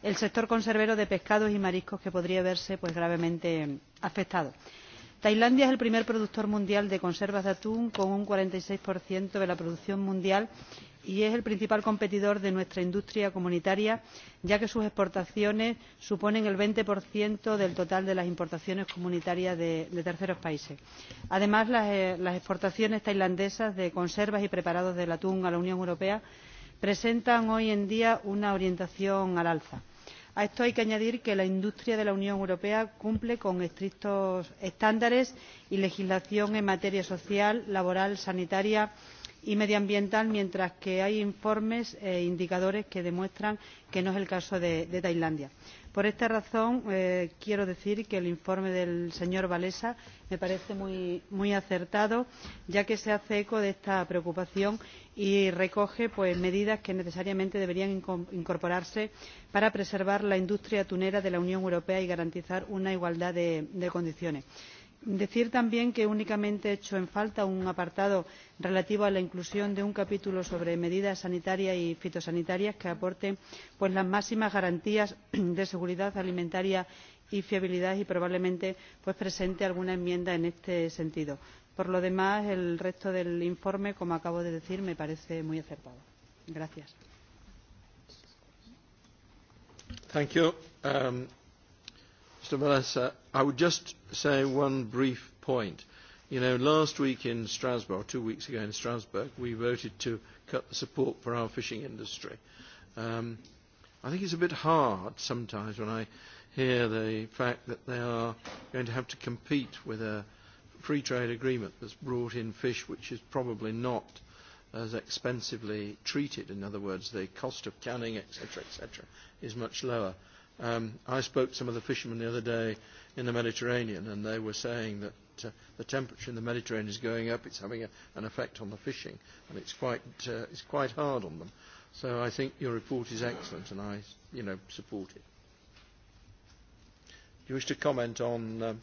el sector conservero de pescados y mariscos que podría verse gravemente afectado tailandia es el primer productor mundial de conservas de atún con un cuarenta y seis de la producción mundial y es el principal competidor de nuestra industria comunitaria ya que sus exportaciones suponen el veinte del total de las importaciones comunitarias de terceros países. además las exportaciones tailandesas de conservas y preparados del atún a la unión europea presentan hoy en día una orientación al alza a esto hay que añadir que la industria de la unión europea cumple con estrictos estándares y legislación en materia social laboral sanitaria y medioambiental mientras que hay informes e indicadores que demuestran que no es el caso de tailandia por esta razón quiero decir que el informe del señor wasa me parece muy acertado ya que se hace eco de esta preocupación y recoge medidas que necesariamente deberían incorporarse para preservar la industria atunera de la unión europea y garantizar una igualdad de condiciones decir también que únicamente echo en falta un apartado relativo a la inclusión de un capítulo sobre medidas sanitarias y fitosanitarias que aporten las máximas garantías de seguridad alimentaria y fiabilidad y probablemente presente alguna enmienda en este sentido. por lo demás el resto del informe como acabo de decir me parece muy acertado. gracias. Mr. Melissa, I would just say one brief point. You know, last week in Strasbourg, two weeks ago in Strasbourg, we voted to cut the support for our fishing industry. Um, I think it's a bit hard sometimes when I hear the fact that they are going to have to compete with a free trade agreement that's brought in fish which is probably not as expensively treated. In other words, the cost of canning, etc., etc., is much lower. Um, I spoke to some of the fishermen the other day in the Mediterranean, and they were saying that uh, the temperature in the Mediterranean is going up. It's having a, an effect on the fishing, and it's quite, uh, it's quite hard on them. So I think your report is excellent, and I you know, support it. Do you wish to comment on... Um,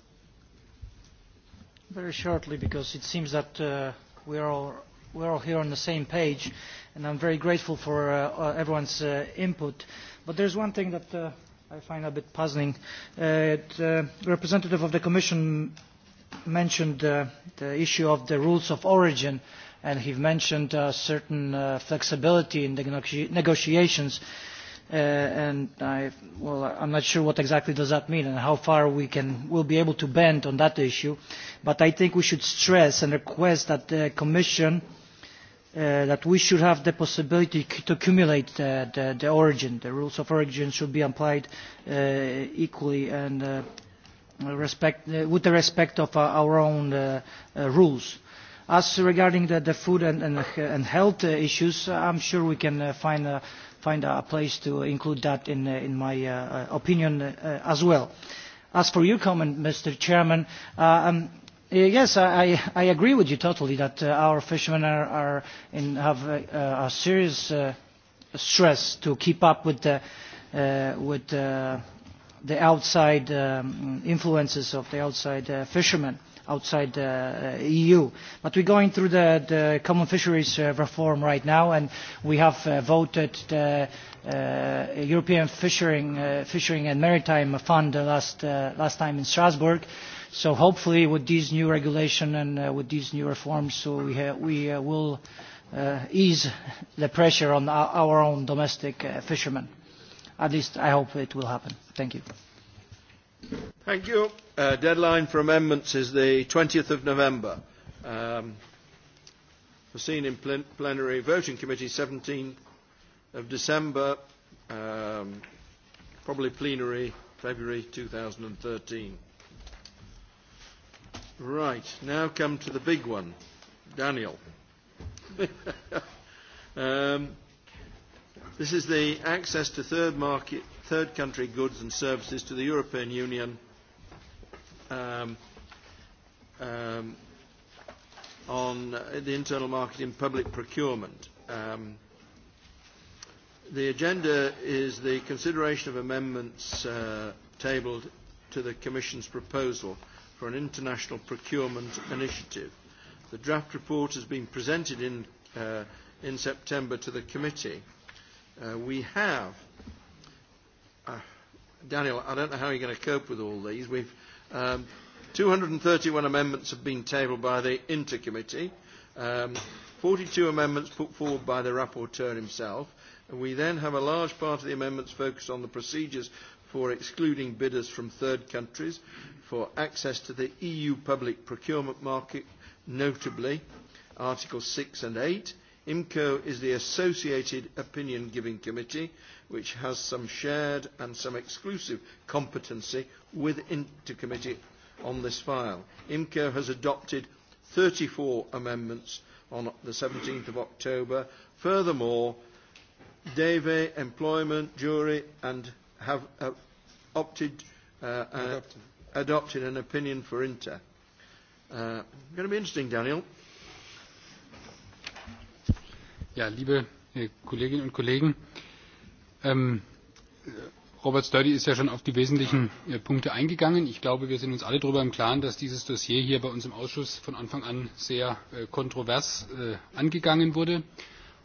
Very shortly, because it seems that uh, we are all we're all here on the same page, and I'm very grateful for uh, everyone's uh, input. But there's one thing that uh, I find a bit puzzling. the representative of the Commission mentioned the issue of the rules of origin and he mentioned a certain flexibility in the negotiations and I, well, I'm not sure what exactly does that mean and how far we can, will be able to bend on that issue. But I think we should stress and request that the Commission uh, that we should have the possibility to accumulate the, the, the origin. The rules of origin should be applied uh, equally and uh, respect, uh, with the respect of our own uh, uh, rules. As regarding the, the food and, and, and health issues, I'm sure we can uh, find, a, find a place to include that in, in my uh, opinion uh, as well. As for your comment, Mr. Chairman, uh, um, Yes, I I agree with you totally that uh our fishermen are are in have uh a serious uh stress to keep up with the uh with uh the outside um influences of the outside uh fishermen outside the EU. But we're going through the the common fisheries uh reform right now, and we have uh voted the uh European Fishering uh Fishering and Maritime Fund last uh last time in Strasbourg So hopefully with these new regulation and uh, with these new reforms, so we, ha we uh, will uh, ease the pressure on our, our own domestic uh, fishermen. At least I hope it will happen. Thank you. Thank you. Uh, deadline for amendments is the 20th of November. Um, foreseen in plen plenary voting committee 17th of December, um, probably plenary February 2013. Right, now come to the big one, Daniel. um, this is the access to third market, third country goods and services to the European Union um, um, on the internal market in public procurement. Um, the agenda is the consideration of amendments uh, tabled to the Commission's proposal for an international procurement initiative. The draft report has been presented in, uh, in September to the committee. Uh, we have, uh, Daniel, I don't know how you're going to cope with all these. We've, um, 231 amendments have been tabled by the intercommittee, um, 42 amendments put forward by the rapporteur himself, and we then have a large part of the amendments focused on the procedures for excluding bidders from third countries, for access to the EU public procurement market, notably Articles six and eight. IMCO is the associated opinion giving committee, which has some shared and some exclusive competency with intercommittee on this file. IMCO has adopted thirty four amendments on the 17th of October. Furthermore, DEVE, Employment, Jury, and have uh, opted, uh, uh, adopted an opinion for Inter. Uh, going to be interesting, Daniel. Ja, liebe Kolleginnen und Kollegen, ähm, Robert Sturdy ist ja schon auf die wesentlichen Punkte eingegangen. Ich glaube, wir sind uns alle darüber im Klaren, dass dieses Dossier hier bei uns im Ausschuss von Anfang an sehr kontrovers angegangen wurde.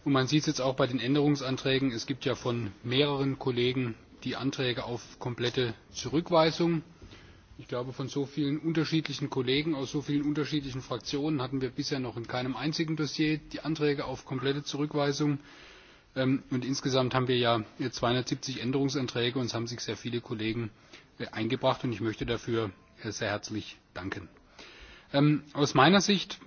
Und man sieht es jetzt auch bei den Änderungsanträgen. Es gibt ja von mehreren Kollegen die Anträge auf komplette Zurückweisung. Ich glaube, von so vielen unterschiedlichen Kollegen aus so vielen unterschiedlichen Fraktionen hatten wir bisher noch in keinem einzigen Dossier die Anträge auf komplette Zurückweisung. Und insgesamt haben wir ja 270 Änderungsanträge und es haben sich sehr viele Kollegen eingebracht und ich möchte dafür sehr herzlich danken. Aus meiner Sicht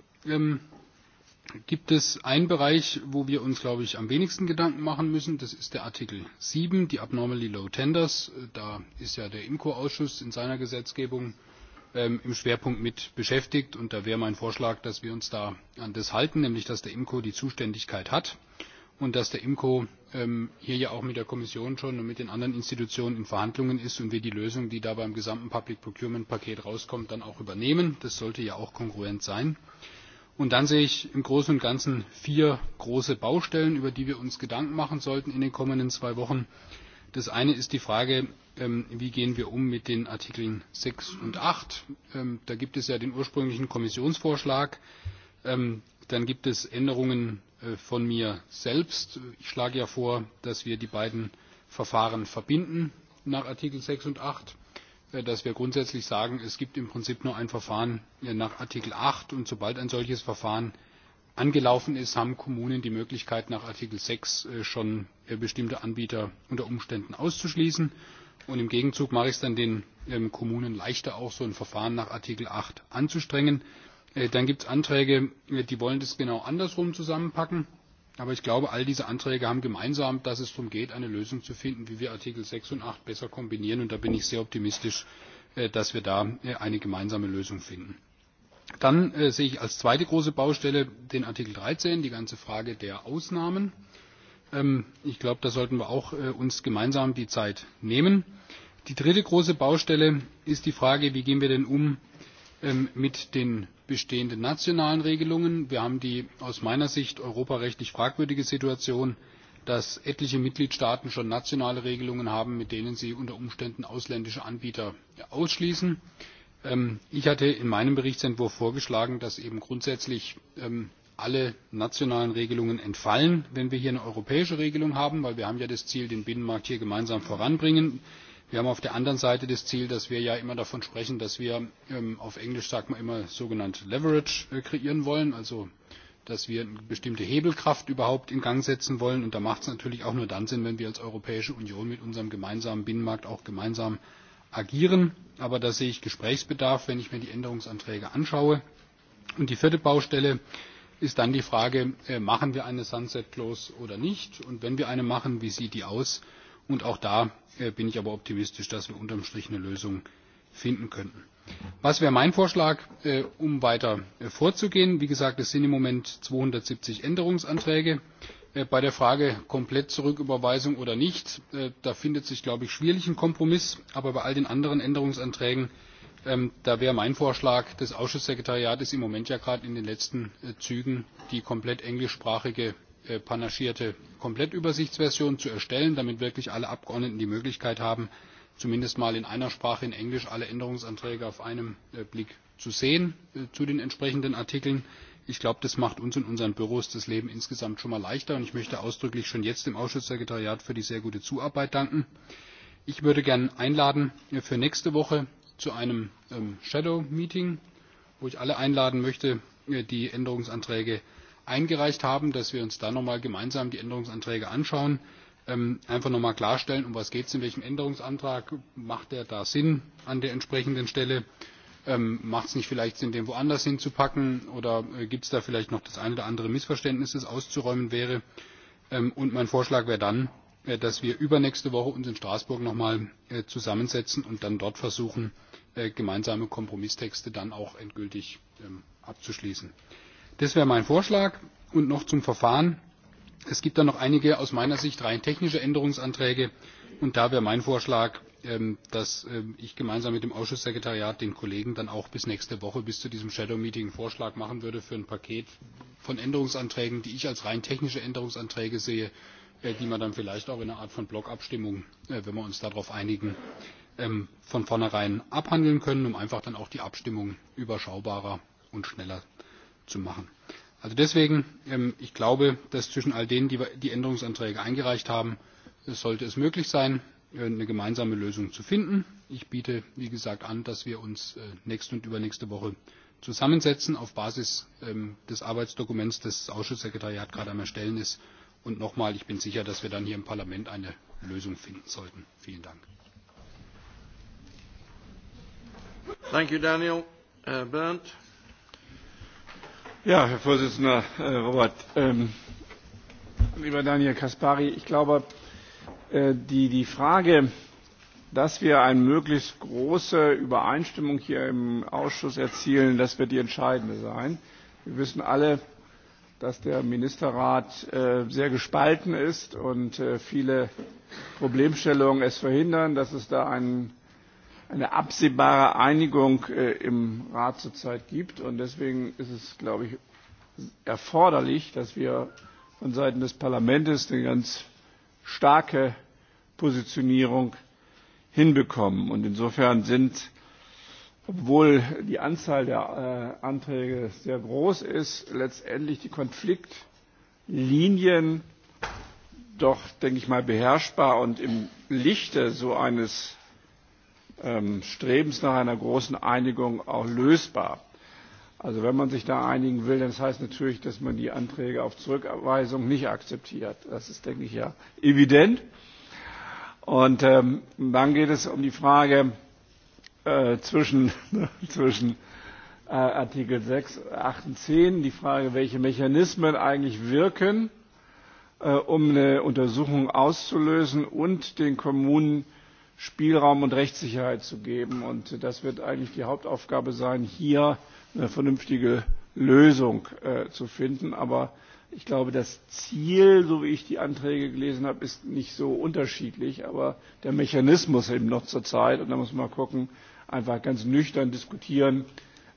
gibt es einen Bereich, wo wir uns, glaube ich, am wenigsten Gedanken machen müssen. Das ist der Artikel 7, die Abnormally Low Tenders. Da ist ja der IMCO-Ausschuss in seiner Gesetzgebung im Schwerpunkt mit beschäftigt. Und da wäre mein Vorschlag, dass wir uns da an das halten, nämlich dass der IMCO die Zuständigkeit hat und dass der IMCO hier ja auch mit der Kommission schon und mit den anderen Institutionen in Verhandlungen ist und wir die Lösung, die da beim gesamten Public Procurement Paket rauskommt, dann auch übernehmen. Das sollte ja auch kongruent sein. Und dann sehe ich im Großen und Ganzen vier große Baustellen, über die wir uns Gedanken machen sollten in den kommenden zwei Wochen. Das eine ist die Frage, wie gehen wir um mit den Artikeln sechs und acht. Da gibt es ja den ursprünglichen Kommissionsvorschlag. Dann gibt es Änderungen von mir selbst. Ich schlage ja vor, dass wir die beiden Verfahren verbinden nach Artikel sechs und acht dass wir grundsätzlich sagen, es gibt im Prinzip nur ein Verfahren nach Artikel acht, und sobald ein solches Verfahren angelaufen ist, haben Kommunen die Möglichkeit, nach Artikel sechs schon bestimmte Anbieter unter Umständen auszuschließen. Und im Gegenzug mache ich es dann den Kommunen leichter, auch so ein Verfahren nach Artikel acht anzustrengen. Dann gibt es Anträge, die wollen das genau andersrum zusammenpacken Aber ich glaube, all diese Anträge haben gemeinsam, dass es darum geht, eine Lösung zu finden, wie wir Artikel sechs und acht besser kombinieren. Und da bin ich sehr optimistisch, dass wir da eine gemeinsame Lösung finden. Dann sehe ich als zweite große Baustelle den Artikel dreizehn, die ganze Frage der Ausnahmen. Ich glaube, da sollten wir auch uns gemeinsam die Zeit nehmen. Die dritte große Baustelle ist die Frage, wie gehen wir denn um mit den bestehenden nationalen Regelungen. Wir haben die aus meiner Sicht europarechtlich fragwürdige Situation, dass etliche Mitgliedstaaten schon nationale Regelungen haben, mit denen sie unter Umständen ausländische Anbieter ausschließen. Ich hatte in meinem Berichtsentwurf vorgeschlagen, dass eben grundsätzlich alle nationalen Regelungen entfallen, wenn wir hier eine europäische Regelung haben, weil wir haben ja das Ziel, den Binnenmarkt hier gemeinsam voranzubringen Wir haben auf der anderen Seite das Ziel, dass wir ja immer davon sprechen, dass wir auf Englisch sagt man immer sogenannte Leverage kreieren wollen, also dass wir eine bestimmte Hebelkraft überhaupt in Gang setzen wollen. Und da macht es natürlich auch nur dann Sinn, wenn wir als Europäische Union mit unserem gemeinsamen Binnenmarkt auch gemeinsam agieren. Aber da sehe ich Gesprächsbedarf, wenn ich mir die Änderungsanträge anschaue. Und die vierte Baustelle ist dann die Frage, machen wir eine Sunset Clause oder nicht? Und wenn wir eine machen, wie sieht die aus? Und auch da bin ich aber optimistisch, dass wir unterm Strich eine Lösung finden könnten. Was wäre mein Vorschlag, um weiter vorzugehen? Wie gesagt, es sind im Moment zweihundertsiebzig Änderungsanträge. Bei der Frage komplett Zurücküberweisung oder nicht, da findet sich, glaube ich, schwierig ein Kompromiss. Aber bei all den anderen Änderungsanträgen, da wäre mein Vorschlag, das Ausschusssekretariat ist im Moment ja gerade in den letzten Zügen, die komplett englischsprachige panaschierte komplettübersichtsversion zu erstellen damit wirklich alle abgeordneten die möglichkeit haben zumindest einmal in einer sprache in englisch alle änderungsanträge auf einen blick zu sehen zu den entsprechenden artikeln. ich glaube das macht uns in unseren büros das leben insgesamt schon mal leichter und ich möchte ausdrücklich schon jetzt dem ausschusssekretariat für die sehr gute zuarbeit danken. ich würde gerne einladen für nächste woche zu einem shadow meeting wo ich alle einladen möchte die änderungsanträge eingereicht haben, dass wir uns da nochmal gemeinsam die Änderungsanträge anschauen, einfach nochmal klarstellen, um was geht es, in welchem Änderungsantrag, macht der da Sinn an der entsprechenden Stelle, macht es nicht vielleicht Sinn, den woanders hinzupacken oder gibt es da vielleicht noch das eine oder andere Missverständnis, das auszuräumen wäre. und mein Vorschlag wäre dann, dass wir übernächste Woche uns in Straßburg nochmal zusammensetzen und dann dort versuchen, gemeinsame Kompromisstexte dann auch endgültig abzuschließen das wäre mein vorschlag. und noch zum verfahren es gibt dann noch einige aus meiner sicht rein technische änderungsanträge und da wäre mein vorschlag dass ich gemeinsam mit dem ausschusssekretariat den kollegen dann auch bis nächste woche bis zu diesem shadow meeting einen vorschlag machen würde für ein paket von änderungsanträgen die ich als rein technische änderungsanträge sehe die man dann vielleicht auch in einer art von blockabstimmung wenn wir uns darauf einigen von vornherein abhandeln können um einfach dann auch die abstimmung überschaubarer und schneller zu machen. Also deswegen, ich glaube, dass zwischen all denen, die die Änderungsanträge eingereicht haben, sollte es möglich sein, eine gemeinsame Lösung zu finden. Ich biete, wie gesagt, an, dass wir uns nächste und übernächste Woche zusammensetzen auf Basis des Arbeitsdokuments, das das Ausschusssekretariat gerade am Erstellen ist. Und nochmal, ich bin sicher, dass wir dann hier im Parlament eine Lösung finden sollten. Vielen Dank. Thank you, Daniel. Uh, Bernd herr präsident robert lieber daniel caspary! ich glaube die frage dass wir eine möglichst große übereinstimmung hier im ausschuss erzielen das wird die entscheidende sein. wir wissen alle dass der ministerrat sehr gespalten ist und viele problemstellungen es verhindern dass es da einen eine absehbare Einigung im Rat zurzeit gibt. Und deswegen ist es, glaube ich, erforderlich, dass wir von Seiten des Parlaments eine ganz starke Positionierung hinbekommen. Und insofern sind, obwohl die Anzahl der Anträge sehr groß ist, letztendlich die Konfliktlinien doch, denke ich mal, beherrschbar und im Lichte so eines Strebens nach einer großen Einigung auch lösbar. Also wenn man sich da einigen will, dann das heißt natürlich, dass man die Anträge auf Zurückweisung nicht akzeptiert. Das ist, denke ich, ja evident. Und ähm, dann geht es um die Frage äh, zwischen, zwischen äh, Artikel 6, 8 und 10, die Frage, welche Mechanismen eigentlich wirken, äh, um eine Untersuchung auszulösen und den Kommunen äh, Spielraum und Rechtssicherheit zu geben. Und das wird eigentlich die Hauptaufgabe sein, hier eine vernünftige Lösung zu finden. Aber ich glaube, das Ziel, so wie ich die Anträge gelesen habe, ist nicht so unterschiedlich, aber der Mechanismus eben noch zur Zeit. Und da muss man gucken, einfach ganz nüchtern diskutieren,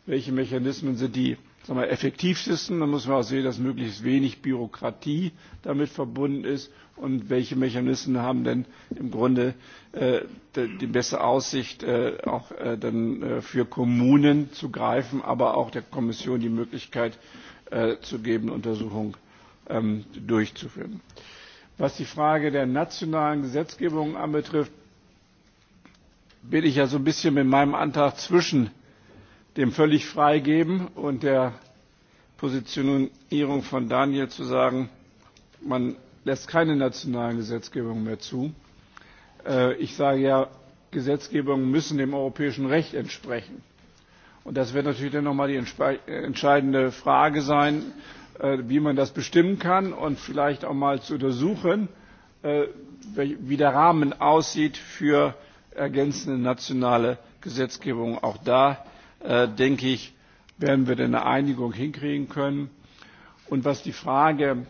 welche Mechanismen sind die sagen wir, effektivsten. Da muss man auch sehen, dass möglichst wenig Bürokratie damit verbunden ist und welche Mechanismen haben denn im Grunde äh, die beste Aussicht, äh, auch äh, dann äh, für Kommunen zu greifen, aber auch der Kommission die Möglichkeit äh, zu geben, Untersuchungen ähm, durchzuführen. Was die Frage der nationalen Gesetzgebung anbetrifft, bin ich ja so ein bisschen mit meinem Antrag zwischen dem völlig freigeben und der Positionierung von Daniel zu sagen, man lässt keine nationalen Gesetzgebungen mehr zu. Ich sage ja, Gesetzgebungen müssen dem europäischen Recht entsprechen. Und das wird natürlich dann nochmal die entscheidende Frage sein, wie man das bestimmen kann und vielleicht auch mal zu untersuchen, wie der Rahmen aussieht für ergänzende nationale Gesetzgebung. Auch da denke ich, werden wir eine Einigung hinkriegen können. Und was die Frage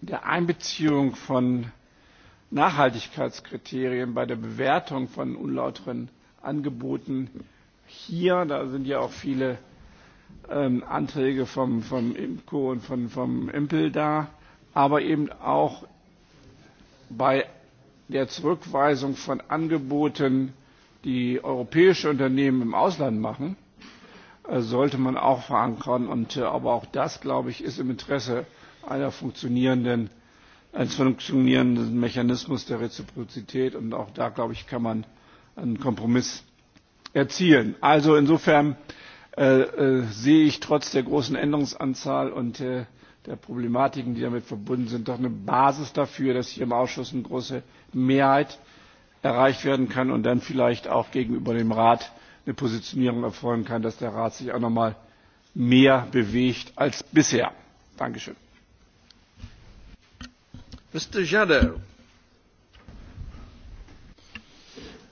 der Einbeziehung von Nachhaltigkeitskriterien bei der Bewertung von unlauteren Angeboten hier, da sind ja auch viele ähm, Anträge vom, vom IMCO und von, vom IMPEL da, aber eben auch bei der Zurückweisung von Angeboten die europäische Unternehmen im Ausland machen, sollte man auch verankern. Und, aber auch das, glaube ich, ist im Interesse einer funktionierenden, eines funktionierenden Mechanismus der Reziprozität. Und auch da, glaube ich, kann man einen Kompromiss erzielen. Also insofern sehe ich trotz der großen Änderungsanzahl und der Problematiken, die damit verbunden sind, doch eine Basis dafür, dass hier im Ausschuss eine große Mehrheit erreicht werden kann und dann vielleicht auch gegenüber dem Rat eine Positionierung erfolgen kann, dass der Rat sich auch noch mal mehr bewegt als bisher. Dankeschön. Mr. Jadot.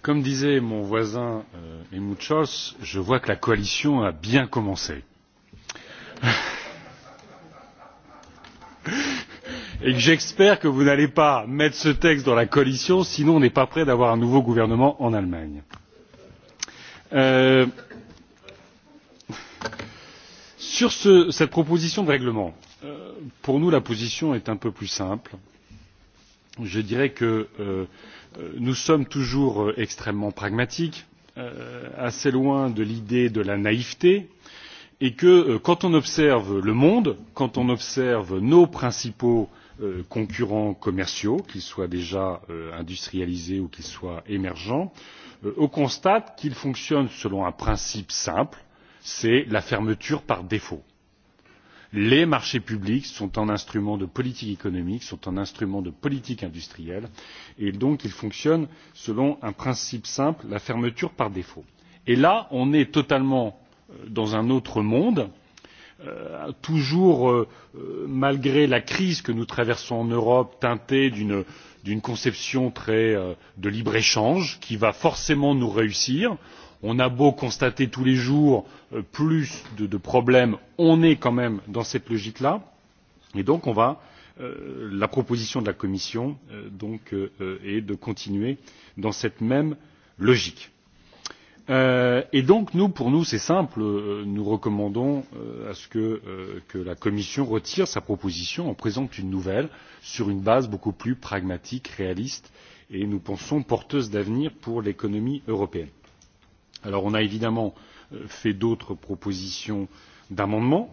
Comme disait mon voisin Emuchos, je vois que la coalition a bien commencé et que j'espère que vous n'allez pas mettre ce texte dans la coalition sinon on n'est pas près d'avoir un nouveau gouvernement en allemagne. sur cette proposition de règlement pour nous la position est un peu plus simple. je dirais que nous sommes toujours extrêmement pragmatiques assez loin de l'idée de la naïveté et que quand on observe le monde quand on observe nos principaux concurrents commerciaux, qu'ils soient déjà industrialisés ou qu'ils soient émergents, on constate qu'ils fonctionnent selon un principe simple, c'est la fermeture par défaut. Les marchés publics sont un instrument de politique économique, sont un instrument de politique industrielle, et donc ils fonctionnent selon un principe simple, la fermeture par défaut. Et là, on est totalement dans un autre monde, euh, toujours malgré la crise que nous traversons en europe teintée d'une conception très de libre échange qui va forcément nous réussir on a beau constater tous les jours plus de problèmes on est quand même dans cette logique là et donc la proposition de la commission est de continuer dans cette même logique et donc nous pour nous c'est simple nous recommandons que la commission retire sa proposition en présente une nouvelle sur une base beaucoup plus pragmatique réaliste et nous pensons porteuse d'avenir pour l'économie européenne. alors on a évidemment fait d'autres propositions d'amendements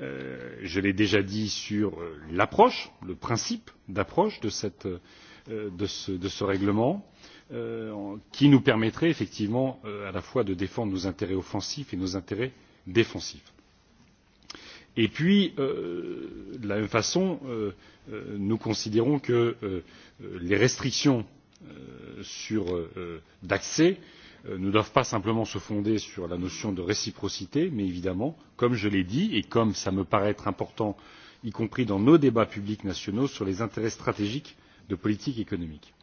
je l'ai déjà dit sur l'approche le principe d'approche de ce règlement qui nous permettrait effectivement à la fois de défendre nos intérêts offensifs et nos intérêts défensifs. Et puis, de la même façon, nous considérons que les restrictions d'accès ne doivent pas simplement se fonder sur la notion de réciprocité mais évidemment comme je l'ai dit et comme cela me paraît être important y compris dans nos débats publics nationaux sur les intérêts stratégiques de politique économique.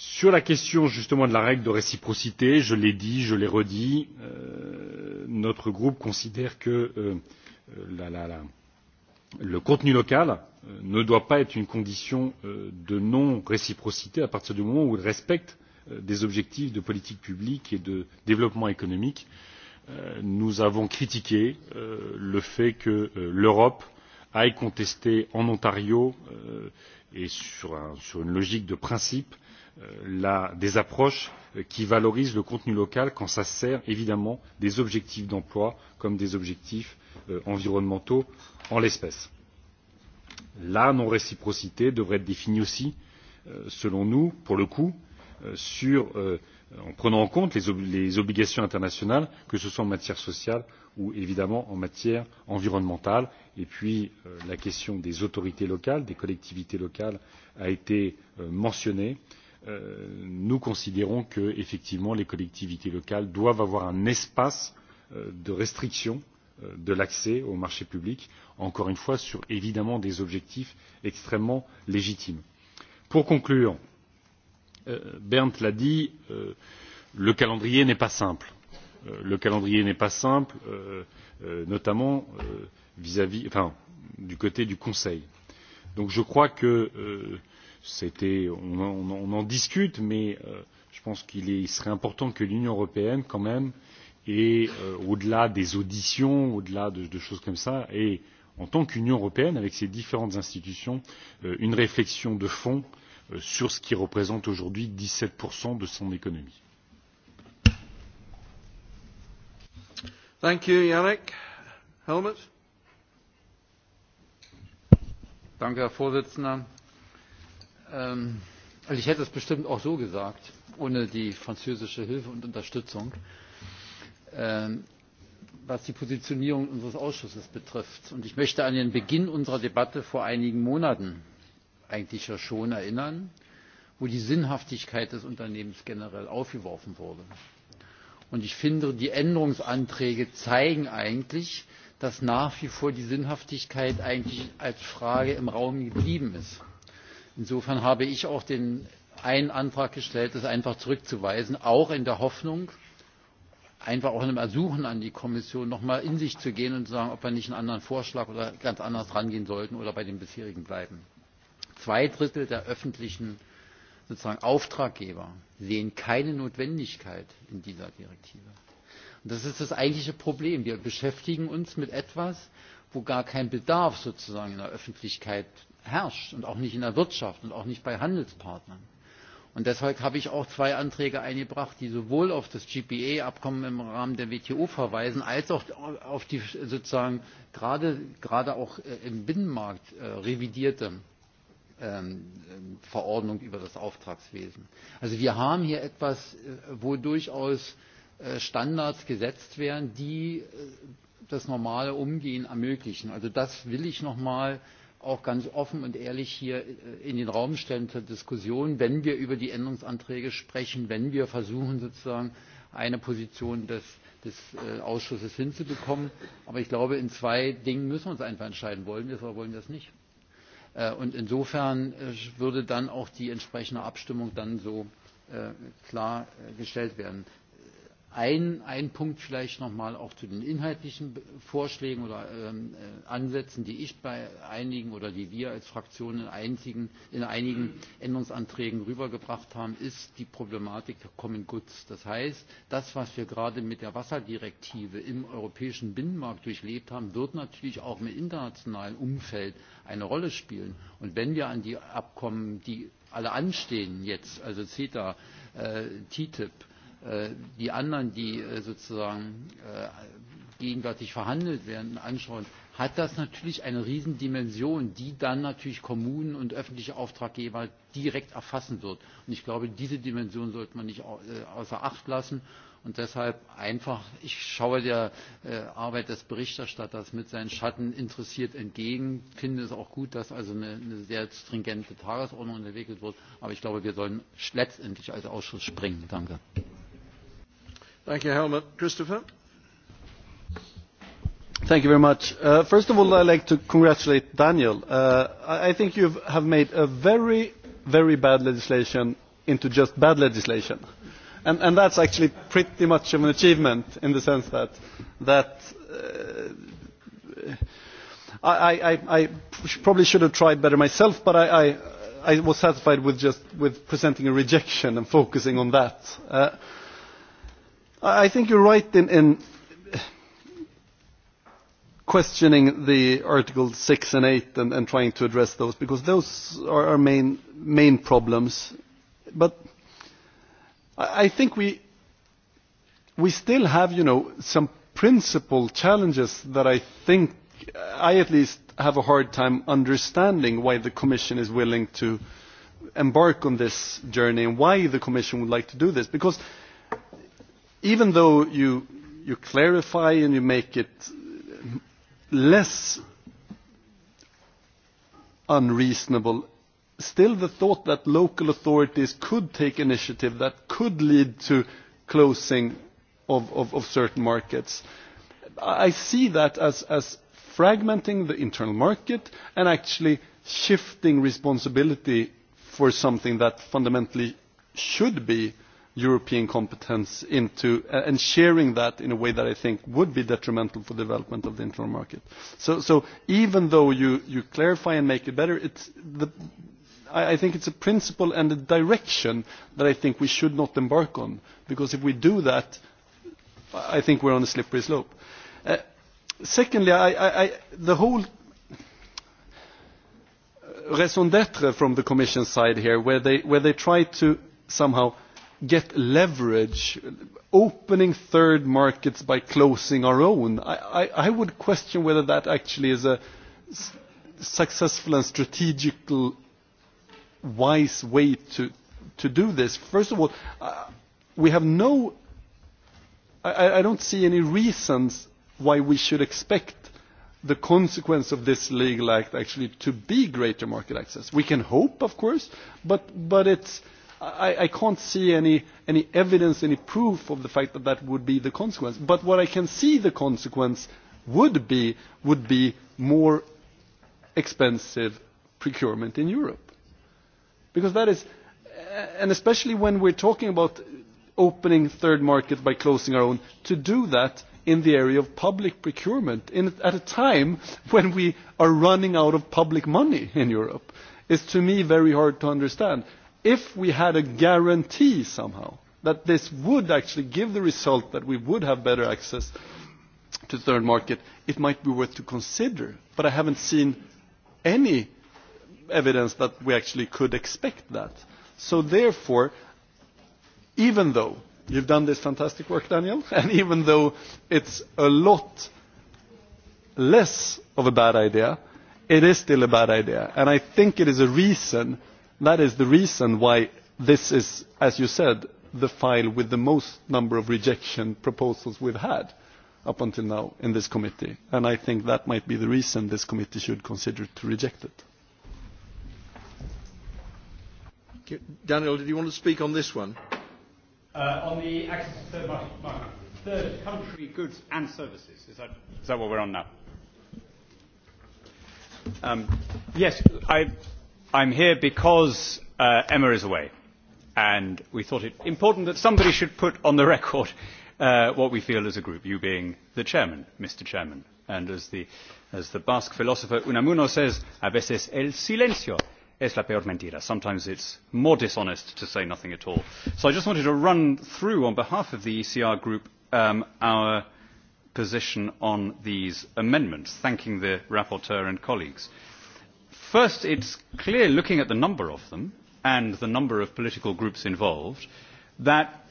Sur la question justement de la règle de réciprocité, je l'ai dit, je l'ai redit, notre groupe considère que le contenu local ne doit pas être une condition de non réciprocité à partir du moment où il respecte des objectifs de politique publique et de développement économique. Nous avons critiqué le fait que l'Europe aille contester en Ontario et sur une logique de principe des approches qui valorisent le contenu local quand cela sert évidemment des objectifs d'emploi comme des objectifs environnementaux en l'espèce. la non réciprocité devrait être définie aussi selon nous pour le coup en prenant en compte les obligations internationales que ce soit en matière sociale ou évidemment en matière environnementale et puis la question des autorités locales des collectivités locales a été mentionnée nous considérons que effectivement les collectivités locales doivent avoir un espace de restriction de l'accès aux marchés publics encore une fois sur évidemment des objectifs extrêmement légitimes. pour conclure bernd l'a dit le calendrier n'est pas simple le calendrier n'est pas simple notamment vis à vis du côté du conseil. donc je crois que C'était, on, on, on en discute, mais euh, je pense qu'il serait important que l'Union européenne, quand même, et euh, au-delà des auditions, au-delà de, de choses comme ça, et en tant qu'Union européenne, avec ses différentes institutions, euh, une réflexion de fond euh, sur ce qui représente aujourd'hui 17% de son économie. Thank you, Yannick. Helmut? Danke, Herr Vorsitzender ich hätte es bestimmt auch so gesagt, ohne die französische Hilfe und Unterstützung, was die Positionierung unseres Ausschusses betrifft. Und ich möchte an den Beginn unserer Debatte vor einigen Monaten eigentlich ja schon erinnern, wo die Sinnhaftigkeit des Unternehmens generell aufgeworfen wurde. Und ich finde, die Änderungsanträge zeigen eigentlich, dass nach wie vor die Sinnhaftigkeit eigentlich als Frage im Raum geblieben ist insofern habe ich auch den einen antrag gestellt das einfach zurückzuweisen auch in der hoffnung einfach auch in einem ersuchen an die kommission noch einmal in sich zu gehen und zu sagen ob wir nicht einen anderen vorschlag oder ganz anders herangehen sollten oder bei dem bisherigen bleiben. zwei drittel der öffentlichen auftraggeber sehen keine notwendigkeit in dieser direktive. das ist das eigentliche problem wir beschäftigen uns mit etwas wo gar kein bedarf sozusagen in der öffentlichkeit herrscht und auch nicht in der Wirtschaft und auch nicht bei Handelspartnern. Und deshalb habe ich auch zwei Anträge eingebracht, die sowohl auf das GPA-Abkommen im Rahmen der WTO verweisen, als auch auf die sozusagen gerade, gerade auch im Binnenmarkt revidierte Verordnung über das Auftragswesen. Also wir haben hier etwas, wo durchaus Standards gesetzt werden, die das normale Umgehen ermöglichen. Also das will ich nochmal mal auch ganz offen und ehrlich hier in den Raum stellen zur Diskussion, wenn wir über die Änderungsanträge sprechen, wenn wir versuchen, sozusagen eine Position des, Ausschusses hinzubekommen. Aber ich glaube, in zwei Dingen müssen wir uns einfach entscheiden. Wollen wir es oder wollen wir es nicht? Und insofern würde dann auch die entsprechende Abstimmung dann so klargestellt werden. Ein, ein Punkt vielleicht nochmal auch zu den inhaltlichen Vorschlägen oder ähm, Ansätzen, die ich bei einigen oder die wir als Fraktion in, einzigen, in einigen Änderungsanträgen rübergebracht haben, ist die Problematik der Common Goods. Das heißt, das, was wir gerade mit der Wasserdirektive im europäischen Binnenmarkt durchlebt haben, wird natürlich auch im internationalen Umfeld eine Rolle spielen. Und wenn wir an die Abkommen, die alle anstehen jetzt, also CETA, äh, TTIP, die anderen, die sozusagen gegenwärtig verhandelt werden, anschauen, hat das natürlich eine Riesendimension, die dann natürlich Kommunen und öffentliche Auftraggeber direkt erfassen wird. Und ich glaube, diese Dimension sollte man nicht außer Acht lassen. Und deshalb einfach, ich schaue der Arbeit des Berichterstatters mit seinen Schatten interessiert entgegen, finde es auch gut, dass also eine, eine sehr stringente Tagesordnung entwickelt wird. Aber ich glaube, wir sollen letztendlich als Ausschuss springen. Danke. Thank you, Helmut. Christopher? very much. first of all, I'd like to congratulate Daniel. I, think you have made a very, very bad legislation into just bad legislation. And, and that's actually pretty much of an achievement in the sense that, that I, I, probably should have tried better myself, but I, I, I was satisfied with just with presenting a rejection and focusing on that. I think you're right in, in questioning the Article 6 and 8 and, and trying to address those because those are our main, main problems. But I think we, we still have, you know, some principal challenges that I think I at least have a hard time understanding why the Commission is willing to embark on this journey and why the Commission would like to do this. Because even though you you clarify and you make it less unreasonable, still the thought that local authorities could take initiative that could lead to closing of, of, of certain markets, I see that as, as fragmenting the internal market and actually shifting responsibility for something that fundamentally should be uh, European competence into and sharing that in a way that I think would be detrimental for the development of the internal market. So, even though you, you clarify and make it better, it's the, I, I think it's a principle and a direction that I think we should not embark on because if we do that, I think we're on a slippery slope. secondly, I, I, I, the whole raison d'tre from the Commission side here, where they, where they try to somehow – get leverage, opening third markets by closing our own. I, I, I would question whether that actually is a successful and strategically wise way to, to do this. First of all, uh, we have no, I, I don't see any reasons why we should expect the consequence of this legal act actually to be greater market access. We can hope, of course, but, but it's, I, I can't see any, any evidence, any proof of the fact that that would be the consequence. But what I can see the consequence would be would be more expensive procurement in Europe. Because that is, and especially when we're talking about opening third markets by closing our own, to do that in the area of public procurement in, at a time when we are running out of public money in Europe is to me very hard to understand if we had a guarantee somehow that this would actually give the result that we would have better access to the third market, it might be worth to consider. But I haven't seen any evidence that we actually could expect that. So therefore, even though you've done this fantastic work, Daniel, and even though it's a lot less of a bad idea, it is still a bad idea. And I think it is a reason That is the reason why this is, as you said, the file with the most number of rejection proposals we have had up until now in this committee. And I think that might be the reason this committee should consider to reject it. Daniel, did you want to speak on this one? Uh, on the access to third market, market, third country goods and services. Is that, is that what we're on now? Um, yes, I i am here because emma is away and we thought it important that somebody should put on the record what we feel as a group you being the chairman mr president and as the basque philosopher unamuno says a veces el silencio es la peor mentira sometimes it is more dishonest to say nothing at all. so i just wanted to run through on behalf of the ecr group our position on these amendments thanking the rapporteur and colleagues. First, it is clear, looking at the number of them and the number of political groups involved, that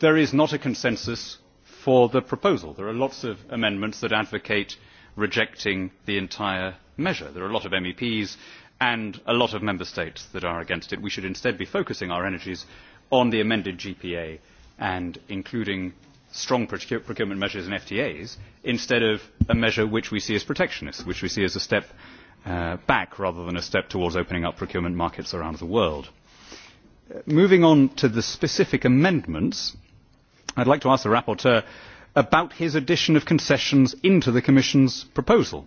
there is not a consensus for the proposal. There are lots of amendments that advocate rejecting the entire measure. There are a lot of MEPs and a lot of member states that are against it. We should instead be focusing our energies on the amended GPA and including strong procurement measures and FTAs instead of a measure which we see as protectionist, which we see as a step uh back rather than a step towards opening up procurement markets around the world. Moving on to the specific amendments, I would like to ask the rapporteur about his addition of concessions into the Commission's proposal.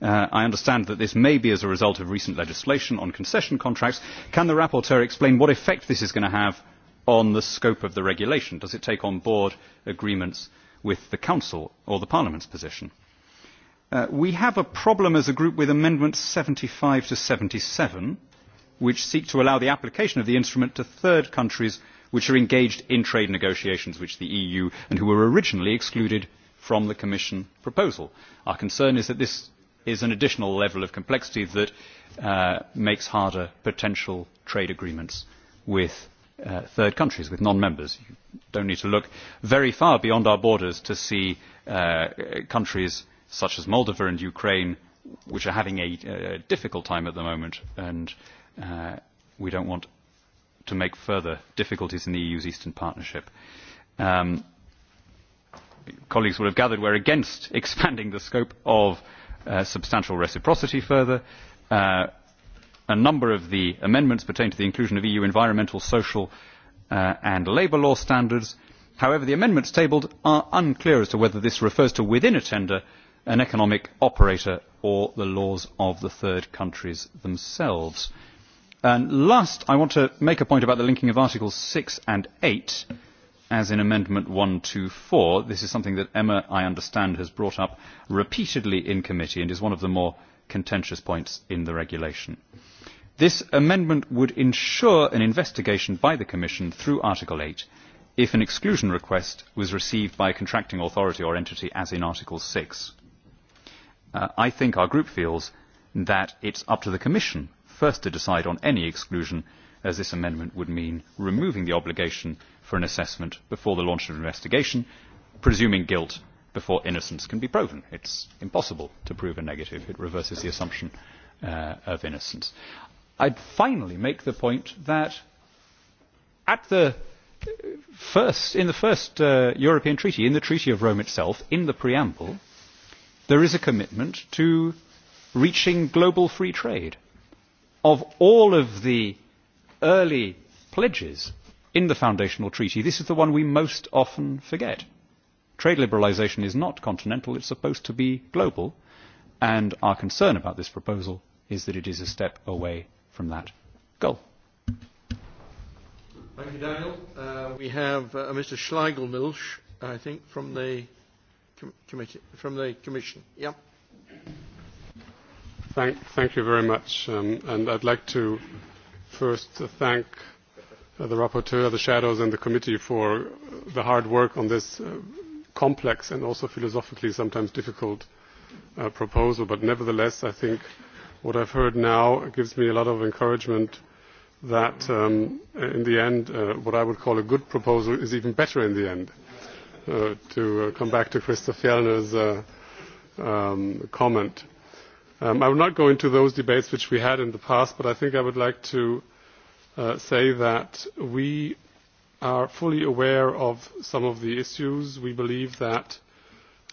I understand that this may be as a result of recent legislation on concession contracts. Can the rapporteur explain what effect this is going to have on the scope of the regulation? Does it take on board agreements with the Council or the Parliament's position? we have a problem as a group with amendments seventy five to seventy seven which seek to allow the application of the instrument to third countries which are engaged in trade negotiations with the eu and who were originally excluded from the commission proposal. our concern is that this is an additional level of complexity that makes harder potential trade agreements with third countries, with non-members. You don't need to look very far beyond our borders to see countries such as Moldova and Ukraine, which are having a a difficult time at the moment, and uh, we don't want to make further difficulties in the EU's Eastern Partnership. Um, colleagues will have gathered we're against expanding the scope of uh, substantial reciprocity further. Uh, a number of the amendments pertain to the inclusion of EU environmental, social uh, and labour law standards. However, the amendments tabled are unclear as to whether this refers to within a tender an economic operator or the laws of the third countries themselves. last, I want to make a point about the linking of Articles six and eight as in Amendment one hundred and four, This is something that Emma, I understand, has brought up repeatedly in committee and is one of the more contentious points in the regulation. This amendment would ensure an investigation by the Commission through Article eight if an exclusion request was received by a contracting authority or entity as in Article six I think our group feels that it is up to the Commission first to decide on any exclusion, as this amendment would mean removing the obligation for an assessment before the launch of an investigation, presuming guilt before innocence can be proven. It is impossible to prove a negative. It reverses the assumption of innocence. I would finally make the point that at the first, in the first European Treaty, in the Treaty of Rome itself, in the preamble, there is a commitment to reaching global free trade. Of all of the early pledges in the foundational treaty, this is the one we most often forget. Trade liberalisation is not continental, it's supposed to be global, and our concern about this proposal is that it is a step away from that goal. Thank you, Daniel. Uh, we have uh, Mr. schleigel I think, from the committee, from the Commission. Yeah. Thank, thank you very much. Um, and I'd like to first thank the rapporteur, the shadows, and the committee for the hard work on this uh, complex and also philosophically sometimes difficult uh, proposal. But nevertheless, I think what I've heard now gives me a lot of encouragement that um, in the end, uh, what I would call a good proposal is even better in the end uh, to uh, come back to Christoph Fjellner's uh, um, comment. Um, I will not go into those debates which we had in the past, but I think I would like to uh, say that we are fully aware of some of the issues. We believe that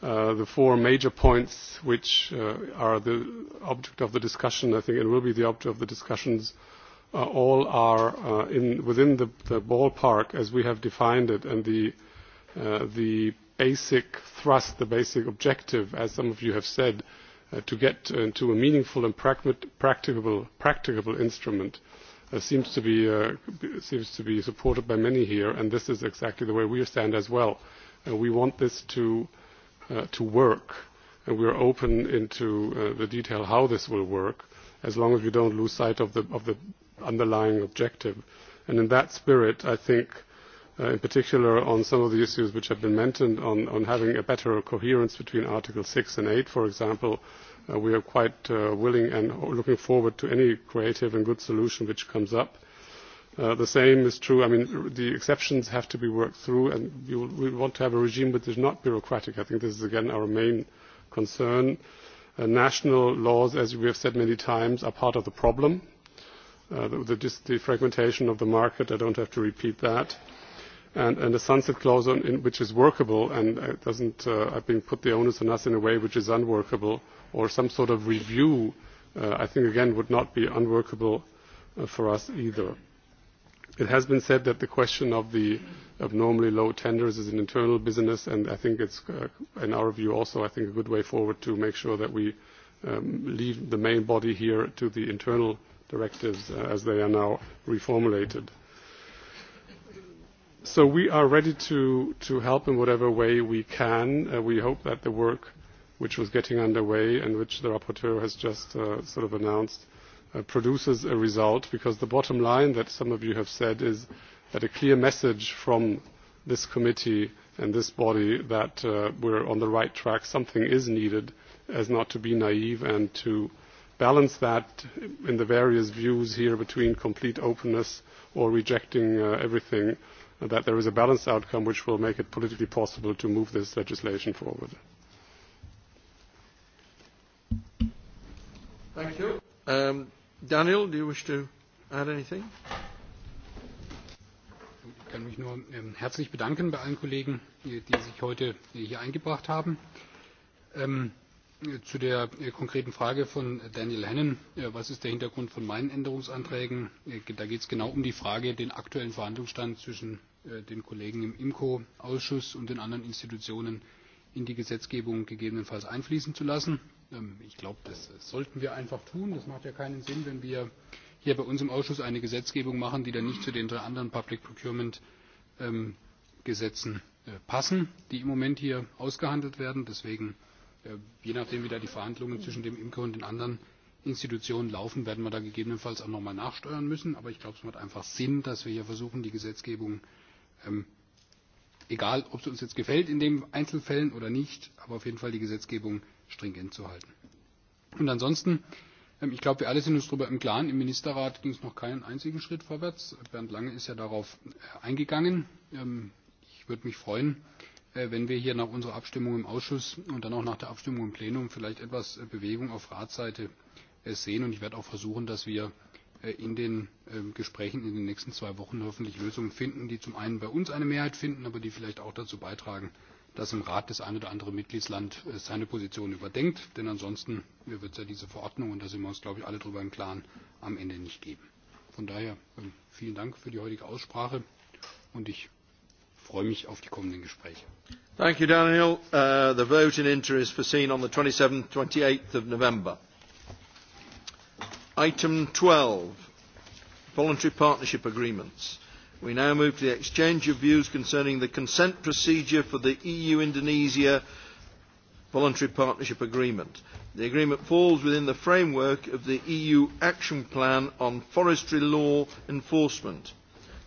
uh, the four major points which uh, are the object of the discussion, I think, and will be the object of the discussions, uh, all are uh, in, within the, the ballpark as we have defined it, and the uh, the basic thrust, the basic objective, as some of you have said, to get to a meaningful and practicable, practicable instrument seems to be uh, seems to be supported by many here, and this is exactly the way we stand as well. Uh, we want this to uh, to work, and we are open into uh, the detail how this will work, as long as we don't lose sight of the of the underlying objective. And in that spirit, I think in particular on some of the issues which have been mentioned on, on having a better coherence between Articles six and eight, for example, we are quite willing and looking forward to any creative and good solution which comes up. the same is true, I mean, the exceptions have to be worked through and we, we want to have a regime which is not bureaucratic. I think this is again our main concern. national laws, as we have said many times, are part of the problem. Uh, the, the, the fragmentation of the market, I don't have to repeat that and, and a sunset clause on, in, which is workable and does doesn't, uh, I think, put the onus on us in a way which is unworkable, or some sort of review, uh, I think, again, would not be unworkable uh, for us either. It has been said that the question of the abnormally low tenders is an internal business, and I think it's, uh, in our view, also, I think, a good way forward to make sure that we um, leave the main body here to the internal directives uh, as they are now reformulated So we are ready to, to help in whatever way we can. we hope that the work which was getting underway and which the rapporteur has just uh, sort of announced produces a result because the bottom line that some of you have said is that a clear message from this committee and this body that uh, we're on the right track, something is needed as not to be naive and to balance that in the various views here between complete openness or rejecting uh, everything that there is a balanced outcome which will make it politically possible to move this legislation forward. Thank you. Um, Daniel, do you wish to add anything? Ich kann mich nur ähm, herzlich bedanken bei allen Kollegen, die, die sich heute hier eingebracht haben. Ähm, zu der konkreten Frage von Daniel Hannan, was ist der Hintergrund von meinen Änderungsanträgen? Da geht es genau um die Frage, den aktuellen Verhandlungsstand zwischen den Kollegen im IMCO-Ausschuss und den anderen Institutionen in die Gesetzgebung gegebenenfalls einfließen zu lassen. Ich glaube, das sollten wir einfach tun. Das macht ja keinen Sinn, wenn wir hier bei uns im Ausschuss eine Gesetzgebung machen, die dann nicht zu den drei anderen Public Procurement Gesetzen passen, die im Moment hier ausgehandelt werden. Deswegen je nachdem, wie da die Verhandlungen zwischen dem Imker und den anderen Institutionen laufen, werden wir da gegebenenfalls auch nochmal nachsteuern müssen. Aber ich glaube, es macht einfach Sinn, dass wir hier versuchen, die Gesetzgebung, egal ob es uns jetzt gefällt in den Einzelfällen oder nicht, aber auf jeden Fall die Gesetzgebung stringent zu halten. Und ansonsten, ich glaube, wir alle sind uns darüber im Klaren, im Ministerrat ging es noch keinen einzigen Schritt vorwärts. Bernd Lange ist ja darauf eingegangen. Ich würde mich freuen, äh, wenn wir hier nach unserer Abstimmung im Ausschuss und dann auch nach der Abstimmung im Plenum vielleicht etwas Bewegung auf Ratsseite sehen. Und ich werde auch versuchen, dass wir in den Gesprächen in den nächsten zwei Wochen hoffentlich Lösungen finden, die zum einen bei uns eine Mehrheit finden, aber die vielleicht auch dazu beitragen, dass im Rat das eine oder andere Mitgliedsland seine Position überdenkt. Denn ansonsten wird es ja diese Verordnung, und da sind wir uns, glaube ich, alle darüber im Klaren, am Ende nicht geben. Von daher vielen Dank für die heutige Aussprache und ich freue mich auf die kommenden Gespräche. Thank you, Daniel. Uh, the vote in Inter is foreseen on the 27th, 28th of November. Item 12, voluntary partnership agreements. We now move to the exchange of views concerning the consent procedure for the EU-Indonesia voluntary partnership agreement. The agreement falls within the framework of the EU Action Plan on Forestry Law Enforcement,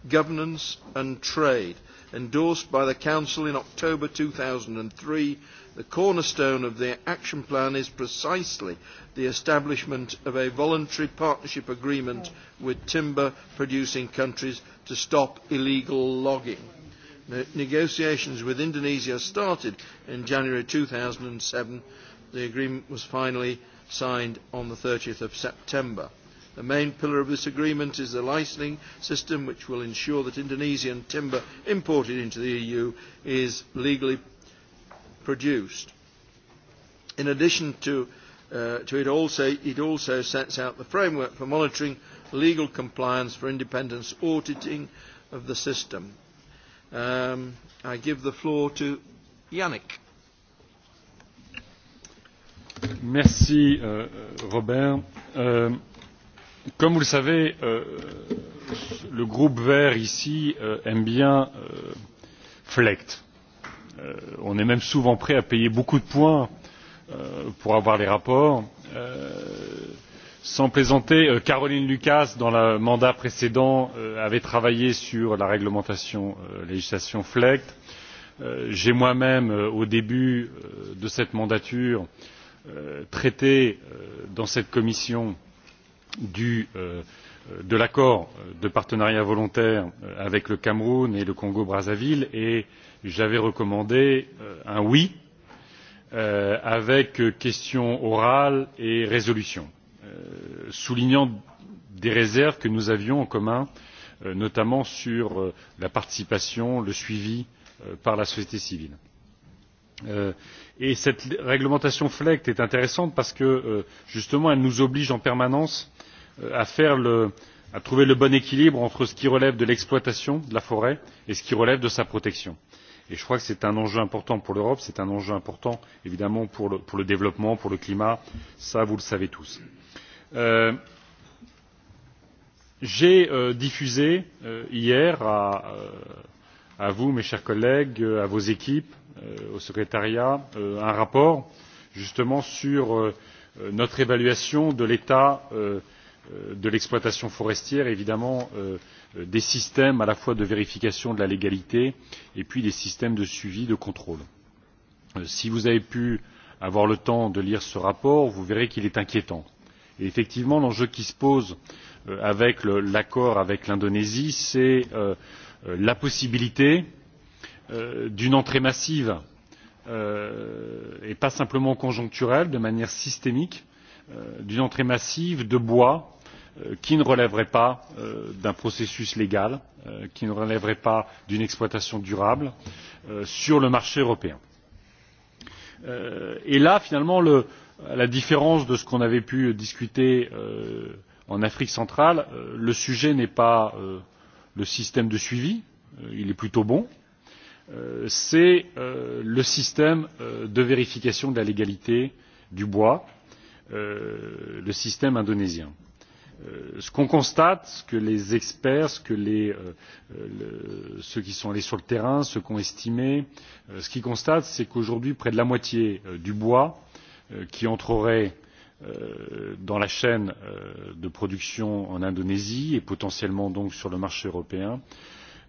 Governance and Trade – endorsed by the Council in October two thousand and three, the cornerstone of the action plan is precisely the establishment of a voluntary partnership agreement with timber producing countries to stop illegal logging. Negotiations with Indonesia started in January two thousand seven. The agreement was finally signed on the 30th of September The main pillar of this agreement is the licensing system, which will ensure that Indonesian timber imported into the EU is legally produced. In addition to, it, also, it also sets out the framework for monitoring legal compliance for independence auditing of the system. I give the floor to Yannick. Merci, Robert comme vous le savez le groupe vert ici aime bien flegt. on est même souvent prêt à payer beaucoup de points pour avoir les rapports. sans plaisanter caroline lucas dans le mandat précédent avait travaillé sur la réglementation législation flegt. j'ai moi même au début de cette mandature traité dans cette commission de l'accord de partenariat volontaire avec le cameroun et le congo brazzaville et j'avais recommandé un oui avec question orale et résolution soulignant des réserves que nous avions en commun notamment sur la participation le suivi par la société civile. cette réglementation flegt est intéressante parce que justement elle nous oblige en permanence à trouver le bon équilibre entre ce qui relève de l'exploitation de la forêt et ce qui relève de sa protection. je crois que c'est un enjeu important pour l'europe c'est un enjeu important évidemment pour le développement pour le climat ça vous le savez tous. j'ai diffusé hier à vous mes chers collègues à vos équipes au secrétariat un rapport justement sur notre évaluation de l'état de l'exploitation forestière évidemment des systèmes à la fois de vérification de la légalité et puis des systèmes de suivi de contrôle. si vous avez pu avoir le temps de lire ce rapport vous verrez qu'il est inquiétant. et effectivement l'enjeu qui se pose avec l'accord avec l'indonésie c'est la possibilité d'une entrée massive et pas simplement conjoncturelle de manière systémique d'une entrée massive de bois qui ne relèverait pas d'un processus légal qui ne relèverait pas d'une exploitation durable sur le marché européen. et là finalement à la différence de ce qu'on avait pu discuter en afrique centrale le sujet n'est pas le système de suivi il est plutôt bon c'est le système de vérification de la légalité du bois le système indonésien ce qu'on constate, ce que les experts, ce que les, ceux qui sont allés sur le terrain, ceux qui ont estimé, ce qu'ils constatent, c'est qu'aujourd'hui, près de la moitié du bois qui entrerait dans la chaîne de production en Indonésie et potentiellement donc sur le marché européen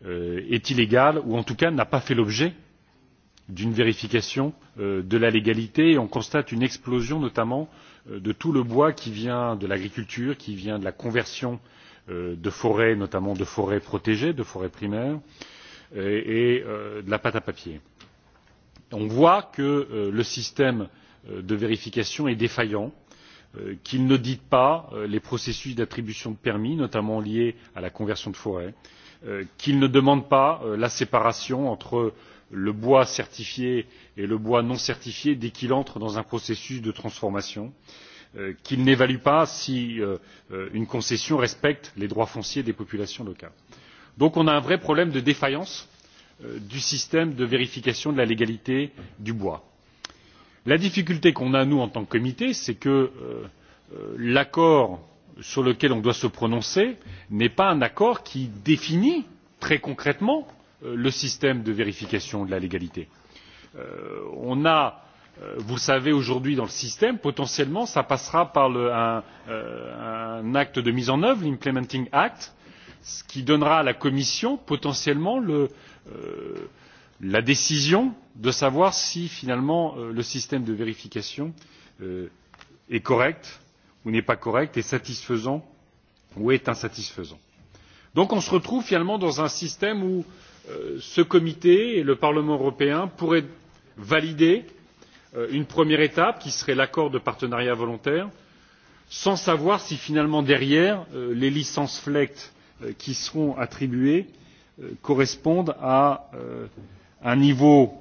est illégal ou en tout cas n'a pas fait l'objet d'une vérification de la légalité et on constate une explosion notamment de tout le bois qui vient de l'agriculture, qui vient de la conversion de forêts, notamment de forêts protégées, de forêts primaires, et de la pâte à papier. On voit que le système de vérification est défaillant, qu'il n'audite pas les processus d'attribution de permis, notamment liés à la conversion de forêts, qu'il ne demande pas la séparation entre le bois certifié et le bois non certifié dès qu'il entre dans un processus de transformation qu'il n'évalue pas si une concession respecte les droits fonciers des populations locales. donc on a un vrai problème de défaillance du système de vérification de la légalité du bois. la difficulté que nous avons en tant que comité c'est que l'accord sur lequel on doit se prononcer n'est pas un accord qui définit très concrètement le système de vérification de la légalité. on a vous le savez aujourd'hui dans le système potentiellement cela passera par un acte de mise en œuvre l'implementing act ce qui donnera à la commission potentiellement la décision de savoir si finalement le système de vérification est correct ou n'est pas correct est satisfaisant ou est insatisfaisant. donc on se retrouve finalement dans un système où ce comité et le parlement européen pourraient valider une première étape qui serait l'accord de partenariat volontaire sans savoir si finalement derrière les licences flegt qui seront attribuées correspondent à un niveau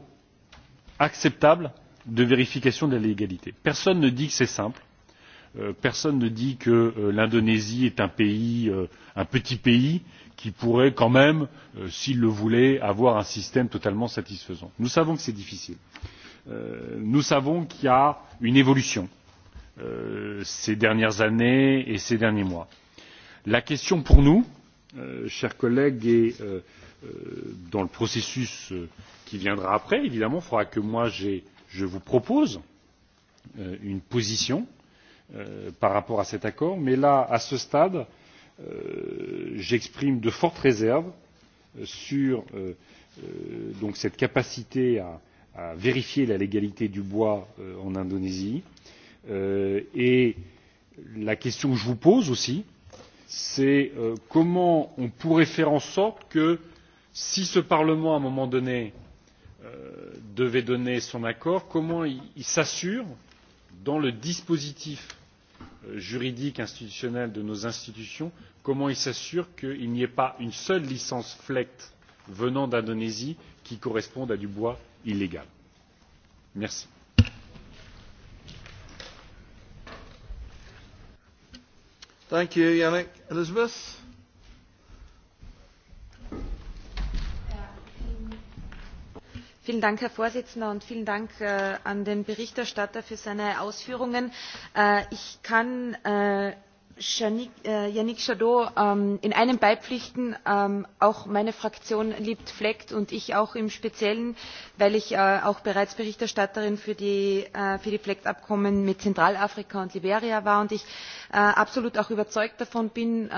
acceptable de vérification de la légalité. personne ne dit que c'est simple personne ne dit que l'indonésie est un petit pays qui pourraient quand même s'ils le voulaient avoir un système totalement satisfaisant. nous savons que c'est difficile. nous savons qu'il y a une évolution ces dernières années et ces derniers mois. la question pour nous chers collègues est dans le processus qui viendra après évidemment il faudra que moi je vous propose une position par rapport à cet accord mais là à ce stade j'exprime de fortes réserves sur cette capacité à vérifier la légalité du bois en indonésie et la question que je vous pose aussi c'est comment on pourrait faire en sorte que si ce parlement à un moment donné devait donner son accord comment il s'assure dans le dispositif juridique institutionnelle de nos institutions comment ils s'assurent qu'il n'y ait pas une seule licence flegt venant d'indonésie qui corresponde à du bois illégal. merci. Vielen Dank, Herr Vorsitzender, und vielen Dank an den Berichterstatter für seine Ausführungen. ich kann Yannick Jadot in einem beipflichten. auch meine Fraktion liebt FLECT und ich auch im Speziellen, weil ich auch bereits Berichterstatterin für die, FLECT-Abkommen mit Zentralafrika und Liberia war. Und ich absolut auch überzeugt davon bin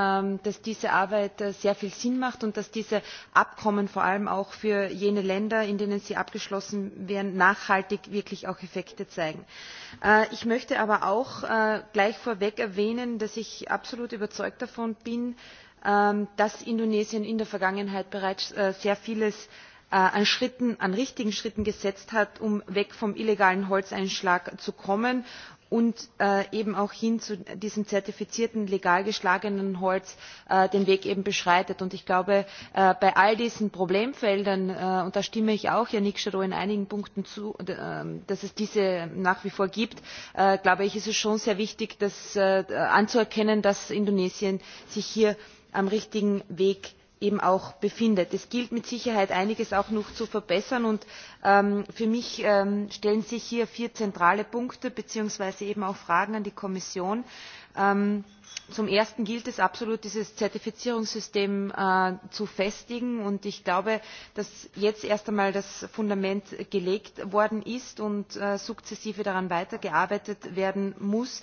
dass diese arbeit sehr viel sinn macht und dass diese abkommen vor allem auch für jene länder in denen sie abgeschlossen werden nachhaltig wirklich auch effekte zeigen. ich möchte aber auch gleich vorweg erwähnen dass ich absolut überzeugt davon bin dass indonesien in der vergangenheit bereits sehr vieles an richtigen schritten gesetzt hat um weg vom illegalen holzeinschlag zu kommen und eben auch hin zu diesem zertifizierten legal geschlagenen holz den weg beschreitet. ich glaube bei all diesen problemfeldern und da stimme ich auch yannick jadot in einigen punkten zu dass es diese nach wie vor gibt ist es schon sehr wichtig anzuerkennen dass indonesien sich hier am richtigen weg eben auch befindet. es gilt mit sicherheit einiges auch noch zu verbessern und für mich stellen sich hier vier zentrale punkte beziehungsweise eben auch fragen an die kommission. zum ersten gilt es absolut dieses zertifizierungssystem zu festigen und ich glaube dass jetzt erst einmal das fundament gelegt worden ist und sukzessive daran weitergearbeitet werden muss.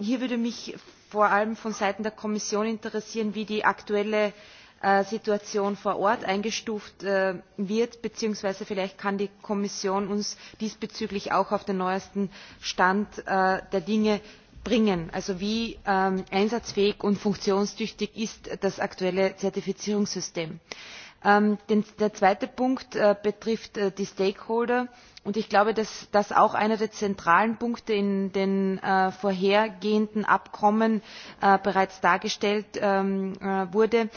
hier würde mich vor allem von seiten der kommission interessieren wie die aktuelle situation vor ort eingestuft wird beziehungsweise vielleicht kann die kommission uns diesbezüglich auch auf den neuesten stand der dinge bringen also wie einsatzfähig und funktionstüchtig ist das aktuelle zertifizierungssystem? der zweite punkt betrifft die stakeholder und ich glaube dass das auch einer der zentralen punkte in den vorhergehenden abkommen bereits dargestellt wurde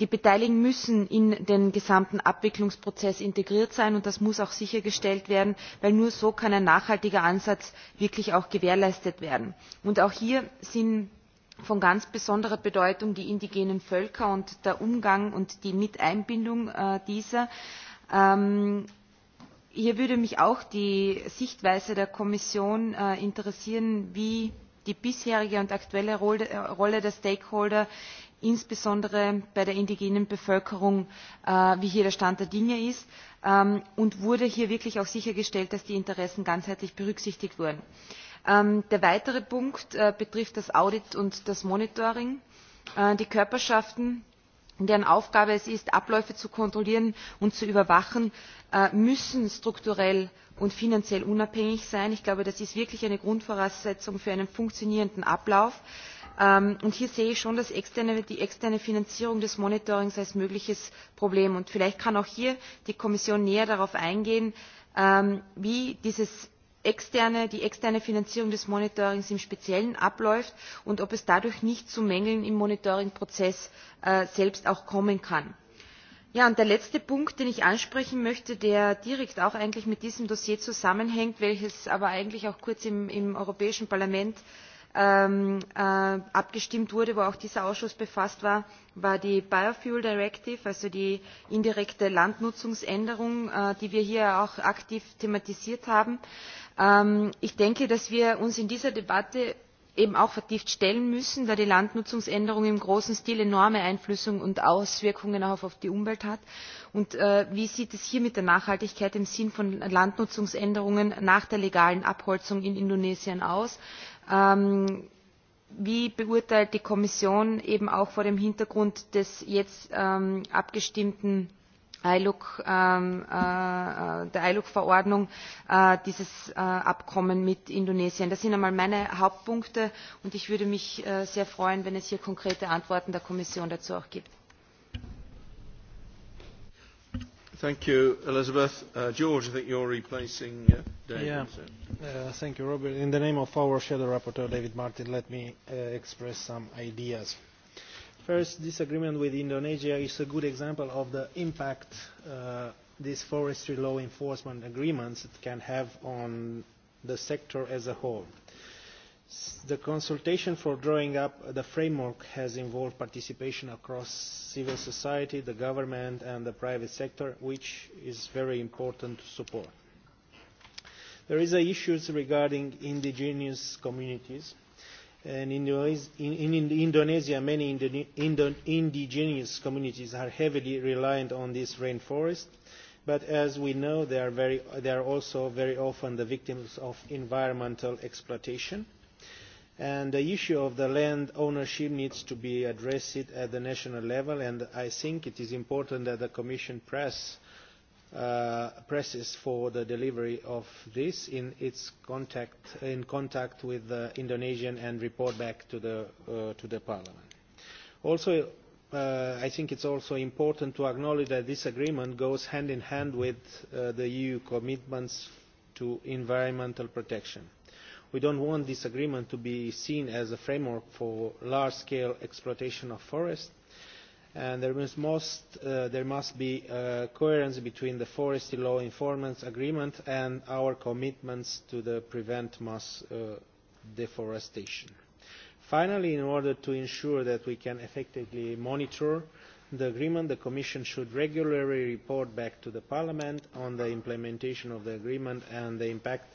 die beteiligten müssen in den gesamten abwicklungsprozess integriert sein und das muss auch sichergestellt werden denn nur so kann ein nachhaltiger ansatz wirklich auch gewährleistet werden. auch hier sind von ganz besonderer bedeutung die indigenen völker und der umgang und die miteinbindung dieser. hier würde mich auch die sichtweise der kommission interessieren wie die bisherige und aktuelle rolle der stakeholder insbesondere bei der indigenen Bevölkerung, wie hier der Stand der Dinge ist und wurde hier wirklich auch sichergestellt, dass die Interessen ganzheitlich berücksichtigt wurden. der weitere Punkt betrifft das Audit und das Monitoring. die Körperschaften, deren Aufgabe es ist, Abläufe zu kontrollieren und zu überwachen, müssen strukturell und finanziell unabhängig sein. Ich glaube, das ist wirklich eine Grundvoraussetzung für einen funktionierenden Ablauf und hier sehe ich schon die externe finanzierung des monitorings als mögliches problem. vielleicht kann auch hier die kommission näher darauf eingehen wie die externe finanzierung des monitorings im speziellen abläuft und ob es dadurch nicht zu mängeln im monitoringprozess selbst kommen kann. der letzte punkt den ich ansprechen möchte der direkt auch eigentlich mit diesem dossier zusammenhängt welches aber eigentlich auch kurz im europäischen parlament abgestimmt wurde, wo auch dieser Ausschuss befasst war, war die Biofuel Directive, also die indirekte Landnutzungsänderung, die wir hier auch aktiv thematisiert haben. ich denke, dass wir uns in dieser Debatte eben auch vertieft stellen müssen, da die Landnutzungsänderung im großen Stil enorme Einflüsse und Auswirkungen auch auf die Umwelt hat. Und wie sieht es hier mit der Nachhaltigkeit im Sinn von Landnutzungsänderungen nach der legalen Abholzung in Indonesien aus? wie beurteilt die Kommission eben auch vor dem Hintergrund des jetzt abgestimmten ILUC, der ILUC-Verordnung dieses Abkommen mit Indonesien. Das sind einmal meine Hauptpunkte und ich würde mich sehr freuen, wenn es hier konkrete Antworten der Kommission dazu auch gibt. Thank you, Elizabeth. Uh, George, I think you're replacing uh, David. Yeah. Uh, thank you, Robert. In the name of our shadow rapporteur, David Martin, let me uh, express some ideas. First, this agreement with Indonesia is a good example of the impact uh, these forestry law enforcement agreements can have on the sector as a whole The consultation for drawing up the framework has involved participation across civil society, the government and the private sector, which is very important to support. There is issues regarding indigenous communities. And in, Indonesia, many indigenous communities are heavily reliant on this rainforest but as we know they are, very, they are also very often the victims of environmental exploitation and the issue of land ownership needs to be addressed at the national level and i think it is important that the commission presses for the delivery of this in its contact with indonesia and report back to parliament. i think it is also important to acknowledge that this agreement goes hand in hand with the eu commitments to environmental protection we do not want this agreement to be seen as a framework for large scale exploitation of forests and there must be coherence between the forestry law enforcement agreement and our commitments to prevent mass deforestation. finally in order to ensure that we can effectively monitor the agreement the commission should regularly report back to parliament on the implementation of the agreement and the impact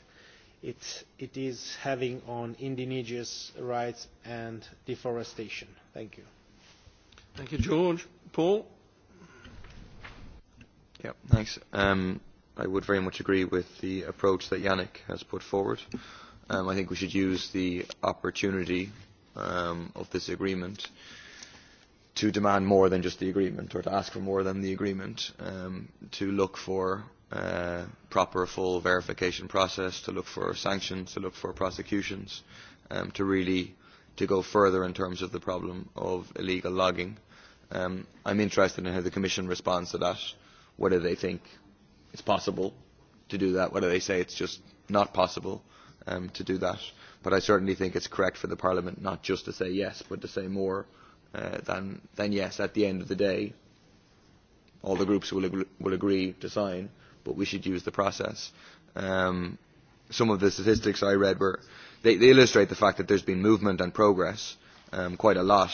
it, it is having on Indonesia's rights and deforestation. Thank you. Thank you, George. Paul? Yeah, thanks. Um, I would very much agree with the approach that Yannick has put forward. Um, I think we should use the opportunity um, of this agreement to demand more than just the agreement or to ask for more than the agreement, um, to look for uh, proper full verification process, to look for sanctions, to look for prosecutions, um, to really to go further in terms of the problem of illegal logging. Um, I'm interested in how the Commission responds to that, whether they think it's possible to do that, whether they say it's just not possible um, to do that. But I certainly think it's correct for the Parliament not just to say yes, but to say more uh, than, than yes. At the end of the day, all the groups will, ag will agree to sign, but we should use the process. Um, some of the statistics I read were they, they illustrate the fact that there's been movement and progress um, quite a lot,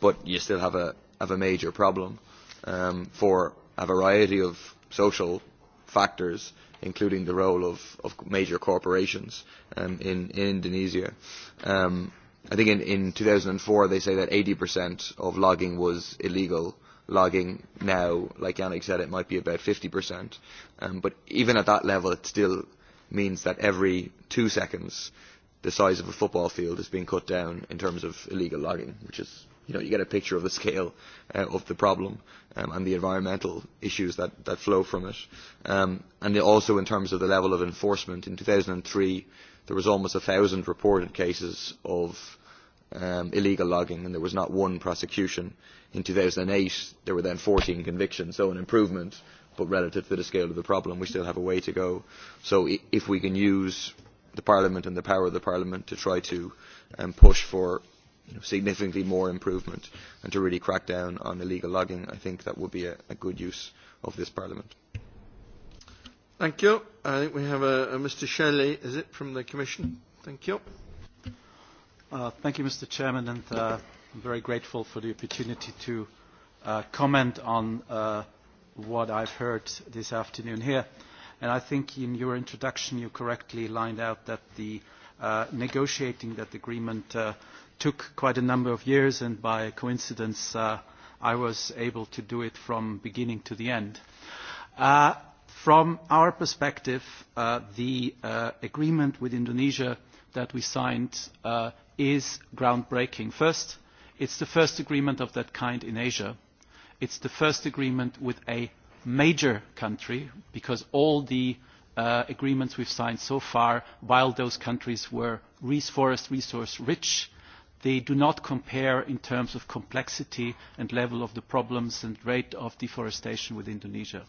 but you still have a have a major problem um, for a variety of social factors, including the role of, of major corporations um, in, in Indonesia. Um, I think in, in 2004 they say that 80% of logging was illegal logging now, like Yannick said, it might be about 50%. Um, but even at that level, it still means that every two seconds, the size of a football field is being cut down in terms of illegal logging, which is, you know, you get a picture of the scale uh, of the problem um, and the environmental issues that, that flow from it. Um, and also in terms of the level of enforcement, in 2003, there was almost a thousand reported cases of um, illegal logging, and there was not one prosecution. In 2008, there were then 14 convictions, so an improvement, but relative to the scale of the problem, we still have a way to go. So if we can use the Parliament and the power of the Parliament to try to um, push for you know, significantly more improvement and to really crack down on illegal logging, I think that would be a, a good use of this Parliament. Thank you. I think we have a, a Mr. Shelley, is it, from the Commission? Thank you. Thank you, Mr. Chairman, and I'm very grateful for the opportunity to uh comment on uh what I've heard this afternoon here. And I think in your introduction, you correctly lined out that the uh negotiating that agreement uh took quite a number of years, and by coincidence, uh I was able to do it from beginning to the end. Uh From our perspective, uh the uh agreement with Indonesia that we signed uh is groundbreaking. First, it is the first agreement of that kind in Asia. It is the first agreement with a major country because all the uh, agreements have signed so far, while those countries were forest resource rich, they do not compare in terms of complexity and level of the problems and rate of deforestation with Indonesia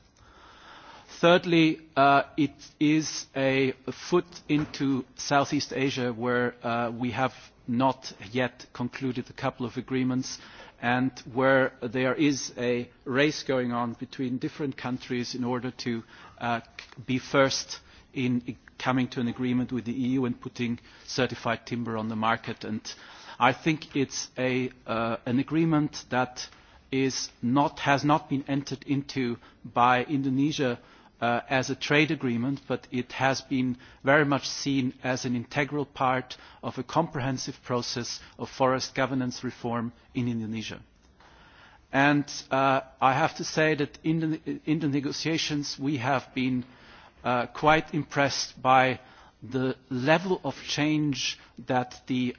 Thirdly, uh, it is a foot into Southeast Asia where uh, we have not yet concluded a couple of agreements and where there is a race going on between different countries in order to uh, be first in coming to an agreement with the EU and putting certified timber on the market. And I think it's a, uh, an agreement that is not, has not been entered into by Indonesia as a trade agreement, but it has been very much seen as an integral part of a comprehensive process of forest governance reform in Indonesia. And I have to say that in the, in the negotiations we have been quite impressed by the level of change that the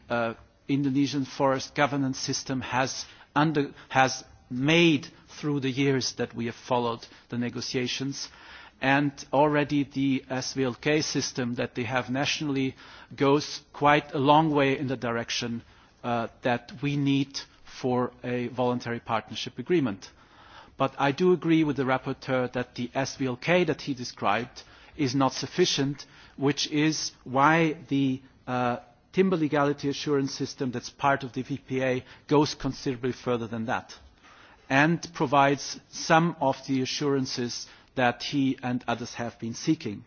Indonesian forest governance system has, under, has made through the years that we have followed the negotiations. Uh, and already the SVLK system that they have nationally goes quite a long way in the direction that we need for a voluntary partnership agreement. But I do agree with the rapporteur that the SVLK that he described is not sufficient, which is why the timber legality assurance system that's part of the VPA goes considerably further than that and provides some of the assurances that he and others have been seeking.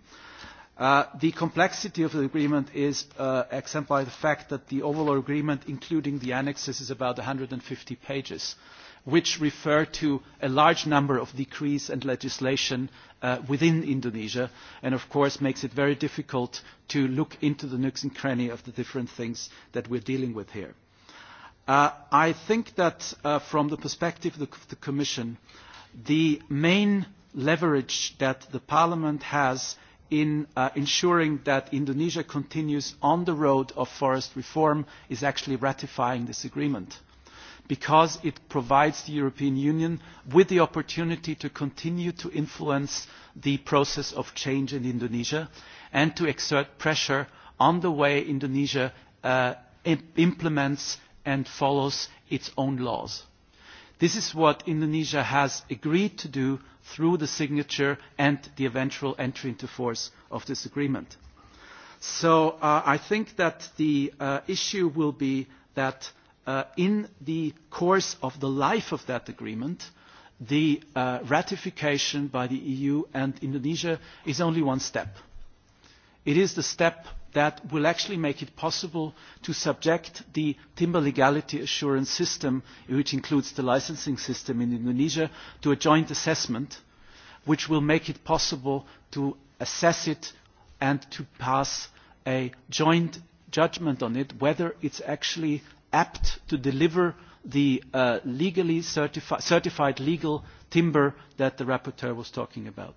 the complexity of the agreement is exemplified by the fact that the overall agreement, including the annexes, is about one hundred and fifty pages, which refer to a large number of decrees and legislation within Indonesia, and of course makes it very difficult to look into the nooks and crannies of the different things that we are dealing with here. I think that from the perspective of the Commission, the main leverage that the Parliament has in ensuring that Indonesia continues on the road of forest reform is actually ratifying this agreement because it provides the European Union with the opportunity to continue to influence the process of change in Indonesia and to exert pressure on the way Indonesia implements and follows its own laws. This is what Indonesia has agreed to do through the signature and the eventual entry into force of this agreement. So uh, I think that the uh, issue will be that uh, in the course of the life of that agreement, the uh, ratification by the EU and Indonesia is only one step. It is the step that will actually make it possible to subject the timber legality assurance system, which includes the licensing system in Indonesia, to a joint assessment, which will make it possible to assess it and to pass a joint judgment on it, whether it's actually apt to deliver the uh, legally certifi certified legal timber that the rapporteur was talking about.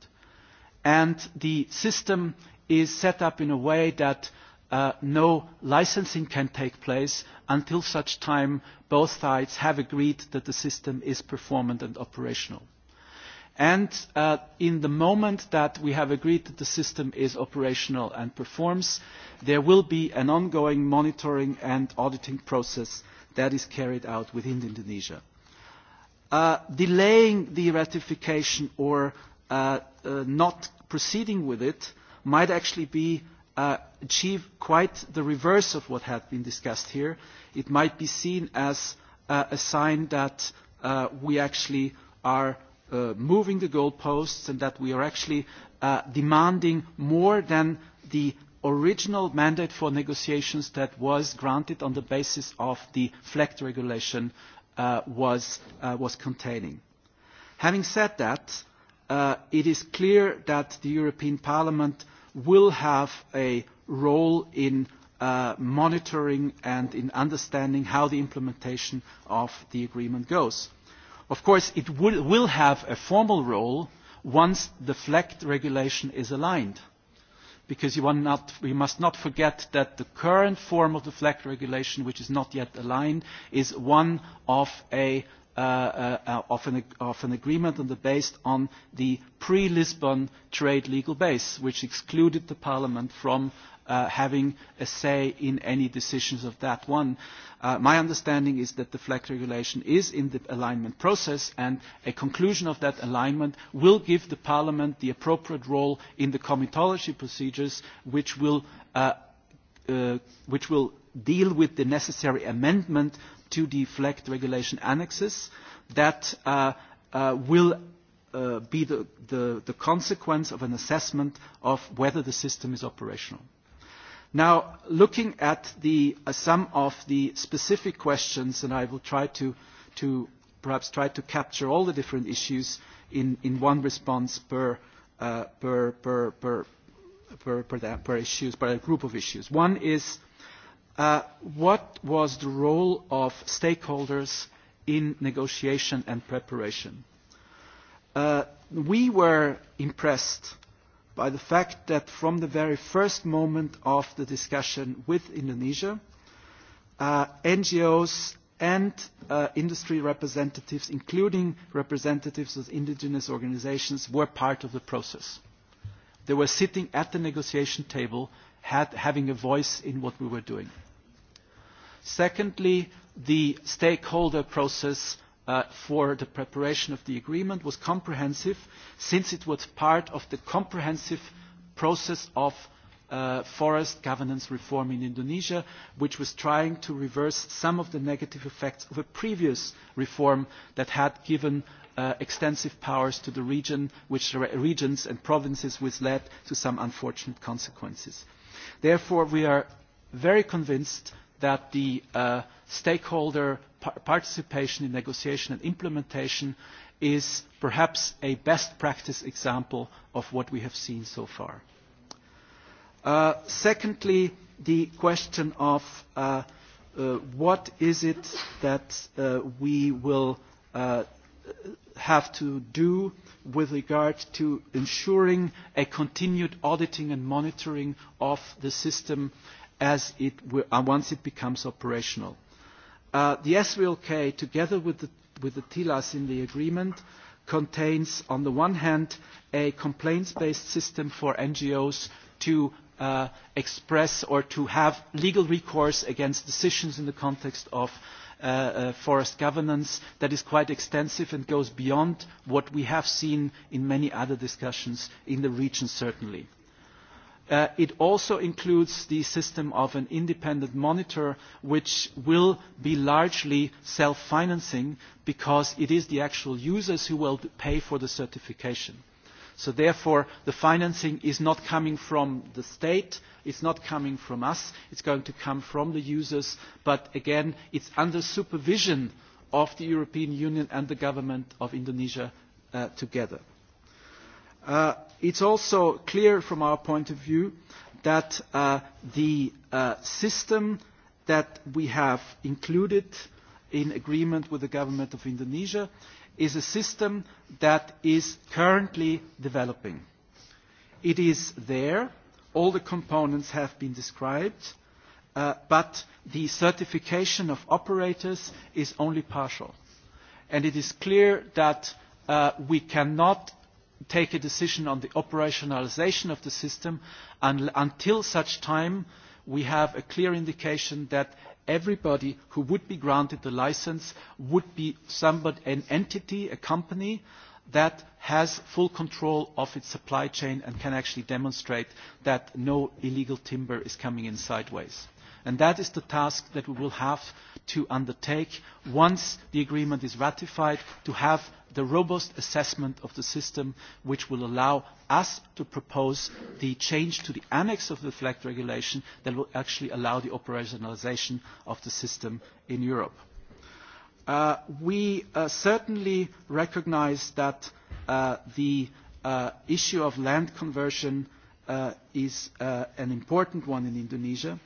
And the system is set up in a way that no licensing can take place until such time both sides have agreed that the system is performant and operational. And in the moment that we have agreed that the system is operational and performs, there will be an ongoing monitoring and auditing process that is carried out within Indonesia. delaying the ratification or not proceeding with it might actually be uh, achieve quite the reverse of what had been discussed here. It might be seen as uh, a sign that uh, we actually are uh, moving the goalposts and that we are actually uh, demanding more than the original mandate for negotiations that was granted on the basis of the FLECT regulation uh, was, uh, was containing. Having said that, it is clear that the European Parliament will have a role in monitoring and in understanding how the implementation of the agreement goes. Of course, it will have a formal role once the FLECT regulation is aligned because you not, we must not forget that the current form of the FLECT regulation, which is not yet aligned, is one of a of, an, agreement on the, based on the pre-Lisbon trade legal base, which excluded the Parliament from having a say in any decisions of that one. my understanding is that the FLEC regulation is in the alignment process and a conclusion of that alignment will give the Parliament the appropriate role in the comitology procedures which will, deal with the necessary amendment to the flagged regulation annexes that uh, uh, will uh, be the, the, the consequence of an assessment of whether the system is operational. Now, looking at the, uh, some of the specific questions, and I will try to, to perhaps try to capture all the different issues in, in one response per, uh, per, per, per, per, per, per issues, per a group of issues. One is what was the role of stakeholders in negotiation and preparation? we were impressed by the fact that from the very first moment of the discussion with Indonesia, NGOs and industry representatives, including representatives of indigenous organisations, were part of the process. They were sitting at the negotiation table, had, having a voice in what we were doing. Secondly, the stakeholder process for the preparation of the agreement was comprehensive since it was part of the comprehensive process of forest governance reform in Indonesia, which was trying to reverse some of the negative effects of a previous reform that had given extensive powers to the region, which regions and provinces which led to some unfortunate consequences. Therefore, we are very convinced that the stakeholder participation in negotiation and implementation is perhaps a best practice example of what we have seen so far. secondly, the question of what is it that we will have to do with regard to ensuring a continued auditing and monitoring of the system as it, once it becomes operational. Uh, the SVLK, together with the, with the TILAS in the agreement, contains, on the one hand, a complaints-based system for NGOs to uh, express or to have legal recourse against decisions in the context of uh, uh, forest governance that is quite extensive and goes beyond what we have seen in many other discussions in the region, certainly it also includes the system of an independent monitor which will be largely self-financing because it is the actual users who will pay for the certification. So therefore, the financing is not coming from the state, it's not coming from us, it's going to come from the users, but again, it's under supervision of the European Union and the government of Indonesia uh, together It is also clear from our point of view that the system that we have included in agreement with the government of Indonesia is a system that is currently developing. It is there. All the components have been described, uh, but the certification of operators is only partial. And it is clear that uh, we cannot take a decision on the operationalisation of the system until such time we have a clear indication that everybody who would be granted the licence would be somebody, an entity, a company that has full control of its supply chain and can actually demonstrate that no illegal timber is coming in sideways. And that is the task that we will have to undertake once the agreement is ratified to have the robust assessment of the system which will allow us to propose the change to the annex of the FLECT regulation that will actually allow the operationalisation of the system in Europe. we certainly recognise that the issue of land conversion is an important one in Indonesia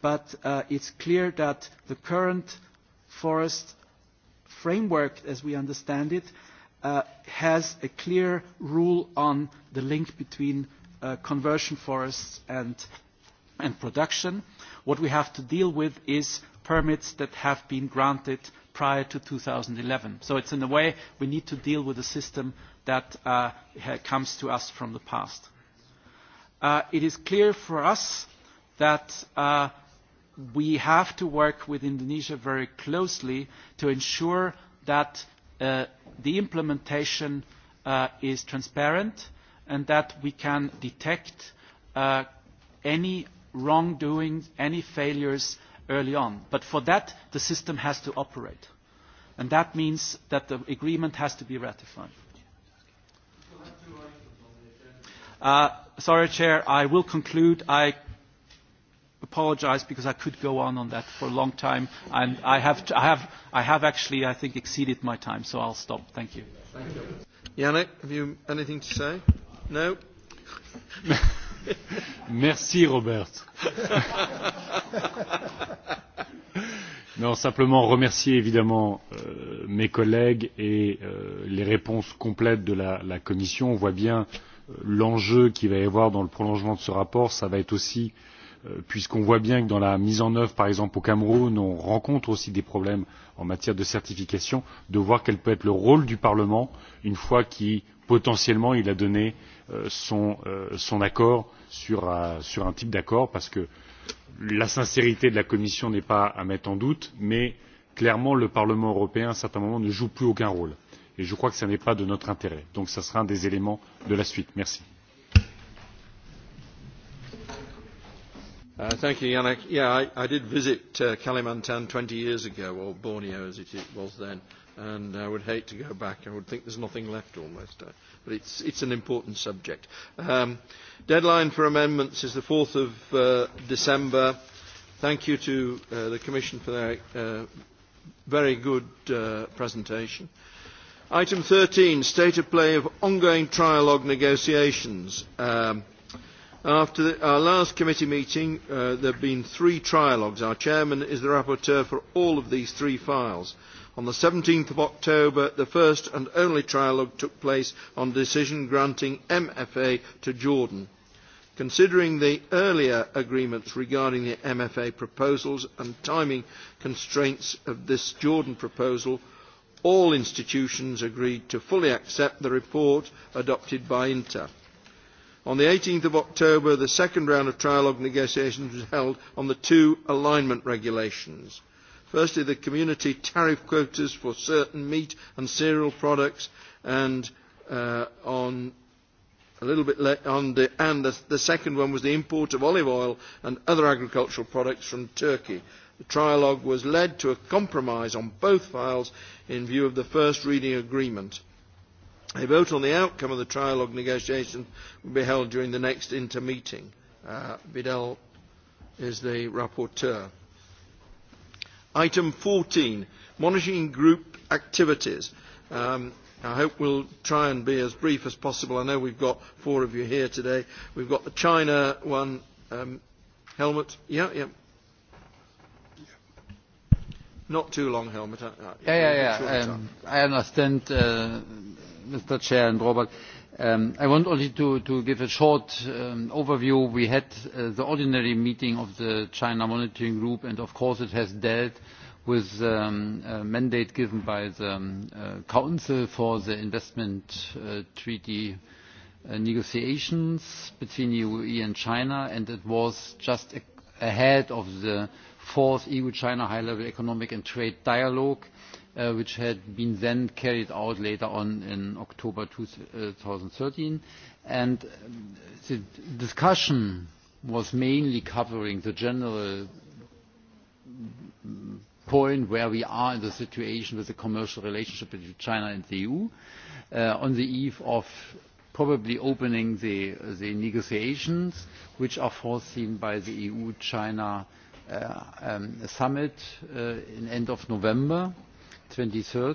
but uh, it's clear that the current forest framework, as we understand it, uh, has a clear rule on the link between uh, conversion forests and, and production. What we have to deal with is permits that have been granted prior to 2011. So it's in a way we need to deal with a system that uh, comes to us from the past. Uh, it is clear for us that uh, we have to work with Indonesia very closely to ensure that the implementation is transparent and that we can detect any wrongdoing, any failures early on. But for that, the system has to operate. And that means that the agreement has to be ratified. Uh, sorry, Chair, I will conclude. I apologize because I could go on on that for a long time, and I have, to, I have, I have actually, I think, exceeded my time, so I'll stop. Thank you. Thank you. Yannick, have you anything to say? No. Merci, Robert. non, simplement remercier évidemment euh, mes collègues et euh, les réponses complètes de la, la Commission. On voit bien euh, l'enjeu qu'il va y avoir dans le prolongement de ce rapport. Ça va être aussi euh, puisqu'on voit bien que dans la mise en œuvre, par exemple au Cameroun, on rencontre aussi des problèmes en matière de certification, de voir quel peut être le rôle du Parlement une fois qu'il, potentiellement, il a donné son, accord sur, un type d'accord, parce que la sincérité de la Commission n'est pas à mettre en doute, mais clairement, le Parlement européen, à un certain moment, ne joue plus aucun rôle. Et je crois que ce n'est pas de notre intérêt. Donc, ce sera un des éléments de la suite. Merci. thank you, Yannick. Yeah, I, I did visit uh, Kalimantan 20 years ago, or Borneo as it was then, and I would hate to go back. I would think there's nothing left almost. Uh, but it's, it's an important subject. Um, deadline for amendments is the 4th of uh, December. Thank you to uh, the Commission for their uh, very good uh, presentation. Item 13, state of play of ongoing trialogue negotiations. Um, After the, our last committee meeting, uh, there have been three trialogues. Our chairman is the rapporteur for all of these three files. On the 17th of October, the first and only trialogue took place on decision granting MFA to Jordan. Considering the earlier agreements regarding the MFA proposals and timing constraints of this Jordan proposal, all institutions agreed to fully accept the report adopted by INTA on eighteen october the second round of trialogue negotiations was held on the two alignment regulations firstly the community tariff quotas for certain meat and cereal products and on a little bit on the and the, the second one was the import of olive oil and other agricultural products from turkey the trialogue was led to a compromise on both files in view of the first reading agreement A vote on the outcome of the trialogue negotiations will be held during the next intermeeting. Uh, Vidal is the rapporteur. Item 14, monitoring group activities. Um, I hope we'll try and be as brief as possible. I know we've got four of you here today. We've got the China one. Um, Helmut? Yeah, yeah. Not too long, Helmut. Yeah, yeah, yeah. Um, I understand. Uh, Mr. President and Robert. I want only to give a short overview. We had the ordinary meeting of the China Monitoring Group, and of course, it has dealt with the mandate given by the Council for the investment treaty negotiations between the EU and China, and it was just ahead of the fourth EU-China high-level economic and trade dialogue which had been then carried out later on in October 2013. And the discussion was mainly covering the general point where we are in the situation with the commercial relationship between China and the EU on the eve of probably opening the, the negotiations which are foreseen by the EU-China summit at the end of November twenty three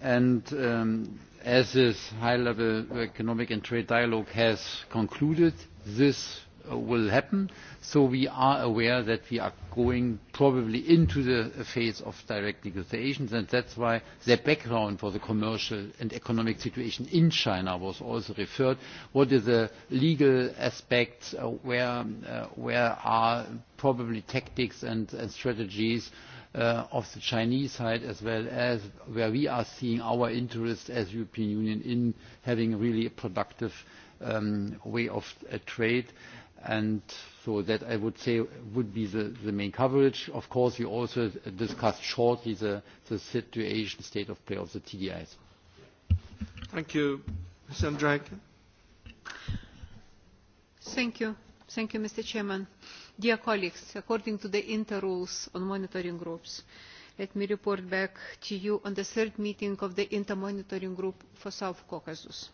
and as this high level economic and trade dialogue has concluded this will happen so we are aware that we are going probably into the phase of direct negotiations and that is why the background for the commercial and economic situation in china was also referred to what are the legal aspects where are probably tactics and strategies of the Chinese side as well as where we are seeing our interest as European Union in having really a productive um, way of trade. And so that I would say would be the, the main coverage. Of course, we also discussed shortly the, the situation, state of play of the TDIs. Thank you, Mr. Thank you. Thank you, Mr. Chairman. Dear colleagues, according to the inter rules on monitoring groups, let me report back to you on the third meeting of the inter monitoring group for South Caucasus.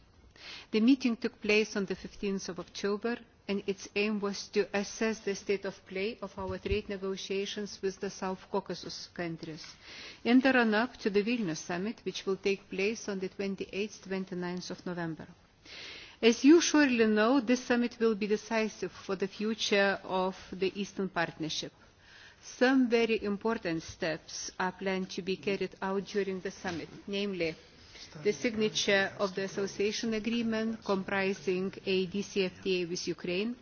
The meeting took place on the 15th of October and its aim was to assess the state of play of our trade negotiations with the South Caucasus countries. In the run-up to the Vilnius summit, which will take place on the 28th-29th of November. As you surely know, this summit will be decisive for the future of the Eastern Partnership. Some very important steps are planned to be carried out during the summit, namely the signature of the association agreement comprising a DCFTA with Ukraine,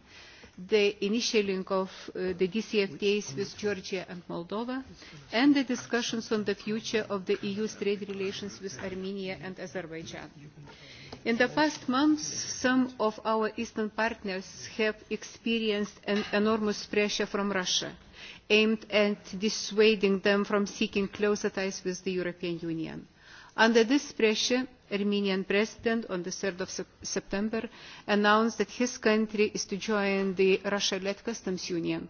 the initialing of the DCFTAs with Georgia and Moldova, and the discussions on the future of the EU's trade relations with Armenia and Azerbaijan. In the past months, some of our eastern partners have experienced an enormous pressure from Russia aimed at dissuading them from seeking closer ties with the European Union. Under this pressure, Armenian President on the 3rd of September announced that his country is to join the Russia-led customs union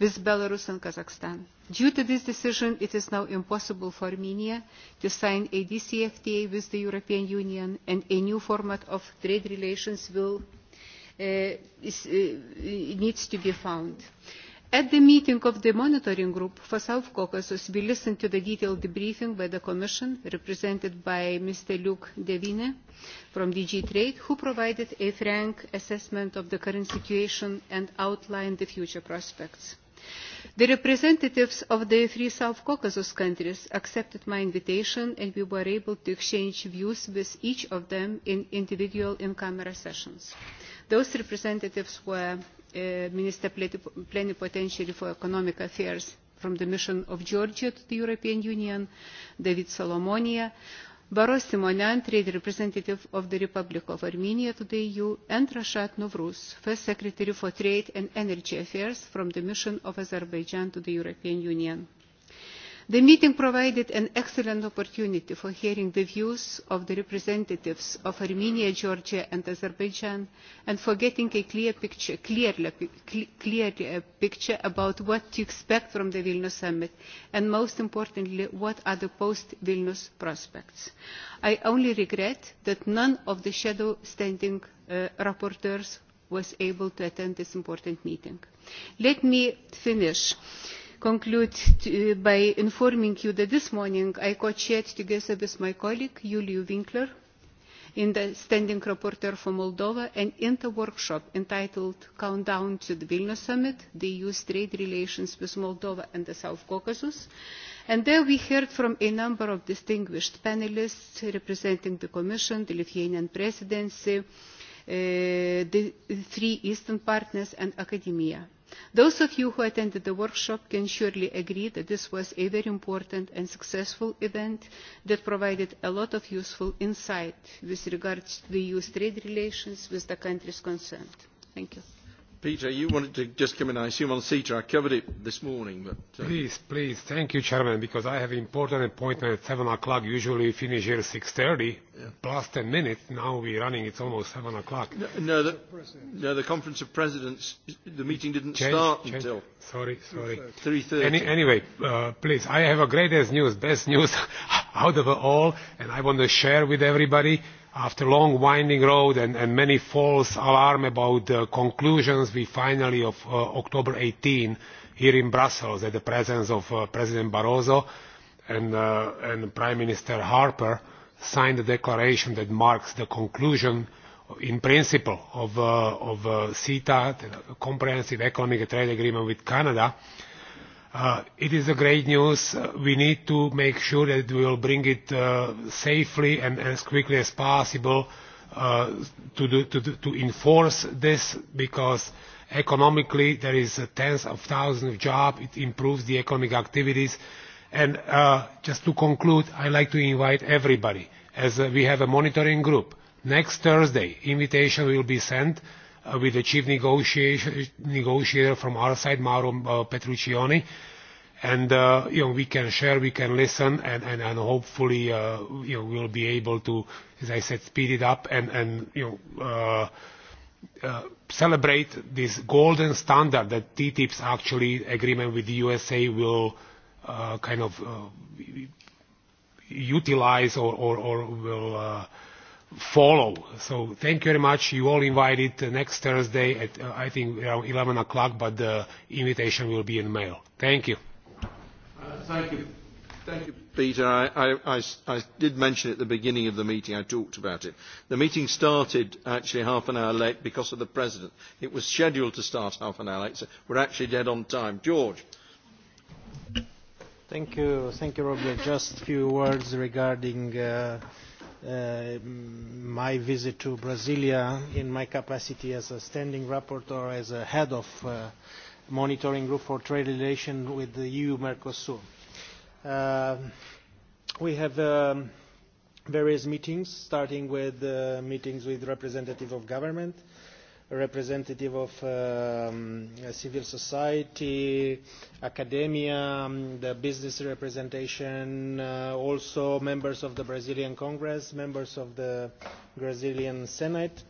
with Belarus and Kazakhstan. Due to this decision, it is now impossible for Armenia to sign a DCFTA with the European Union, and a new format of trade relations will, uh, is, uh, needs to be found. Uh, At the meeting of the monitoring group for South Caucasus, we listened to the detailed debriefing by the Commission, represented by Mr. Luc Devine from DG Trade, who provided a frank assessment of the current situation and outlined the future prospects. The representatives of the three South Caucasus countries accepted my invitation and we were able to exchange views with each of them in individual in-camera sessions. Those representatives were Minister Plenipotentiary for Economic Affairs from the Mission of Georgia to the European Union, David Solomonia, Baros Simonian, Trade Representative of the Republic of Armenia to the EU, and Rashad Novruz, First Secretary for Trade and Energy Affairs from the Mission of Azerbaijan to the European Union. The meeting provided an excellent opportunity for hearing the views of the representatives of Armenia, Georgia and Azerbaijan and for getting a clear picture, clearly, clearly picture about what to expect from the Vilnius summit and most importantly what are the post-Vilnius prospects. I only regret that none of the shadow standing rapporteurs was able to attend this important meeting. Let me finish. Uh, conclude by informing you that this morning I co-chaired together with my colleague Juliu Winkler in the Standing Rapporteur for Moldova an inter-workshop entitled Countdown to the Vilnius Summit, the EU's trade relations with Moldova and the South Caucasus. And there we heard from a number of distinguished panelists representing the Commission, the Lithuanian Presidency, the three Eastern partners and academia Those of you who attended the workshop can surely agree that this was a very important and successful event that provided a lot of useful insight with regard to the EU's trade relations with the countries concerned. Thank you. Peter, you wanted to just come in, I assume, on CETA. I covered it this morning. But, uh... Please, please. Thank you, Chairman, because I have important appointment at 7 o'clock. Usually we finish here at 6.30, yeah. plus 10 minutes. Now we're running, it's almost 7 o'clock. No, no, the, no, the Conference of Presidents, the meeting didn't change, start change. until... Sorry, sorry. 3.30. Any, anyway, uh, please, I have a greatest news, best news out of all, and I want to share with everybody after a long winding road and, many false alarms about the conclusions we finally of eighteen October here in Brussels at the presence of President Barroso and, Prime Minister Harper signed a declaration that marks the conclusion in principle of, CETA, the Comprehensive Economic and Trade Agreement with Canada, it is great news. we need to make sure that we will bring it safely and as quickly as possible to enforce this because economically there is tens of thousands of jobs it improves the economic activities and just to conclude i would like to invite everybody as we have a monitoring group next thursday an invitation will be sent uh, with the chief negotiator from our side, Mauro uh, Petruccioni. And uh, you know, we can share, we can listen, and, and, and hopefully uh, you know, we'll be able to, as I said, speed it up and, and you know, uh, uh, celebrate this golden standard that TTIP's actually agreement with the USA will uh, kind of uh, utilize or, or, or will uh, follow. So thank you very much. You all invited uh, next Thursday at uh, I think around 11 o'clock, but the invitation will be in the mail. Thank you. Uh, thank you. Thank you, Peter. I, I, I, I did mention at the beginning of the meeting, I talked about it. The meeting started actually half an hour late because of the President. It was scheduled to start half an hour late, so we're actually dead on time. George. Thank you, thank you, Robert. Just a few words regarding uh, my visit to Brasilia in my capacity as a standing rapporteur, as a head of uh, monitoring group for trade relations with the EU-Mercosur. we have um, various meetings, starting with uh, meetings with representatives of government, representative of um, civil society, academia, the business representation, uh, also members of the Brazilian Congress, members of the Brazilian Senate.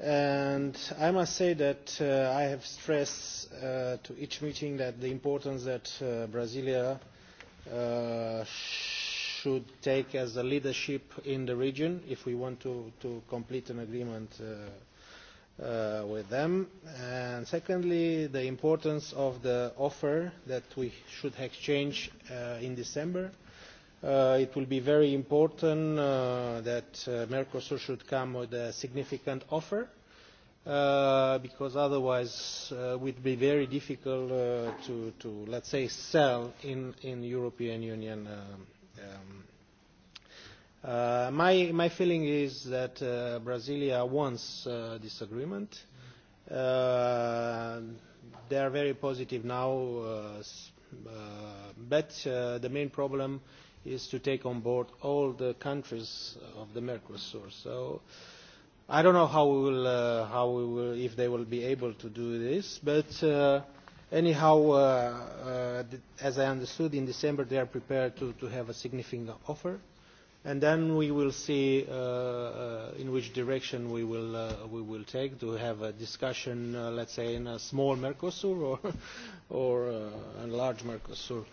And I must say that uh, I have stressed uh, to each meeting that the importance that uh, Brasilia uh, should take as a leadership in the region if we want to, to complete an agreement uh, with them. And secondly, the importance of the offer that we should exchange uh, in December. Uh, it will be very important uh, that uh, Mercosur should come with a significant offer uh, because otherwise uh, it would be very difficult uh, to, to, let's say, sell in, in European Union um, um, Uh, my, my feeling is that uh, Brasilia wants uh, this agreement. Uh, they are very positive now, uh, uh, but uh, the main problem is to take on board all the countries of the Mercosur. So I don't know how we will, uh, how we will, if they will be able to do this, but uh, anyhow, uh, uh, as I understood, in December they are prepared to, to have a significant offer and then we will see uh, uh, in which direction we will uh, we will take to have a discussion, uh, let's say, in a small Mercosur or or uh, a large Mercosur.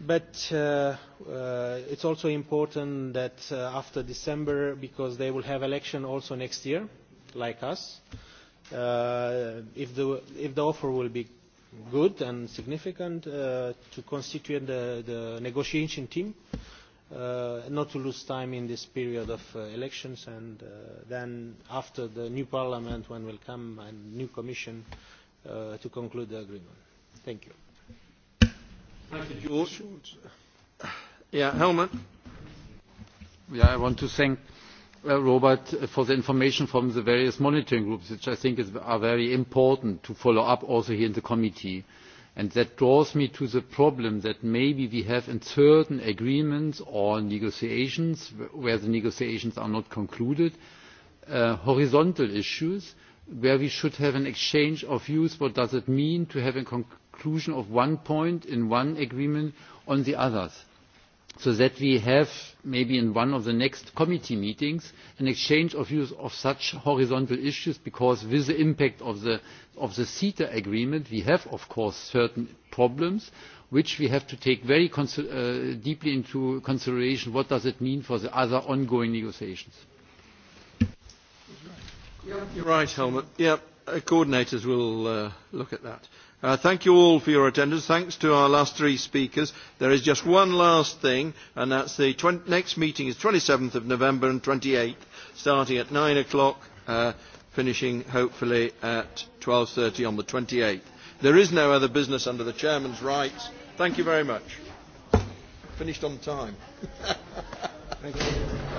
But uh, uh, it's also important that uh, after December, because they will have election also next year, like us, uh, if the if the offer will be good and significant uh, to constitute the, the negotiation team. Uh, uh, not to lose time in this period of uh, elections and uh, then after the new parliament when will come and new commission uh, to conclude the agreement. Thank you. Thank you, George. Yeah, Helmut. Yeah, I want to thank Robert for the information from the various monitoring groups, which I think is, are very important to follow up also here in the committee and that draws me to the problem that maybe we have in certain agreements or negotiations where the negotiations are not concluded horizontal issues where we should have an exchange of views what does it mean to have a conclusion of one point in one agreement on the others? so that we have maybe in one of the next committee meetings an exchange of views on such horizontal issues because with the impact of the ceta agreement we have of course certain problems which we have to take very deeply into consideration what does it mean for the other ongoing negotiations? you are right helmut coordinators will look at that. Uh, thank you all for your attendance. Thanks to our last three speakers. There is just one last thing, and that's the tw- next meeting is 27th of November and 28th, starting at 9 o'clock, uh, finishing hopefully at 12.30 on the 28th. There is no other business under the chairman's rights. Thank you very much. Finished on time. Thank you.